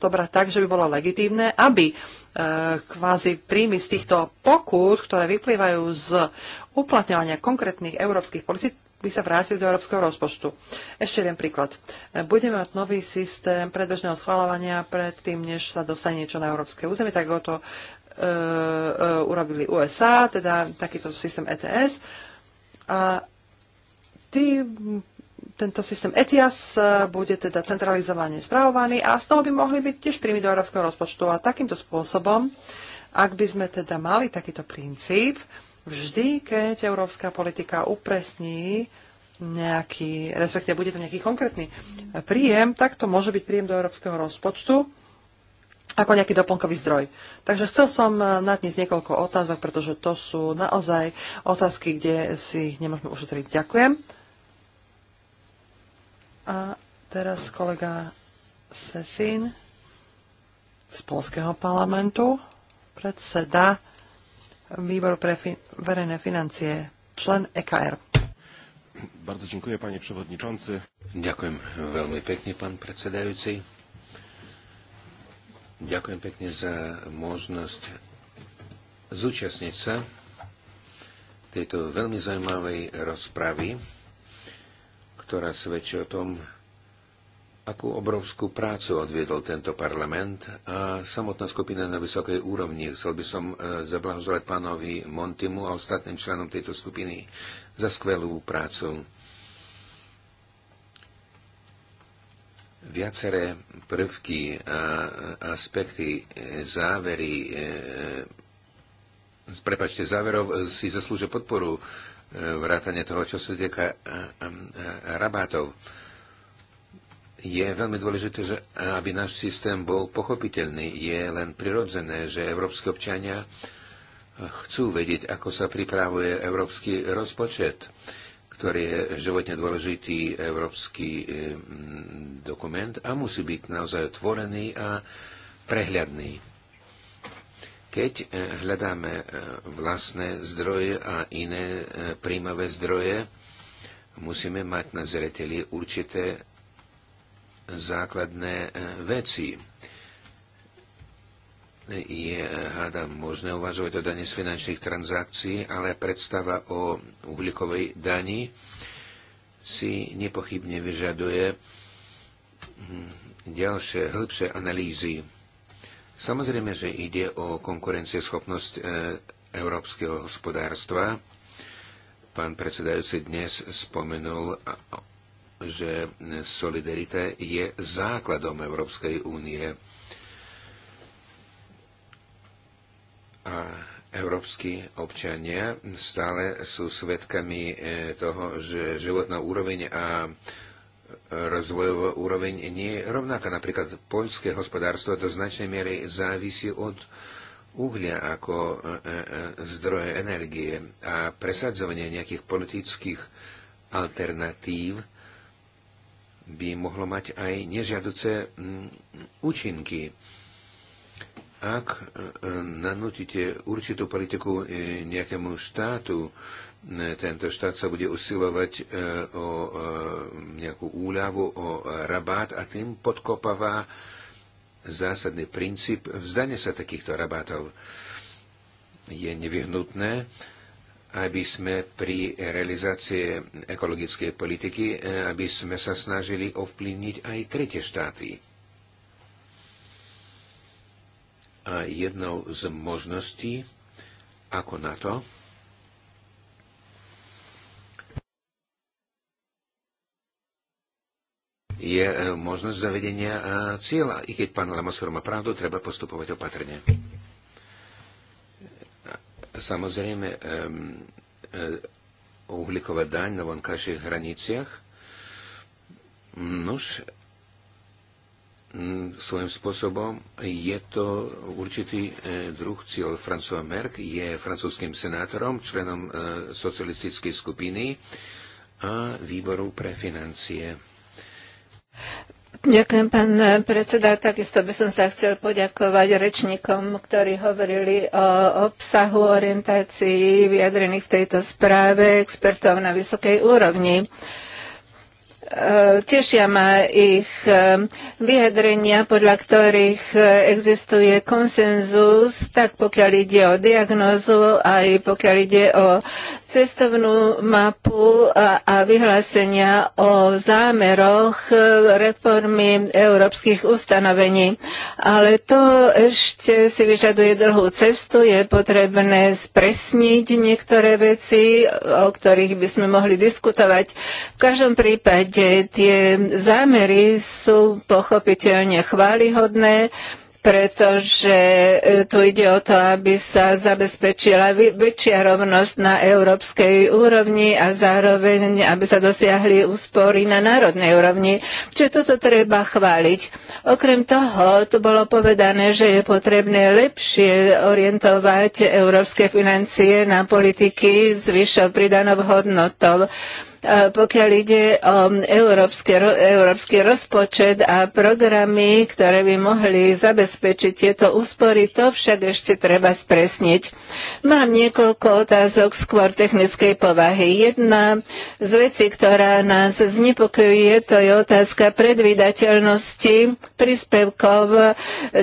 [SPEAKER 3] to brať tak, že by bolo legitímne, aby kvázi príjmy z týchto pokut, ktoré vyplývajú z uplatňovania konkrétnych európskych politik, by sa vrátil do európskeho rozpočtu. Ešte jeden príklad. Budeme mať nový systém predbežného schváľovania predtým, než sa dostane niečo na európske územie, tak ho to e, e, urobili USA, teda takýto systém ETS. A tý, tento systém ETIAS e, bude teda centralizovane spravovaný a z toho by mohli byť tiež príjmy do európskeho rozpočtu. A takýmto spôsobom, ak by sme teda mali takýto princíp, Vždy, keď európska politika upresní nejaký, respektíve bude to nejaký konkrétny príjem, tak to môže byť príjem do európskeho rozpočtu ako nejaký doplnkový zdroj. Takže chcel som nadniesť niekoľko otázok, pretože to sú naozaj otázky, kde si ich nemôžeme ušetriť. Ďakujem. A teraz kolega Sesín z Polského parlamentu, predseda výboru pre verejné financie, člen EKR.
[SPEAKER 1] Bardzo dziękuję, panie przewodniczący. Ďakujem veľmi pekne, pán predsedajúci. Ďakujem pekne za možnosť zúčastniť sa tejto veľmi zaujímavej rozpravy, ktorá svedčí o tom, akú obrovskú prácu odviedol tento parlament a samotná skupina na vysokej úrovni. Chcel by som e, zablahozovať pánovi Montimu a ostatným členom tejto skupiny za skvelú prácu. Viaceré prvky a aspekty, e, závery, e, z, prepačte, záverov si zaslúžia podporu vrátane toho, čo sa týka rabátov je veľmi dôležité, že aby náš systém bol pochopiteľný. Je len prirodzené, že európske občania chcú vedieť, ako sa pripravuje európsky rozpočet, ktorý je životne dôležitý európsky mm, dokument a musí byť naozaj otvorený a prehľadný. Keď e, hľadáme e, vlastné zdroje a iné e, príjmavé zdroje, musíme mať na zreteli určité základné e, veci. Je, e, hádam, možné uvažovať o dani z finančných transakcií, ale predstava o uhlíkovej dani si nepochybne vyžaduje hm, ďalšie, hĺbšie analýzy. Samozrejme, že ide o konkurencieschopnosť e, európskeho hospodárstva. Pán predsedajúci dnes spomenul že solidarita je základom Európskej únie. A európsky občania stále sú svedkami eh, toho, že životná úroveň a rozvojová úroveň nie je rovnaká. Napríklad poľské hospodárstvo do značnej miery závisí od uhlia ako eh, eh, zdroje energie a presadzovanie nejakých politických alternatív by mohlo mať aj nežiaduce mm, účinky. Ak e, e, nanútite určitú politiku e, nejakému štátu, tento štát sa bude usilovať o nejakú úľavu, o rabát a tým podkopáva zásadný princíp vzdania sa takýchto rabátov. Je nevyhnutné, aby sme pri realizácii ekologickej politiky, eh, aby sme sa snažili ovplyvniť aj tretie štáty. A jednou z možností, ako na to, je eh, možnosť zavedenia eh, cieľa. I keď pán Lamosfer má pravdu, treba postupovať opatrne. Samozrejme, uhlíková daň na vonkajších hraniciach. Nož, mm, svojím spôsobom je to určitý druh cieľ. François Merck je francúzským senátorom, členom socialistickej skupiny a výboru pre financie.
[SPEAKER 2] Ďakujem, pán predseda. Takisto by som sa chcel poďakovať rečníkom, ktorí hovorili o obsahu orientácií vyjadrených v tejto správe expertov na vysokej úrovni. E, tešia ma ich e, vyjadrenia, podľa ktorých e, existuje konsenzus, tak pokiaľ ide o diagnózu, aj pokiaľ ide o cestovnú mapu a, a vyhlásenia o zámeroch reformy európskych ustanovení. Ale to ešte si vyžaduje dlhú cestu, je potrebné spresniť niektoré veci, o ktorých by sme mohli diskutovať. V každom prípade podstate tie zámery sú pochopiteľne chválihodné, pretože e, tu ide o to, aby sa zabezpečila väčšia rovnosť na európskej úrovni a zároveň, aby sa dosiahli úspory na národnej úrovni. Čiže toto treba chváliť. Okrem toho, tu bolo povedané, že je potrebné lepšie orientovať európske financie na politiky s vyššou pridanou hodnotou. E, pokiaľ ide o um, európske, európsky rozpočet a programy, ktoré by mohli zabezpečiť tieto úspory, to však ešte treba spresniť. Mám niekoľko otázok skôr technickej povahy. Jedna z vecí, ktorá nás znepokojuje, to je otázka predvydateľnosti príspevkov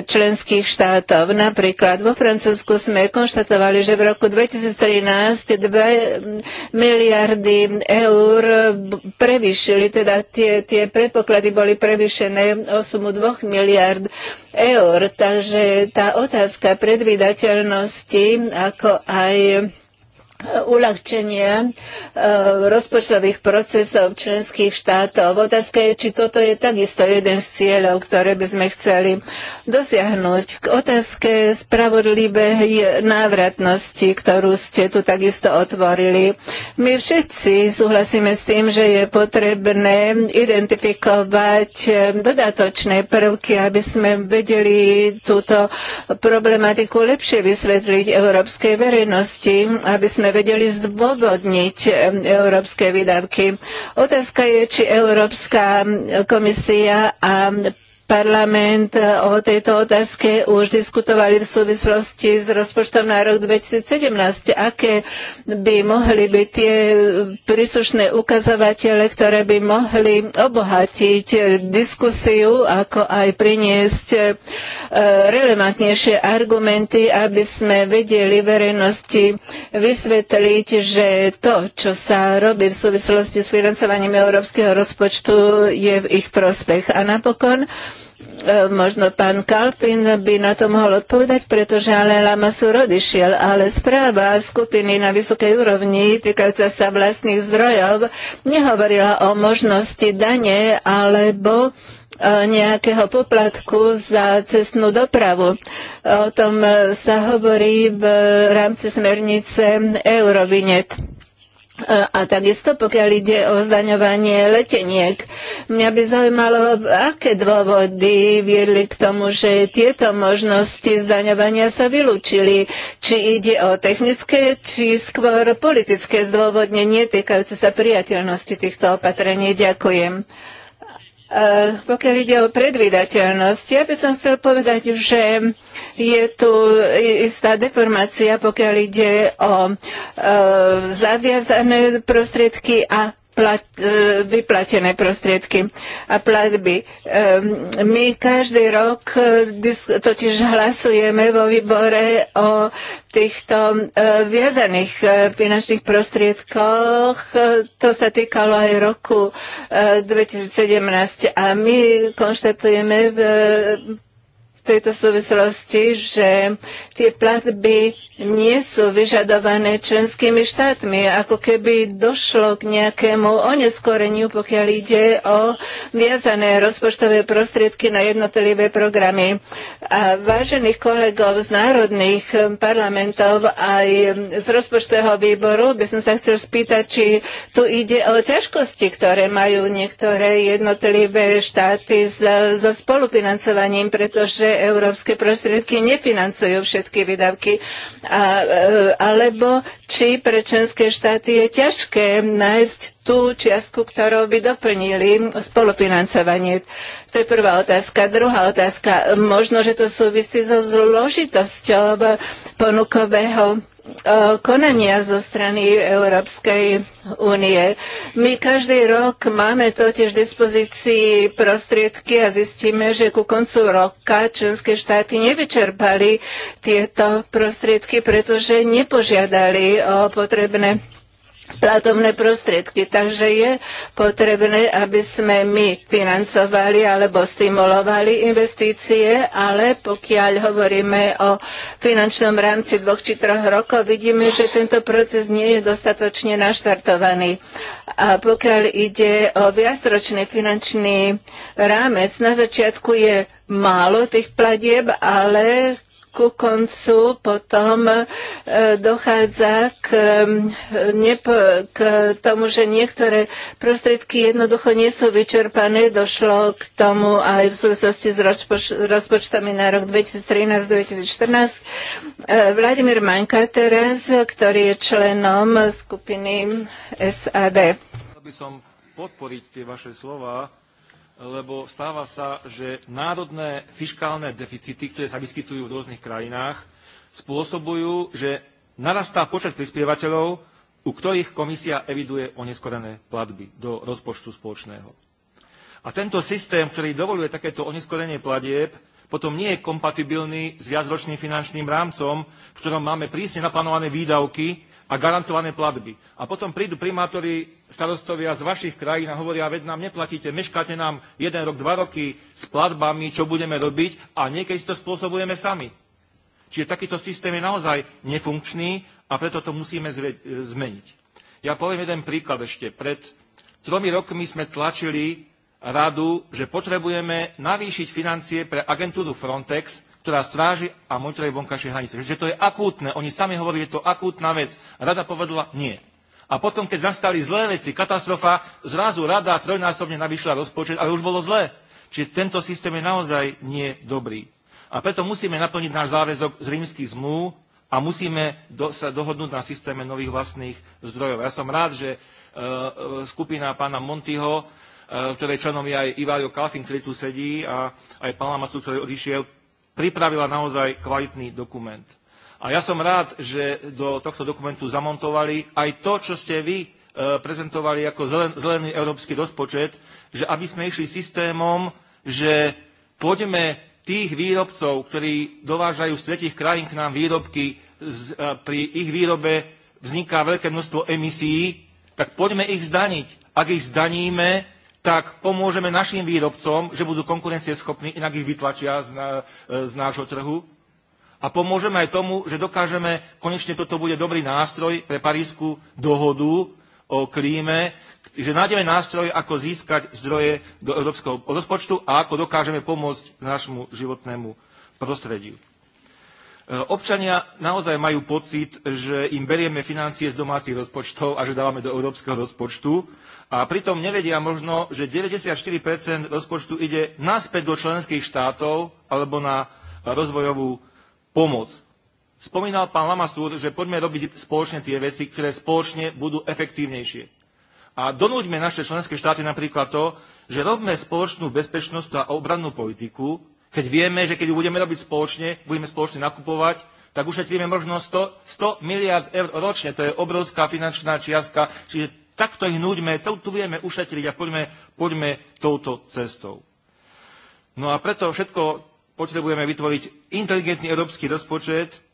[SPEAKER 2] členských štátov. Napríklad vo Francúzsku sme konštatovali, že v roku 2013 2 miliardy eur eur eh, prevyšili, teda tie, tie predpoklady boli prevyšené o sumu 2 miliard eur. Takže tá otázka predvídateľnosti, ako aj uľahčenie e, rozpočtových procesov členských štátov. Otázka je, či toto je takisto jeden z cieľov, ktoré by sme chceli dosiahnuť. K otázke spravodlivej návratnosti, ktorú ste tu takisto otvorili. My všetci súhlasíme s tým, že je potrebné identifikovať dodatočné prvky, aby sme vedeli túto problematiku lepšie vysvetliť európskej verejnosti, aby sme vedeli zdôvodniť e, európske výdavky. Otázka je, či Európska komisia a parlament e, o tejto otázke už diskutovali v súvislosti s rozpočtom na rok 2017. Aké by mohli byť tie príslušné ukazovatele, ktoré by mohli obohatiť diskusiu, ako aj priniesť e, relevantnejšie argumenty, aby sme vedeli verejnosti vysvetliť, že to, čo sa robí v súvislosti s financovaním európskeho rozpočtu, je v ich prospech. A napokon, E, možno pán Kalpin by na to mohol odpovedať, pretože ale lama sú odišiel, ale správa skupiny na vysokej úrovni týkajúca sa vlastných zdrojov nehovorila o možnosti dane alebo e, nejakého poplatku za cestnú dopravu. O tom e, sa hovorí v rámci smernice Eurovinet. A takisto, pokiaľ ide o zdaňovanie leteniek, mňa by zaujímalo, aké dôvody viedli k tomu, že tieto možnosti zdaňovania sa vylúčili. Či ide o technické, či skôr politické zdôvodnenie týkajúce sa priateľnosti týchto opatrení. Ďakujem. Eh, pokiaľ ide o predvydateľnosť, ja by som chcel povedať, že je tu istá deformácia, pokiaľ ide o e, zaviazané prostriedky a plat, e, vyplatené prostriedky a platby. E, my každý rok e, totiž hlasujeme vo výbore o týchto viazaných finančných prostriedkoch. To sa týkalo aj roku 2017 a my konštatujeme v tejto súvislosti, že tie platby nie sú vyžadované členskými štátmi, ako keby došlo k nejakému oneskoreniu, pokiaľ ide o viazané rozpočtové prostriedky na jednotlivé programy. A vážených kolegov z národných parlamentov aj z rozpočtového výboru by som sa chcel spýtať, či tu ide o ťažkosti, ktoré majú niektoré jednotlivé štáty so spolufinancovaním, pretože že európske prostriedky nefinancujú všetky výdavky, a, e, alebo či pre členské štáty je ťažké nájsť tú čiastku, ktorou by doplnili spolufinancovanie. To je prvá otázka. Druhá otázka. Možno, že to súvisí so zložitosťou ponukového E, konania zo strany Európskej únie. My každý rok máme totiž v dispozícii prostriedky a zistíme, že ku koncu roka členské štáty nevyčerpali tieto prostriedky, pretože nepožiadali o potrebné platovné prostriedky. Takže je potrebné, aby sme my financovali alebo stimulovali investície, ale pokiaľ hovoríme o finančnom rámci dvoch či troch rokov, vidíme, že tento proces nie je dostatočne naštartovaný. A pokiaľ ide o viacročný finančný rámec, na začiatku je málo tých platieb, ale ku koncu potom e, dochádza k, e, nepo, k tomu, že niektoré prostriedky jednoducho nie sú vyčerpané. Došlo k tomu aj v súvislosti s rozpoč- rozpočtami na rok 2013-2014. E, Vladimír Maňka teraz, ktorý je členom skupiny SAD.
[SPEAKER 4] Aby som podporiť tie vaše slova, lebo stáva sa, že národné fiskálne deficity, ktoré sa vyskytujú v rôznych krajinách, spôsobujú, že narastá počet prispievateľov, u ktorých komisia eviduje oneskorené platby do rozpočtu spoločného. A tento systém, ktorý dovoluje takéto oneskorenie platieb, potom nie je kompatibilný s viacročným finančným rámcom, v ktorom máme prísne naplánované výdavky a garantované platby. A potom prídu primátori, starostovia z vašich krajín a hovoria, veď nám neplatíte, meškáte nám jeden rok, dva roky s platbami, čo budeme robiť a niekedy si to spôsobujeme sami. Čiže takýto systém je naozaj nefunkčný a preto to musíme zmeniť. Ja poviem jeden príklad ešte. Pred tromi rokmi sme tlačili radu, že potrebujeme navýšiť financie pre agentúru Frontex ktorá stráži a monitoruje vonkajšie hranice. Že to je akútne. Oni sami hovorili, že to akútna vec. Rada povedala nie. A potom, keď nastali zlé veci, katastrofa, zrazu rada trojnásobne navýšila rozpočet, ale už bolo zlé. Čiže tento systém je naozaj nie dobrý. A preto musíme naplniť náš záväzok z rímskych zmluv a musíme do, sa dohodnúť na systéme nových vlastných zdrojov. Ja som rád, že e, e skupina pána Montyho, e, ktorej členom je aj Ivario Kalfin, ktorý tu sedí, a aj pán Lamassu, ktorý odišiel, pripravila naozaj kvalitný dokument. A ja som rád, že do tohto dokumentu zamontovali aj to, čo ste vy e, prezentovali ako zelen, zelený európsky rozpočet, že aby sme išli systémom, že poďme tých výrobcov, ktorí dovážajú z tretich krajín k nám výrobky, z, e, pri ich výrobe vzniká veľké množstvo emisí, tak poďme ich zdaniť. Ak ich zdaníme, tak pomôžeme našim výrobcom, že budú konkurencieschopní, inak ich vytlačia z, na, e, z nášho trhu. A pomôžeme aj tomu, že dokážeme, konečne toto bude dobrý nástroj pre Parísku dohodu o klíme, že nájdeme nástroj, ako získať zdroje do európskeho rozpočtu a ako dokážeme pomôcť našemu životnému prostrediu. E, občania naozaj majú pocit, že im berieme financie z domácich rozpočtov a že dávame do európskeho rozpočtu a pritom nevedia možno, že 94 rozpočtu ide naspäť do členských štátov alebo na rozvojovú pomoc. Spomínal pán Lamasúr, že poďme robiť spoločne tie veci, ktoré spoločne budú efektívnejšie. A donúďme naše členské štáty napríklad to, že robme spoločnú bezpečnosť a obrannú politiku, keď vieme, že keď ju budeme robiť spoločne, budeme spoločne nakupovať, tak ušetríme možno 100, 100 miliard eur ročne. To je obrovská finančná čiastka, čiže takto ich núďme, to tu vieme ušetriť a poďme, poďme touto cestou. No a preto všetko potrebujeme vytvoriť inteligentný európsky rozpočet,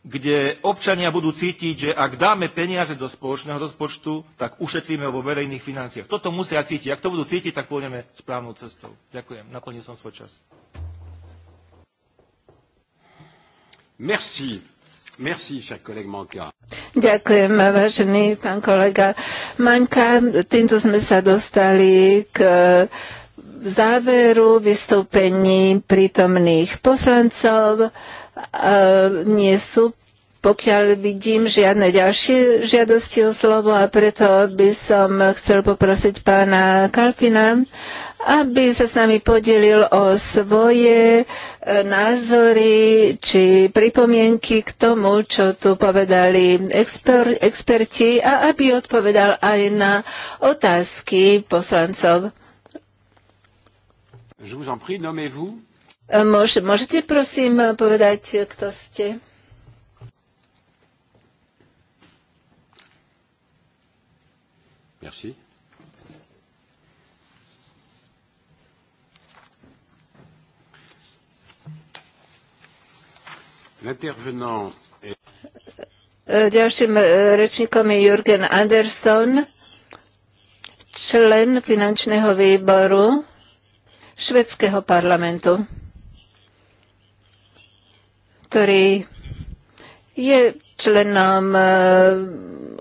[SPEAKER 4] kde občania budú cítiť, že ak dáme peniaze do spoločného rozpočtu, tak ušetríme vo verejných financiách. Toto musia cítiť. Ak to budú cítiť, tak pôjdeme správnou cestou. Ďakujem. Naplnil som svoj čas.
[SPEAKER 1] Merci. Merci, cher collègue Manka.
[SPEAKER 2] Ďakujem, vážený pán kolega Manka. Týmto sme sa dostali k e, záveru vystúpení prítomných poslancov. E, nie sú pokiaľ vidím žiadne ďalšie žiadosti o slovo a preto by som chcel poprosiť pána Kalfina, aby sa s nami podelil o svoje e, názory či pripomienky k tomu, čo tu povedali exper- experti a aby odpovedal aj na otázky poslancov.
[SPEAKER 1] Je vous en prie, nommez-vous.
[SPEAKER 2] E, môž, môžete prosím povedať, kto ste? Merci. Ďalším e, rečníkom je Jürgen Anderson, člen finančného výboru švedského parlamentu, ktorý je členom e,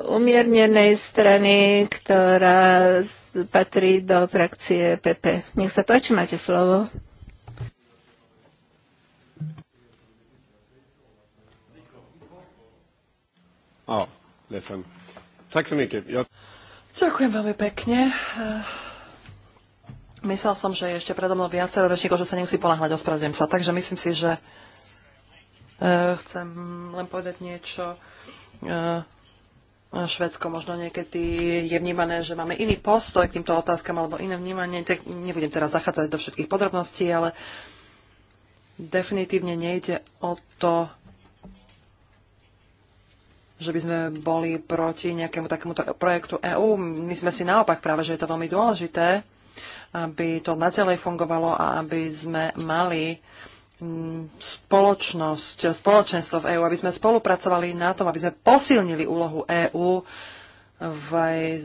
[SPEAKER 2] umiernenej strany, ktorá patrí do frakcie PP. Nech sa páči, máte slovo.
[SPEAKER 1] Ja, ledsen. Tak så mycket. Ja.
[SPEAKER 3] Ďakujem veľmi pekne. Myslel som, že je ešte predo mnou viacero rečníkov, že sa nemusí ponáhľať, ospravedlňujem sa. Takže myslím si, že e, chcem len povedať niečo. E, Švedsko možno niekedy je vnímané, že máme iný postoj k týmto otázkam alebo iné vnímanie. Tak nebudem teraz zachádzať do všetkých podrobností, ale definitívne nejde o to že by sme boli proti nejakému takémuto projektu EÚ. My sme si naopak práve, že je to veľmi dôležité, aby to naďalej fungovalo a aby sme mali mm, spoločnosť, spoločenstvo v EÚ, aby sme spolupracovali na tom, aby sme posilnili úlohu EÚ v,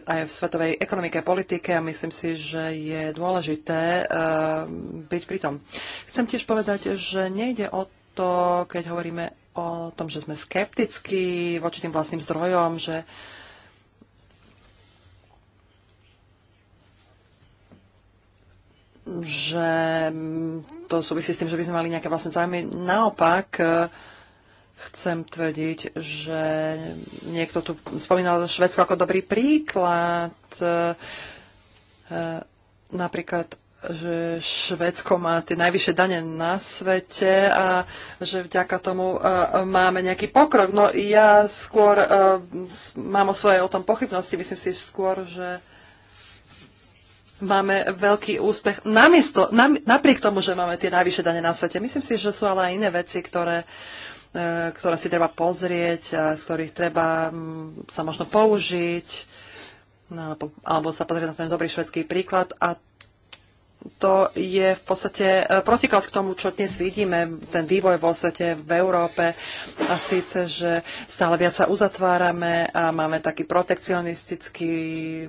[SPEAKER 3] aj v svetovej ekonomike a politike a myslím si, že je dôležité uh, byť pri tom. Chcem tiež povedať, že nejde o to, keď hovoríme o tom, že sme skeptickí voči tým vlastným zdrojom, že že to súvisí s tým, že by sme mali nejaké vlastné zájmy. Naopak, e, chcem tvrdiť, že niekto tu spomínal Švedsko ako dobrý príklad. E, e, napríklad že Švedsko má tie najvyššie dane na svete a že vďaka tomu e, máme nejaký pokrok. No ja skôr e, mám o svojej o tom pochybnosti, myslím si skôr, že máme veľký úspech namiesto, nam, napriek tomu, že máme tie najvyššie dane na svete. Myslím si, že sú ale aj iné veci, ktoré e, ktoré si treba pozrieť, z ktorých treba sa možno použiť, no, alebo, alebo sa pozrieť na ten dobrý švedský príklad. A to je v podstate e, protiklad k tomu, čo dnes vidíme, ten vývoj vo svete, v Európe a síce, že stále viac sa uzatvárame a máme taký protekcionistický e,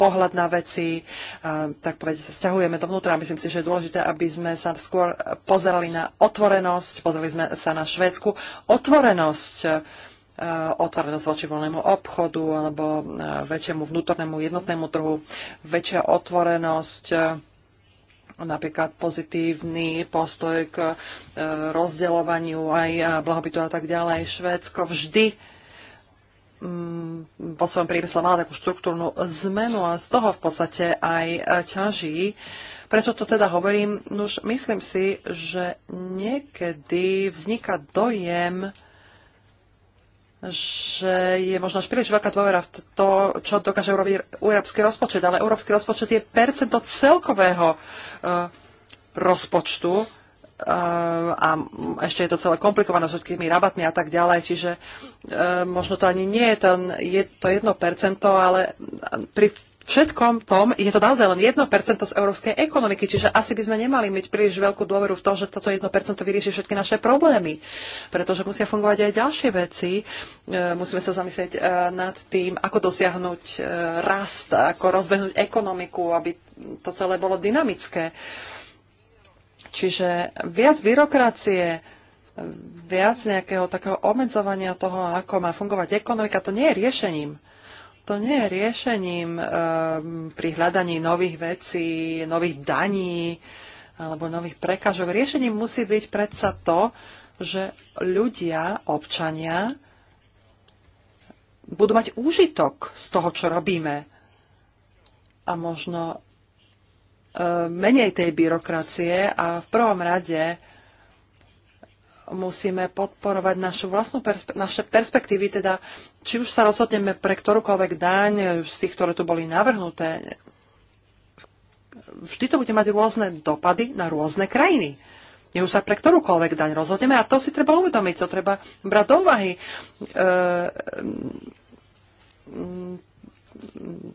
[SPEAKER 3] pohľad na veci, a, tak povedať, sa stiahujeme dovnútra. Myslím si, že je dôležité, aby sme sa skôr pozerali na otvorenosť, pozreli sme sa na Švédsku. Otvorenosť e, otvorenosť voči voľnému obchodu alebo väčšiemu vnútornému jednotnému trhu, väčšia otvorenosť napríklad pozitívny postoj k e, rozdeľovaniu aj e, blahobytu a tak ďalej. Švédsko vždy po mm, svojom priemysle mala takú štruktúrnu zmenu a z toho v podstate aj e, ťaží. Prečo to teda hovorím? Už myslím si, že niekedy vzniká dojem, že je možno až príliš veľká dôvera v to, čo dokáže urobiť európsky rozpočet, ale európsky rozpočet je percento celkového e, rozpočtu e, a ešte je to celé komplikované s všetkými rabatmi a tak ďalej, čiže e, možno to ani nie je, ten, je to jedno percento, ale pri všetkom tom je to naozaj len 1% z európskej ekonomiky, čiže asi by sme nemali mať príliš veľkú dôveru v to, že toto 1% vyrieši všetky naše problémy, pretože musia fungovať aj ďalšie veci. E, musíme sa zamyslieť e, nad tým, ako dosiahnuť e, rast, ako rozbehnúť ekonomiku, aby to celé bolo dynamické. Čiže viac byrokracie, viac nejakého takého obmedzovania toho, ako má fungovať ekonomika, to nie je riešením to nie je riešením eh, pri hľadaní nových vecí, nových daní alebo nových prekážok. Riešením musí byť predsa to, že ľudia, občania budú mať úžitok z toho, čo robíme. A možno eh, menej tej byrokracie a v prvom rade musíme podporovať našu vlastnú perspe- naše perspektívy, teda či už sa rozhodneme pre ktorúkoľvek daň z tých, ktoré tu boli navrhnuté, vždy to bude mať rôzne dopady na rôzne krajiny. Je už sa pre ktorúkoľvek daň rozhodneme a to si treba uvedomiť, to treba brať do úvahy. E,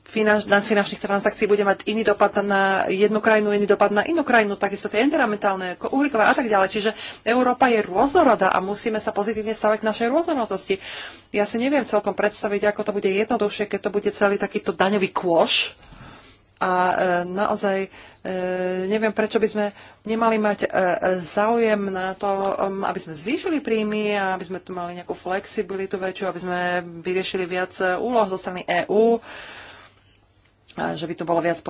[SPEAKER 3] finanš, na finančných transakcií bude mať iný dopad na jednu krajinu, iný dopad na inú krajinu, takisto tie environmentálne, uhlíkové a tak ďalej. Čiže Európa je rôznorodá a musíme sa pozitívne stavať k našej rôznorodosti. Ja si neviem celkom predstaviť, ako to bude jednoduchšie, keď to bude celý takýto daňový kôš, a e, naozaj e, neviem, prečo by sme nemali mať e, záujem na to, aby sme zvýšili príjmy a aby sme tu mali nejakú flexibilitu väčšiu, aby sme vyriešili viac úloh zo strany EÚ že by tu bolo viac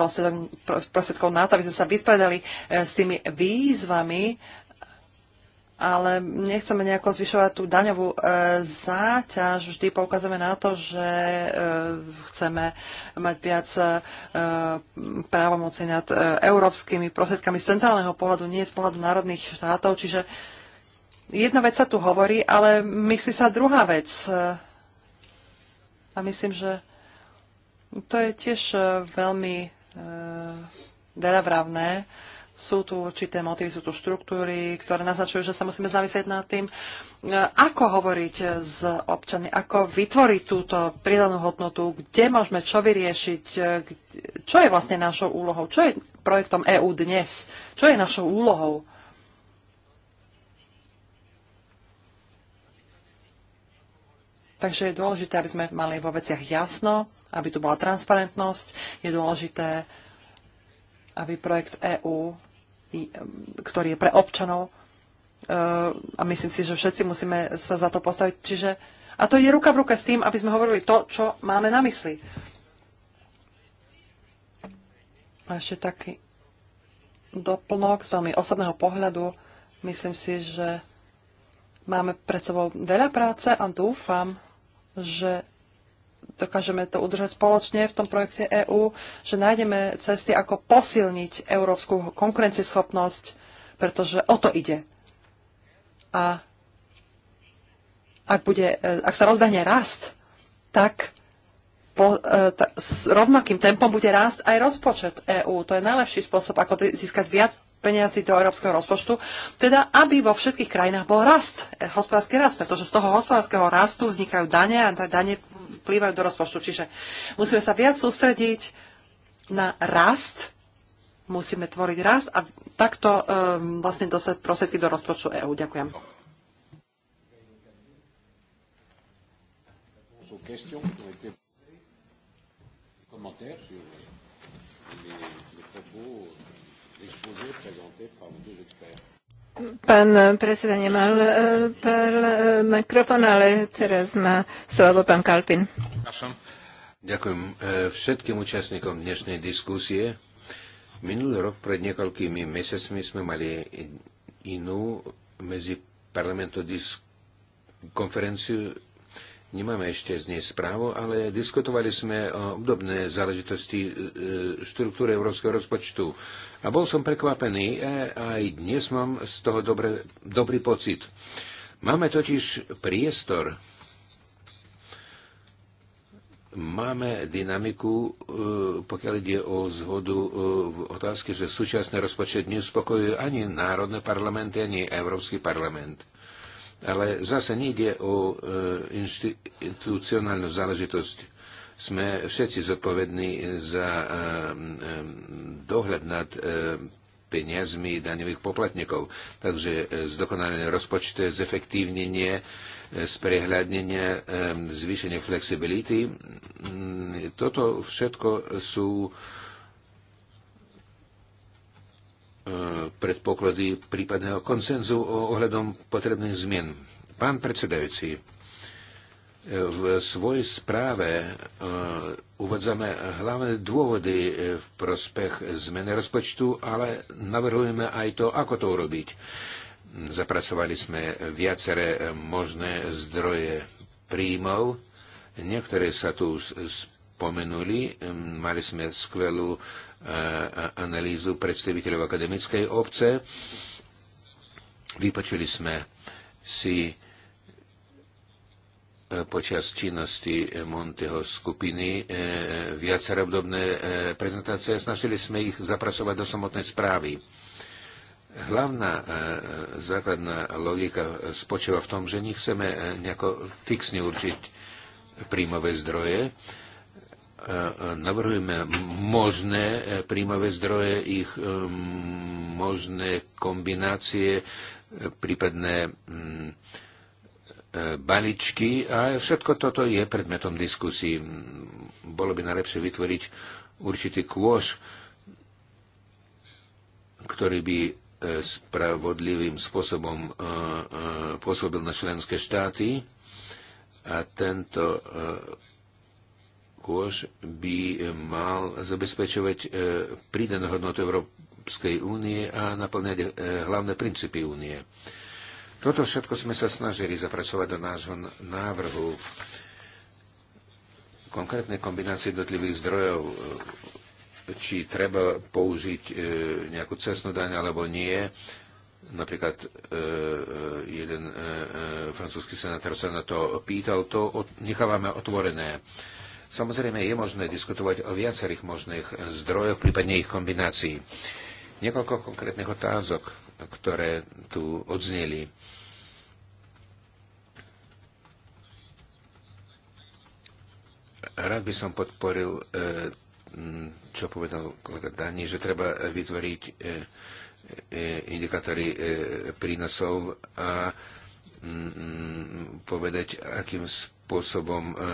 [SPEAKER 3] prostriedkov na to, aby sme sa vyspovedali s tými výzvami, ale nechceme nejako zvyšovať tú daňovú e, záťaž. Vždy poukazujeme na to, že e, chceme mať viac e, právomoci nad e, európskymi prostriedkami z centrálneho pohľadu, nie z pohľadu národných štátov. Čiže jedna vec sa tu hovorí, ale myslí sa druhá vec. A myslím, že to je tiež e, veľmi e, deravravné. E, sú tu určité motivy, sú tu štruktúry, ktoré naznačujú, že sa musíme zamyslieť nad tým, e, ako hovoriť s občanmi, ako vytvoriť túto pridanú hodnotu, kde môžeme čo vyriešiť, e, čo je vlastne našou úlohou, čo je projektom EÚ dnes, čo je našou úlohou. Takže je dôležité, aby sme mali vo veciach jasno, aby tu bola transparentnosť. Je dôležité, aby projekt EÚ ktorý je pre občanov eh, a myslím si, že všetci musíme sa za to postaviť. Čiže, a to je ruka v ruke s tým, aby sme hovorili to, čo máme na mysli. A ešte taký doplnok z veľmi osobného pohľadu. Myslím si, že máme pred sebou veľa práce a dúfam, že dokážeme to udržať spoločne v tom projekte EÚ, že nájdeme cesty, ako posilniť európsku konkurencieschopnosť, pretože o to ide. A ak, bude, e, ak sa rozbehne rast, tak po, e, ta, s rovnakým tempom bude rast aj rozpočet EÚ. To je najlepší spôsob, ako získať viac peniazy do európskeho rozpočtu, teda aby vo všetkých krajinách bol rast, e, hospodársky rast, pretože z toho hospodárskeho rastu vznikajú dane a dane vplývajú do rozpočtu. Čiže musíme sa viac sústrediť na rast, musíme tvoriť rast a takto um, vlastne dostať prostriedky do rozpočtu
[SPEAKER 1] EÚ. Ďakujem. Commentaires
[SPEAKER 2] Pán predseda nemal e, pár e, mikrofón, ale teraz má slovo pán Kalpin.
[SPEAKER 1] Ďakujem e, všetkým účastníkom dnešnej diskusie. Minulý rok pred niekoľkými mesiacmi sme mali inú medzi parlamentu konferenciu Nemáme ešte z nej správu, ale diskutovali sme o obdobné záležitosti e, e, štruktúry európskeho rozpočtu. A bol som prekvapený, a e, aj dnes mám z toho dobré, dobrý pocit. Máme totiž priestor, máme dynamiku, pokiaľ ide o zhodu v otázke, že súčasný rozpočet neuspokojuje ani národné parlamenty, ani Európsky parlament. Ale zase nejde o e, institucionálnu záležitosť. Sme všetci zodpovední za e, e, dohľad nad peniazmi daňových poplatníkov. Takže zdokonalenie rozpočte, zefektívnenie, sprehľadnenie, zvýšenie flexibility. Mm, toto všetko sú E, predpoklady prípadného konsenzu ohľadom potrebných zmien. Pán predsedajúci, e, v svojej správe e, uvádzame hlavné dôvody v prospech zmeny rozpočtu, ale navrhujeme aj to, ako to urobiť. Zapracovali sme viaceré možné zdroje príjmov, niektoré sa tu spomenuli. Mali sme skvelú e, analýzu predstaviteľov akademickej obce. Vypočuli sme si e, počas činnosti Monteho skupiny e, viacero obdobné prezentácie. Snažili sme ich zapracovať do samotnej správy. Hlavná základná logika spočíva v tom, že nechceme nejako fixne určiť príjmové zdroje, navrhujeme možné eh, príjmové zdroje, ich eh, možné kombinácie, eh, prípadné mm, baličky, a všetko toto je predmetom diskusí. Bolo by najlepšie vytvoriť určitý kôž, ktorý by spravodlivým spôsobom pôsobil na členské štáty a tento kôž by mal zabezpečovať e, pridanú hodnotu Európskej únie a naplňať e, hlavné princípy únie. Toto všetko sme sa snažili zapracovať do nášho návrhu konkrétnej kombinácie jednotlivých zdrojov, e, či treba použiť nejakú cestnú daň alebo nie. Napríklad jeden francúzsky senátor sa na to pýtal, to nechávame otvorené. Samozrejme, je možné diskutovať o viacerých možných zdrojoch, prípadne ich kombinácií. Niekoľko konkrétnych otázok, ktoré tu odzneli. Rád by som podporil, eh, čo povedal kolega Dani, že treba vytvoriť eh, eh, indikátory prínosov a povedať, akým spôsobom e, e, e,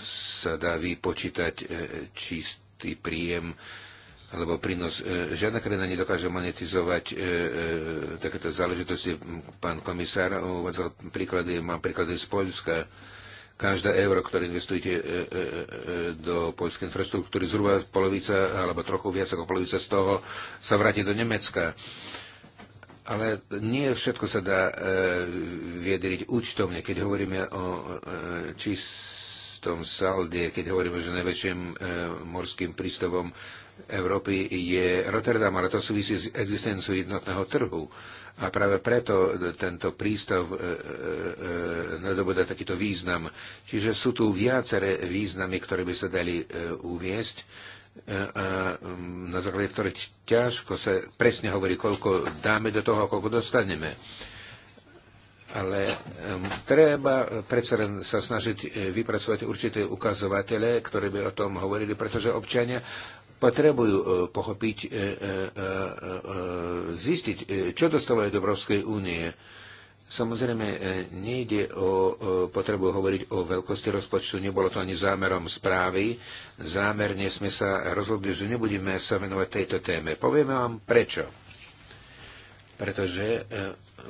[SPEAKER 1] sa dá vypočítať čistý príjem alebo prínos. Žiadna krajina nedokáže monetizovať takéto záležitosti. Pán komisár uvádzal príklady, mám príklady z Polska. Každá euro, ktoré investujete do poľskej infraštruktúry, zhruba polovica alebo trochu viac ako polovica z toho sa vráti do Nemecka. E, ale nie všetko sa dá e, viedriť účtovne. Keď hovoríme o e, čistom salde, keď hovoríme, že najväčším e, morským prístavom Európy je Rotterdam, ale to súvisí s existenciou jednotného trhu. A práve preto tento prístav e, e, e nadobúda takýto význam. Čiže sú tu viaceré významy, ktoré by sa dali e, uviesť E, um, na základe ktoré ťažko sa presne hovorí, koľko dáme do toho a koľko dostaneme. Ale um, treba predsa len sa snažiť e, vypracovať určité ukazovatele, ktoré by o tom hovorili, pretože občania potrebujú e, pochopiť, zistiť, čo dostávajú do Európskej únie Samozrejme, e, nejde o potrebu hovoriť o veľkosti rozpočtu, nebolo to ani zámerom správy. Zámerne sme sa rozhodli, že nebudeme sa venovať tejto téme. Povieme vám prečo. Pretože e,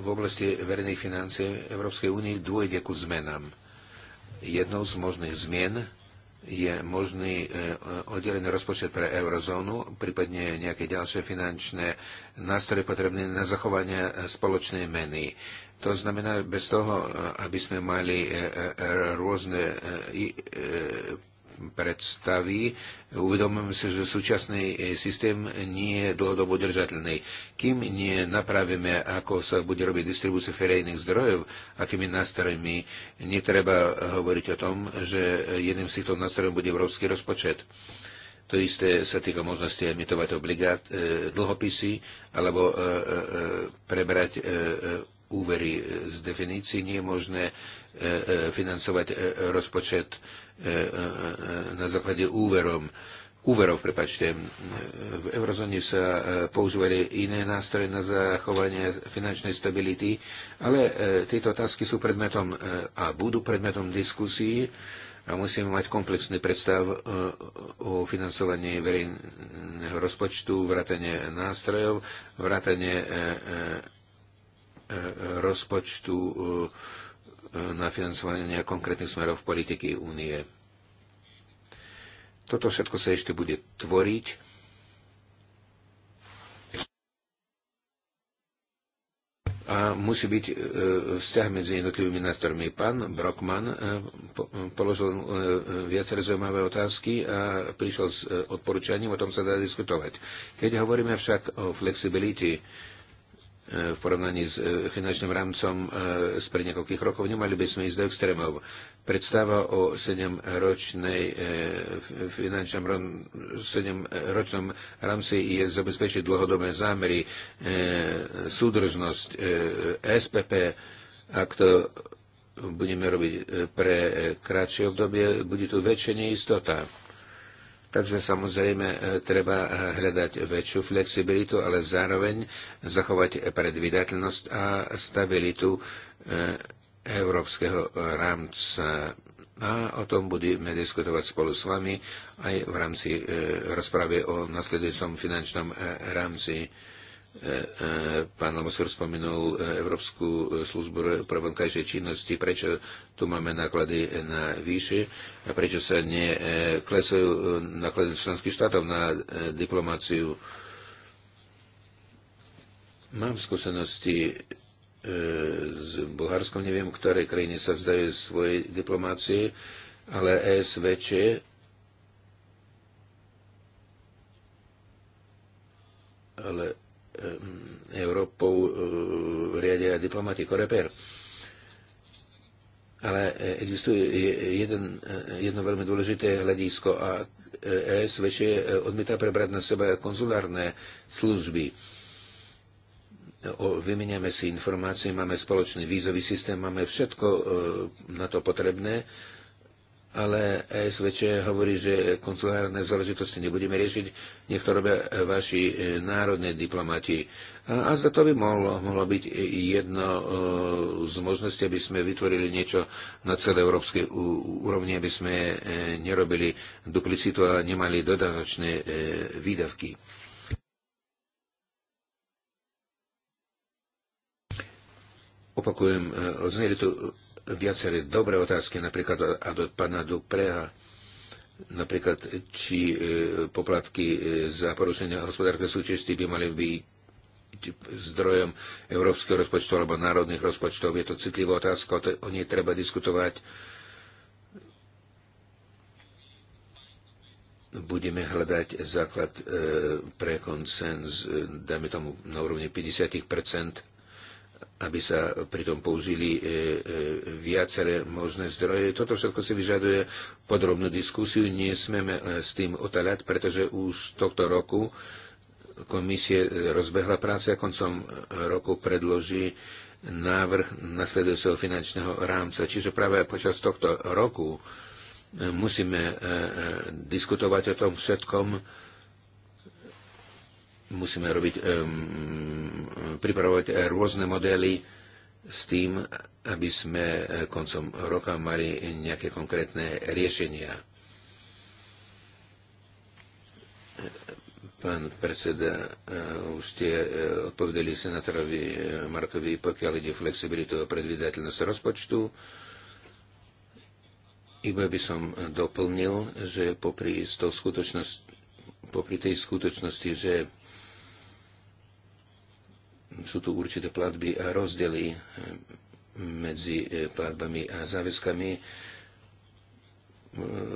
[SPEAKER 1] v oblasti verejnej financie Európskej únie dôjde ku zmenám. Jednou z možných zmien je možný e, oddelený rozpočet pre eurozónu, prípadne nejaké ďalšie finančné nástroje potrebné na zachovanie e, spoločnej meny. To znamená, bez toho, e, aby sme mali rôzne predstavy, uvedomujeme si, že súčasný e, systém nie je dlhodobo držateľný. Kým nie napravíme, ako sa bude robiť distribúcia verejných zdrojov, akými nástrojmi, netreba hovoriť o tom, že jedným z týchto nástrojov bude európsky rozpočet. To isté sa týka možnosti emitovať obligát, e, dlhopisy alebo e, e, e prebrať e, e úvery e, z definícií. Nie je možné e, e, financovať rozpočet na základe úverom. Úverov, prepačte, v eurozóne sa používali iné nástroje na zachovanie finančnej stability, ale tieto otázky sú predmetom a budú predmetom diskusí a musíme mať komplexný predstav o financovaní verejného rozpočtu, vrátanie nástrojov, vrátanie rozpočtu eh, na financovanie konkrétnych smerov politiky únie. Toto všetko sa ešte bude tvoriť. a musí byť eh, vzťah medzi jednotlivými nástormi. Pán Brockman eh, položil viaceré zaujímavé otázky a prišiel s odporúčaním, o tom sa dá diskutovať. Keď hovoríme však o flexibility, v porovnaní s e, finančným rámcom e, pred niekoľkých rokov, nemali by sme ísť do extrémov. Predstava o 7-ročnej e, finančnom 7-ročnom rámci je zabezpečiť dlhodobé zámery, súdržnosť, SPP, ak to budeme robiť pre kratšie obdobie, bude tu väčšia neistota Takže samozrejme e, treba e, hľadať väčšiu flexibilitu, ale zároveň zachovať predvydateľnosť a stabilitu e, európskeho rámca. A o tom budeme diskutovať spolu s vami aj v rámci rozpravy o nasledujúcom finančnom rámci E, e, pán Lamosfer spomenul e, Európsku službu pre vonkajšie činnosti, prečo tu máme náklady na výši, a prečo sa neklesajú náklady členských štátov na diplomáciu. Mám skúsenosti s Bulharskom, neviem, ktoré krajiny sa vzdajú svojej diplomácie, ale ESVČ ale Eh, Európou eh, riadia diplomati Koreper. Ale eh, existuje jeden, jedno veľmi dôležité hľadisko a ES e väčšie odmieta prebrať na seba konzulárne služby. O, vymeniame si informácie, máme spoločný vízový systém, máme všetko na to potrebné ale SVČ hovorí, že konzulárne záležitosti nebudeme riešiť, nech to robia e, vaši e, národní diplomati. A, za to by mohlo, mohlo byť e, jedno z možností, aby sme vytvorili niečo na celé európskej úrovni, aby sme nerobili duplicitu a nemali dodatočné výdavky. Opakujem, odzneli tu viaceré dobré otázky, napríklad od pána Dupreha, napríklad či e, poplatky e, za porušenie hospodárskej súťažnosti by mali byť zdrojom európskeho rozpočtu alebo národných rozpočtov. Je to citlivá otázka, o nej treba diskutovať. budeme hľadať základ e, pre konsens, dajme tomu na úrovni 50 aby sa pritom použili e, e, viaceré možné zdroje. Toto všetko si vyžaduje podrobnú diskusiu. Nesmeme e, s tým otáľať, pretože už tohto roku komisie rozbehla práce a koncom roku predloží návrh nasledujúceho finančného rámca. Čiže práve počas tohto roku musíme diskutovať o tom všetkom, Musíme robiť, um, pripravovať rôzne modely s tým, aby sme eh, koncom roka mali nejaké konkrétne riešenia. Pán predseda, eh, už ste eh, odpovedali senátorovi Markovi, pokiaľ ide o flexibilitu a predvydateľnosť rozpočtu. Iba by som doplnil, že popri s skutočnosti popri tej skutočnosti, že sú tu určité platby a rozdely eh, medzi eh, platbami a záväzkami. Eh,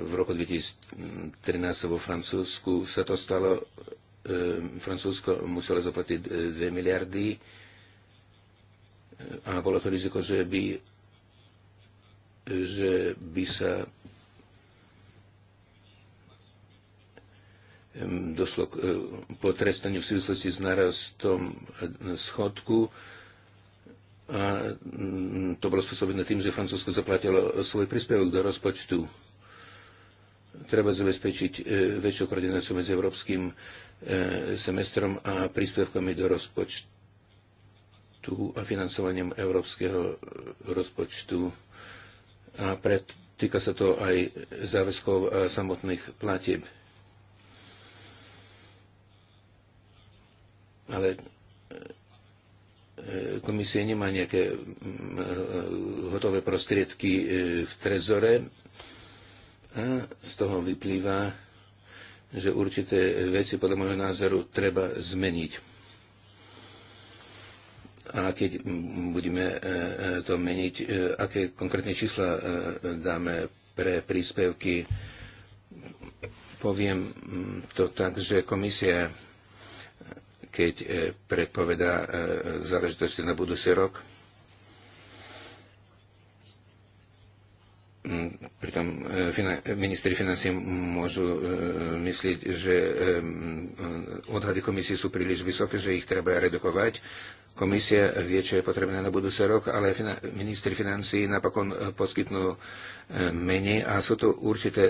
[SPEAKER 1] v roku 2013 vo Francúzsku sa to stalo. Francúzsko muselo zaplatiť 2 miliardy a bolo to riziko, že by, že by sa došlo k e, potrestaniu v súvislosti s narastom e, schodku. A mm, to bolo spôsobené tým, že Francúzsko zaplatilo svoj príspevok do rozpočtu. Treba zabezpečiť e, väčšiu koordináciu medzi európskym semestrom a príspevkami do rozpočtu a financovaním európskeho rozpočtu. A pred, týka sa to aj záväzkov a samotných platieb ale e, e, komisie nemá nejaké e, hotové prostriedky v trezore a z toho vyplýva, že určité veci podľa môjho názoru treba zmeniť. A keď budeme to meniť, aké konkrétne čísla dáme pre príspevky, poviem to tak, že komisia keď e, predpovedá e, záležitosti na budúci rok. Mm, pritom e, ministri financí môžu myslieť, že odhady komisie sú príliš vysoké, že ich treba redukovať. Komisia vie, čo je potrebné na budúci rok, ale ministri financí napokon poskytnú menej a sú to určité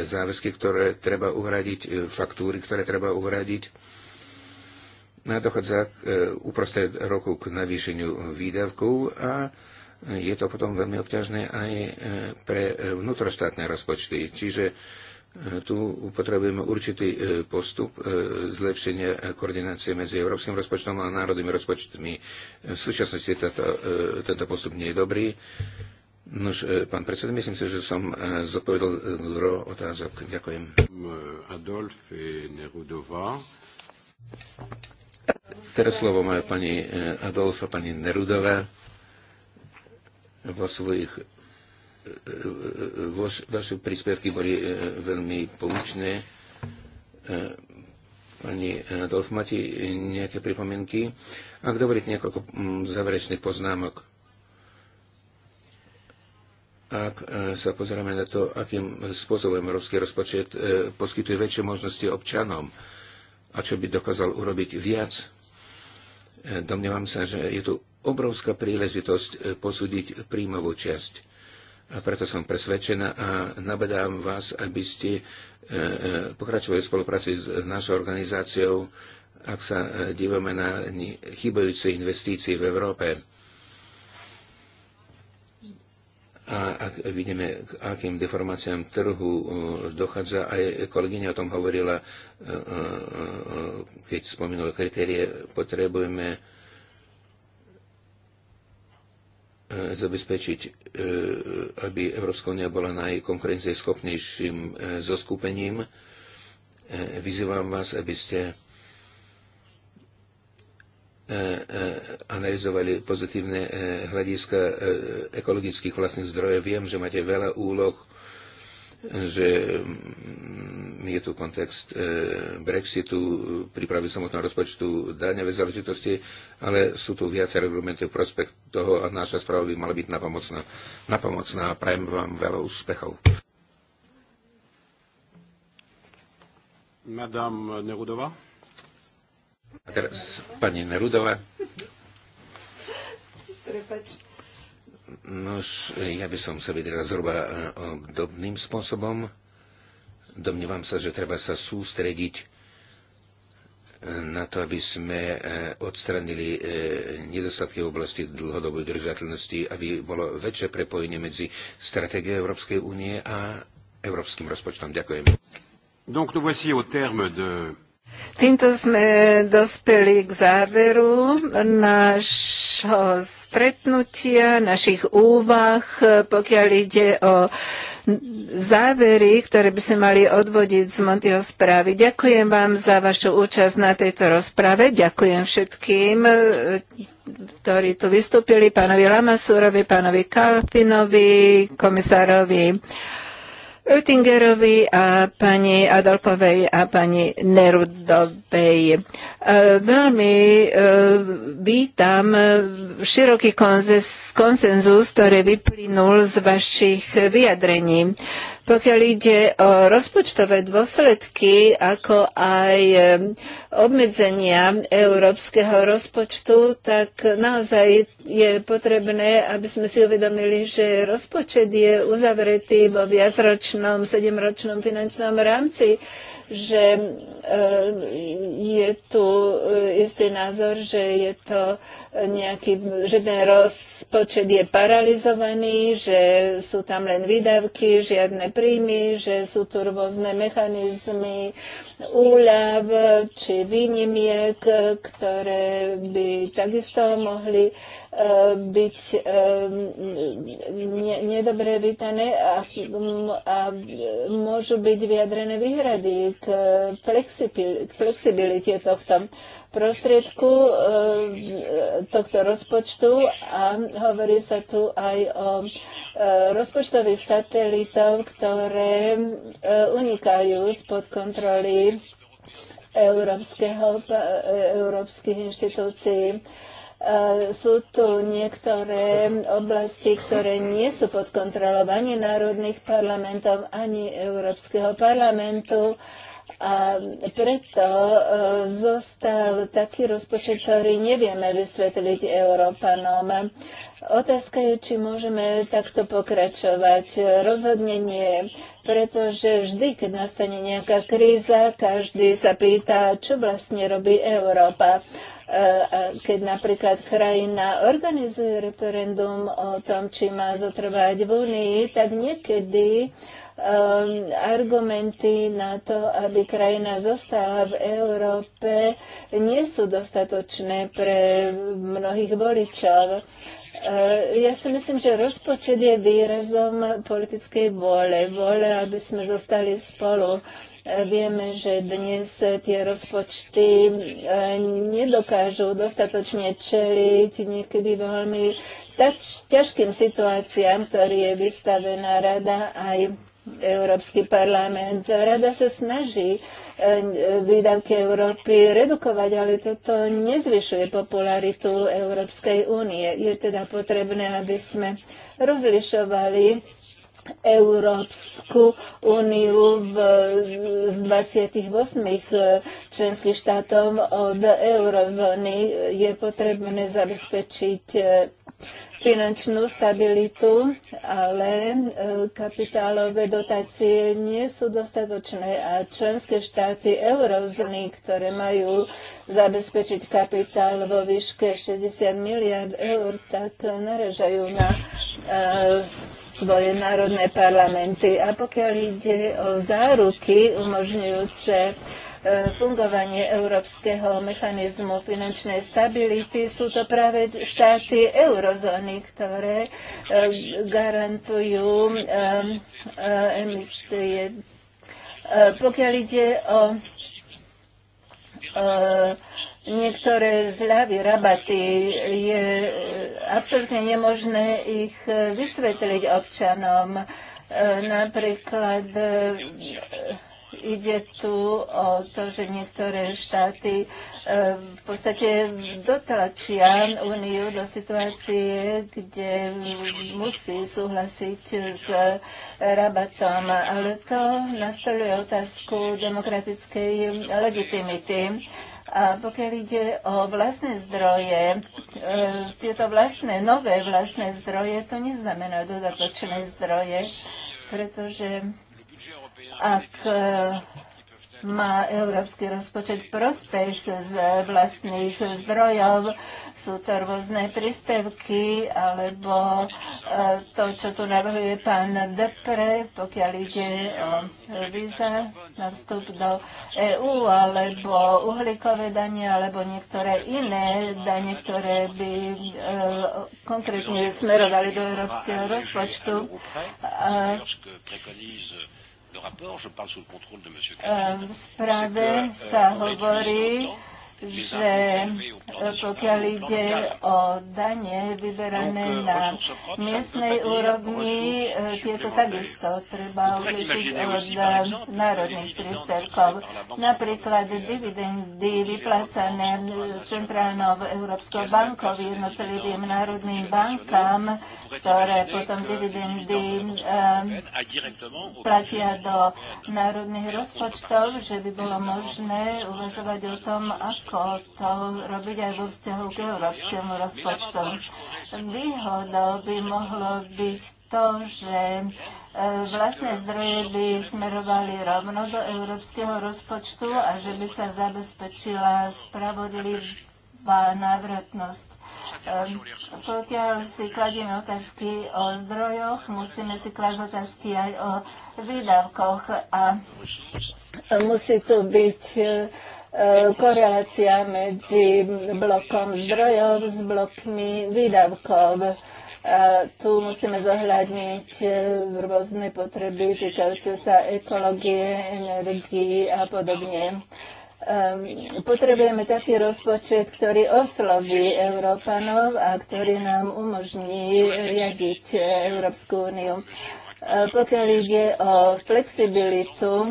[SPEAKER 1] záväzky, ktoré treba uhradiť, faktúry, ktoré treba uhradiť dochádza e, uprostred roku k navýšeniu výdavkov a je to potom veľmi obťažné aj e, pre e, vnútroštátne rozpočty. Čiže tu potrebujeme určitý postup zlepšenia koordinácie medzi európskym rozpočtom a národnými rozpočtmi. V súčasnosti tato, tento postup nie je dobrý. Nož, pán predseda, myslím si, že som zodpovedal gro otázok. Ďakujem. Adolf Nerudová. Teraz slovo má pani eh, Adolfa, pani Nerudová vo svojich eh, eh, vaše príspevky boli veľmi poučné. Pani Adolf, máte nejaké pripomienky? Ak dovolíte niekoľko mm, záverečných poznámok. Ak sa pozeráme na to, akým spôsobom európsky rozpočet poskytuje väčšie možnosti občanom, a čo by dokázal urobiť viac. E, domnievam sa, že je tu obrovská príležitosť e, posúdiť príjmovú časť. A preto som presvedčená a nabadám vás, aby ste e, pokračovali v spolupráci s našou organizáciou, ak sa dívame na chybajúce investície v Európe a ak vidíme, k akým deformáciám trhu uh, dochádza, aj kolegyňa o tom hovorila, uh, uh, keď spomínala kritérie, potrebujeme zabezpečiť, aby Európska únia bola najkonkurencieschopnejším zoskupením. Vyzývam vás, aby ste E, e, analyzovali pozitívne e, hľadiska ekologických vlastných zdrojov. Viem, že máte veľa úloh, že mm, je tu kontext Brexitu, prípravy samotného rozpočtu, daňové záležitosti, ale sú tu viaceré argumenty v prospekt toho a naša správa by mala byť napomocná. Napomocná prajem vám veľa úspechov. Madame Nerudová. A teraz pani Nerudová. Prepač. No, ja by som sa vydral zhruba e, obdobným spôsobom. Domnívam sa, že treba sa sústrediť e, na to, aby sme e, odstranili nedostatky v oblasti dlhodobej držateľnosti, aby bolo väčšie prepojenie medzi stratégiou Európskej únie a európskym rozpočtom. Ďakujem. Donc nous voici au terme de
[SPEAKER 2] Týmto sme dospeli k záveru nášho stretnutia, našich úvah, pokiaľ ide o závery, ktoré by sme mali odvodiť z Montyho správy. Ďakujem vám za vašu účasť na tejto rozprave. Ďakujem všetkým, ktorí tu vystúpili, pánovi Lamasúrovi, pánovi Kalpinovi, komisárovi Oettingerovi a pani Adolpovej a pani Nerudovej. E, veľmi e, vítam široký konsenzus, ktorý vyplynul z vašich vyjadrení. Pokiaľ ide o rozpočtové dôsledky, ako aj obmedzenia európskeho rozpočtu, tak naozaj je potrebné, aby sme si uvedomili, že rozpočet je uzavretý vo viacročnom, sedemročnom finančnom rámci že eh, je tu eh, istý názor, že je to nejaký, že ten rozpočet je paralizovaný, že sú tam len výdavky, žiadne príjmy, že sú tu rôzne mechanizmy úľav či výnimiek, eh, ktoré by takisto mohli byť nedobre vítané a, a môžu byť vyjadrené výhrady k flexibilite tohto prostriedku tohto rozpočtu a hovorí sa tu aj o rozpočtových satelitov, ktoré unikajú spod kontroly európskeho, európskych inštitúcií. E, sú tu niektoré oblasti, ktoré nie sú pod kontrolou ani národných parlamentov, ani Európskeho parlamentu. A preto e, zostal taký rozpočet, ktorý nevieme vysvetliť Európanom. Otázka je, či môžeme takto pokračovať. Rozhodne nie, pretože vždy, keď nastane nejaká kríza, každý sa pýta, čo vlastne robí Európa. E, e, keď napríklad krajina organizuje referendum o tom, či má zotrvať v Unii, tak niekedy e, argumenty na to, aby krajina zostala v Európe, nie sú dostatočné pre mnohých voličov. Ja si myslím, že rozpočet je výrazom politickej vôle, vôle, aby sme zostali spolu. Vieme, že dnes tie rozpočty e, nedokážu dostatočne čeliť niekedy veľmi ťažkým situáciám, ktorý je vystavená rada aj Európsky parlament. Rada sa snaží e, výdavky Európy redukovať, ale toto nezvyšuje popularitu Európskej únie. Je teda potrebné, aby sme rozlišovali Európsku úniu v, z 28 e, členských štátov od eurozóny je potrebné zabezpečiť e, finančnú stabilitu, ale e, kapitálové dotácie nie sú dostatočné a členské štáty eurozóny, ktoré majú zabezpečiť kapitál vo výške 60 miliard eur, tak naražajú na uh, svoje národné parlamenty. A pokiaľ ide o záruky umožňujúce e, fungovanie európskeho mechanizmu finančnej stability sú to práve štáty eurozóny, ktoré e, garantujú e, emisie. Pokiaľ ide o E, niektoré zľavy, rabaty, je absolútne nemožné ich e, vysvetliť občanom. E, napríklad Ide tu o to, že niektoré štáty e, v podstate dotlačia Uniu do situácie, kde musí súhlasiť s rabatom. Ale to nastoluje otázku demokratickej legitimity. A pokiaľ ide o vlastné zdroje, e, tieto vlastné, nové vlastné zdroje, to neznamená dodatočné zdroje, pretože ak e, má európsky rozpočet prospech z vlastných zdrojov. Sú to rôzne príspevky, alebo e, to, čo tu navrhuje pán Depre, pokiaľ ide o víza na vstup do EÚ, alebo uhlíkové danie, alebo niektoré iné danie, ktoré by e, konkrétne smerovali do európskeho rozpočtu. A
[SPEAKER 1] Euh, v správe sa euh, hovorí, že e, pokiaľ ide
[SPEAKER 2] o dane vyberané na miestnej úrovni, e, tieto takisto treba odlišiť od e, národných príspevkov. Napríklad dividendy vyplácané Centrálnou Európskou bankou jednotlivým národným bankám, ktoré potom dividendy platia do národných rozpočtov, že by bolo možné uvažovať o tom, ako ako to robiť aj vo vzťahu k európskemu rozpočtu. Výhodou by mohlo byť to, že e, vlastné zdroje by smerovali rovno do európskeho rozpočtu a že by sa zabezpečila spravodlivá návratnosť. E, pokiaľ si kladieme otázky o zdrojoch, musíme si klásť otázky aj o výdavkoch a musí tu byť e, E, korelácia medzi blokom zdrojov s blokmi výdavkov. A tu musíme zohľadniť e, rôzne potreby týkajúce sa ekológie, energii a podobne e, potrebujeme taký rozpočet, ktorý osloví Európanov a ktorý nám umožní riadiť Európsku úniu. E, pokiaľ ide o flexibilitu e,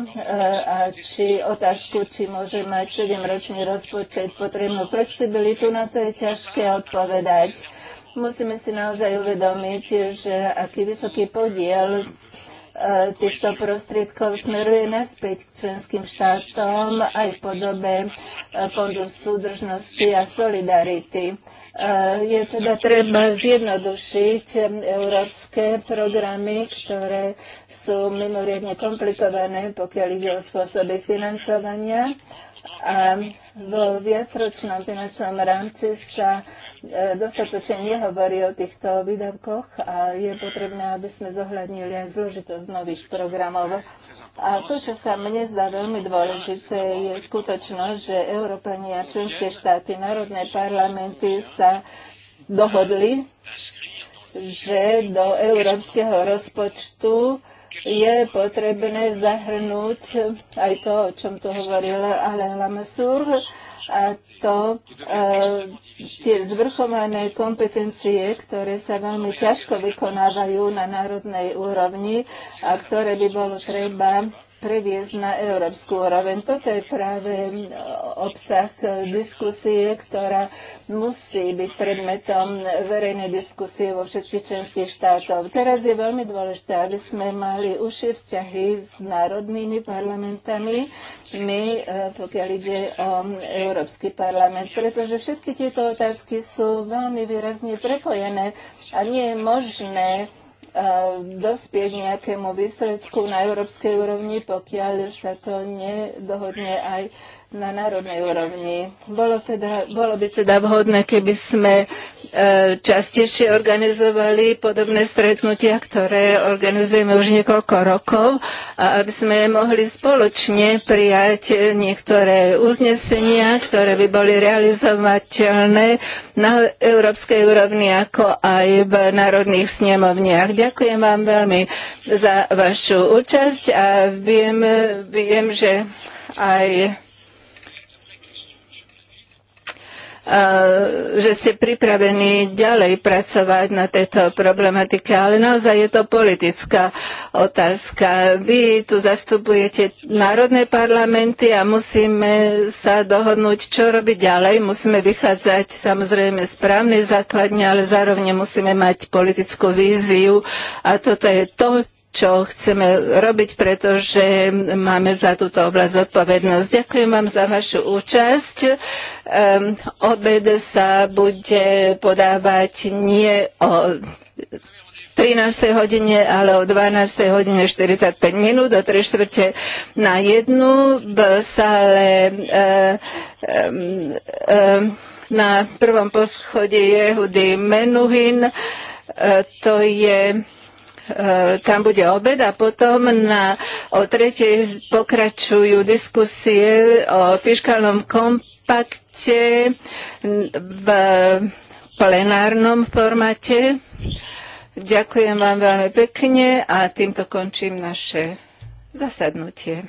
[SPEAKER 2] a či otázku, či môže mať 7-ročný rozpočet potrebnú flexibilitu, na no to je ťažké odpovedať. Musíme si naozaj uvedomiť, že aký vysoký podiel e, týchto prostriedkov smeruje naspäť k členským štátom aj v podobe fondu súdržnosti a solidarity. Je teda treba zjednodušiť európske programy, ktoré sú mimoriadne komplikované, pokiaľ ide o spôsoby financovania. A vo viacročnom finančnom rámci sa e, dostatočne nehovorí o týchto výdavkoch a je potrebné, aby sme zohľadnili aj zložitosť nových programov. A to, čo sa mne zdá veľmi dôležité, je skutočnosť, že Európania a členské štáty, národné parlamenty sa dohodli, že do európskeho rozpočtu je potrebné zahrnúť aj to, o čom tu hovoril Alain Lamassoure a to e, tie zvrchované kompetencie, ktoré sa veľmi ťažko vykonávajú na národnej úrovni a ktoré by bolo treba previesť na európsku úroveň. Toto je práve e, obsah e, diskusie, ktorá musí byť predmetom verejnej diskusie vo všetkých členských štátov. Teraz je veľmi dôležité, aby sme mali užšie vzťahy s národnými parlamentami, my, e, pokiaľ ide o Európsky parlament, pretože všetky tieto otázky sú veľmi výrazne prepojené a nie je možné Ehm, dospieť nejakému výsledku na európskej úrovni, pokiaľ sa to nedohodne aj na národnej úrovni. Bolo, teda, bolo by teda vhodné, keby sme e, častejšie organizovali podobné stretnutia, ktoré organizujeme už niekoľko rokov, a aby sme mohli spoločne prijať niektoré uznesenia, ktoré by boli realizovateľné na európskej úrovni, ako aj v národných snemovniach. Ďakujem vám veľmi za vašu účasť a viem, viem že aj že ste pripravení ďalej pracovať na tejto problematike, ale naozaj je to politická otázka. Vy tu zastupujete národné parlamenty a musíme sa dohodnúť, čo robiť ďalej. Musíme vychádzať samozrejme z právnej základne, ale zároveň musíme mať politickú víziu a toto je to, čo chceme robiť, pretože máme za túto oblasť zodpovednosť. Ďakujem vám za vašu účasť. Um, obed sa bude podávať nie o 13. hodine, ale o 12. hodine 45 minút, do 3 čtvrte na jednu v sále um, um, na prvom poschodí Jehudy Menuhin. Uh, to je E, tam bude obed a potom na, o tretej pokračujú diskusie o fiskálnom kompakte v plenárnom formáte. Ďakujem vám veľmi pekne a týmto končím naše zasadnutie.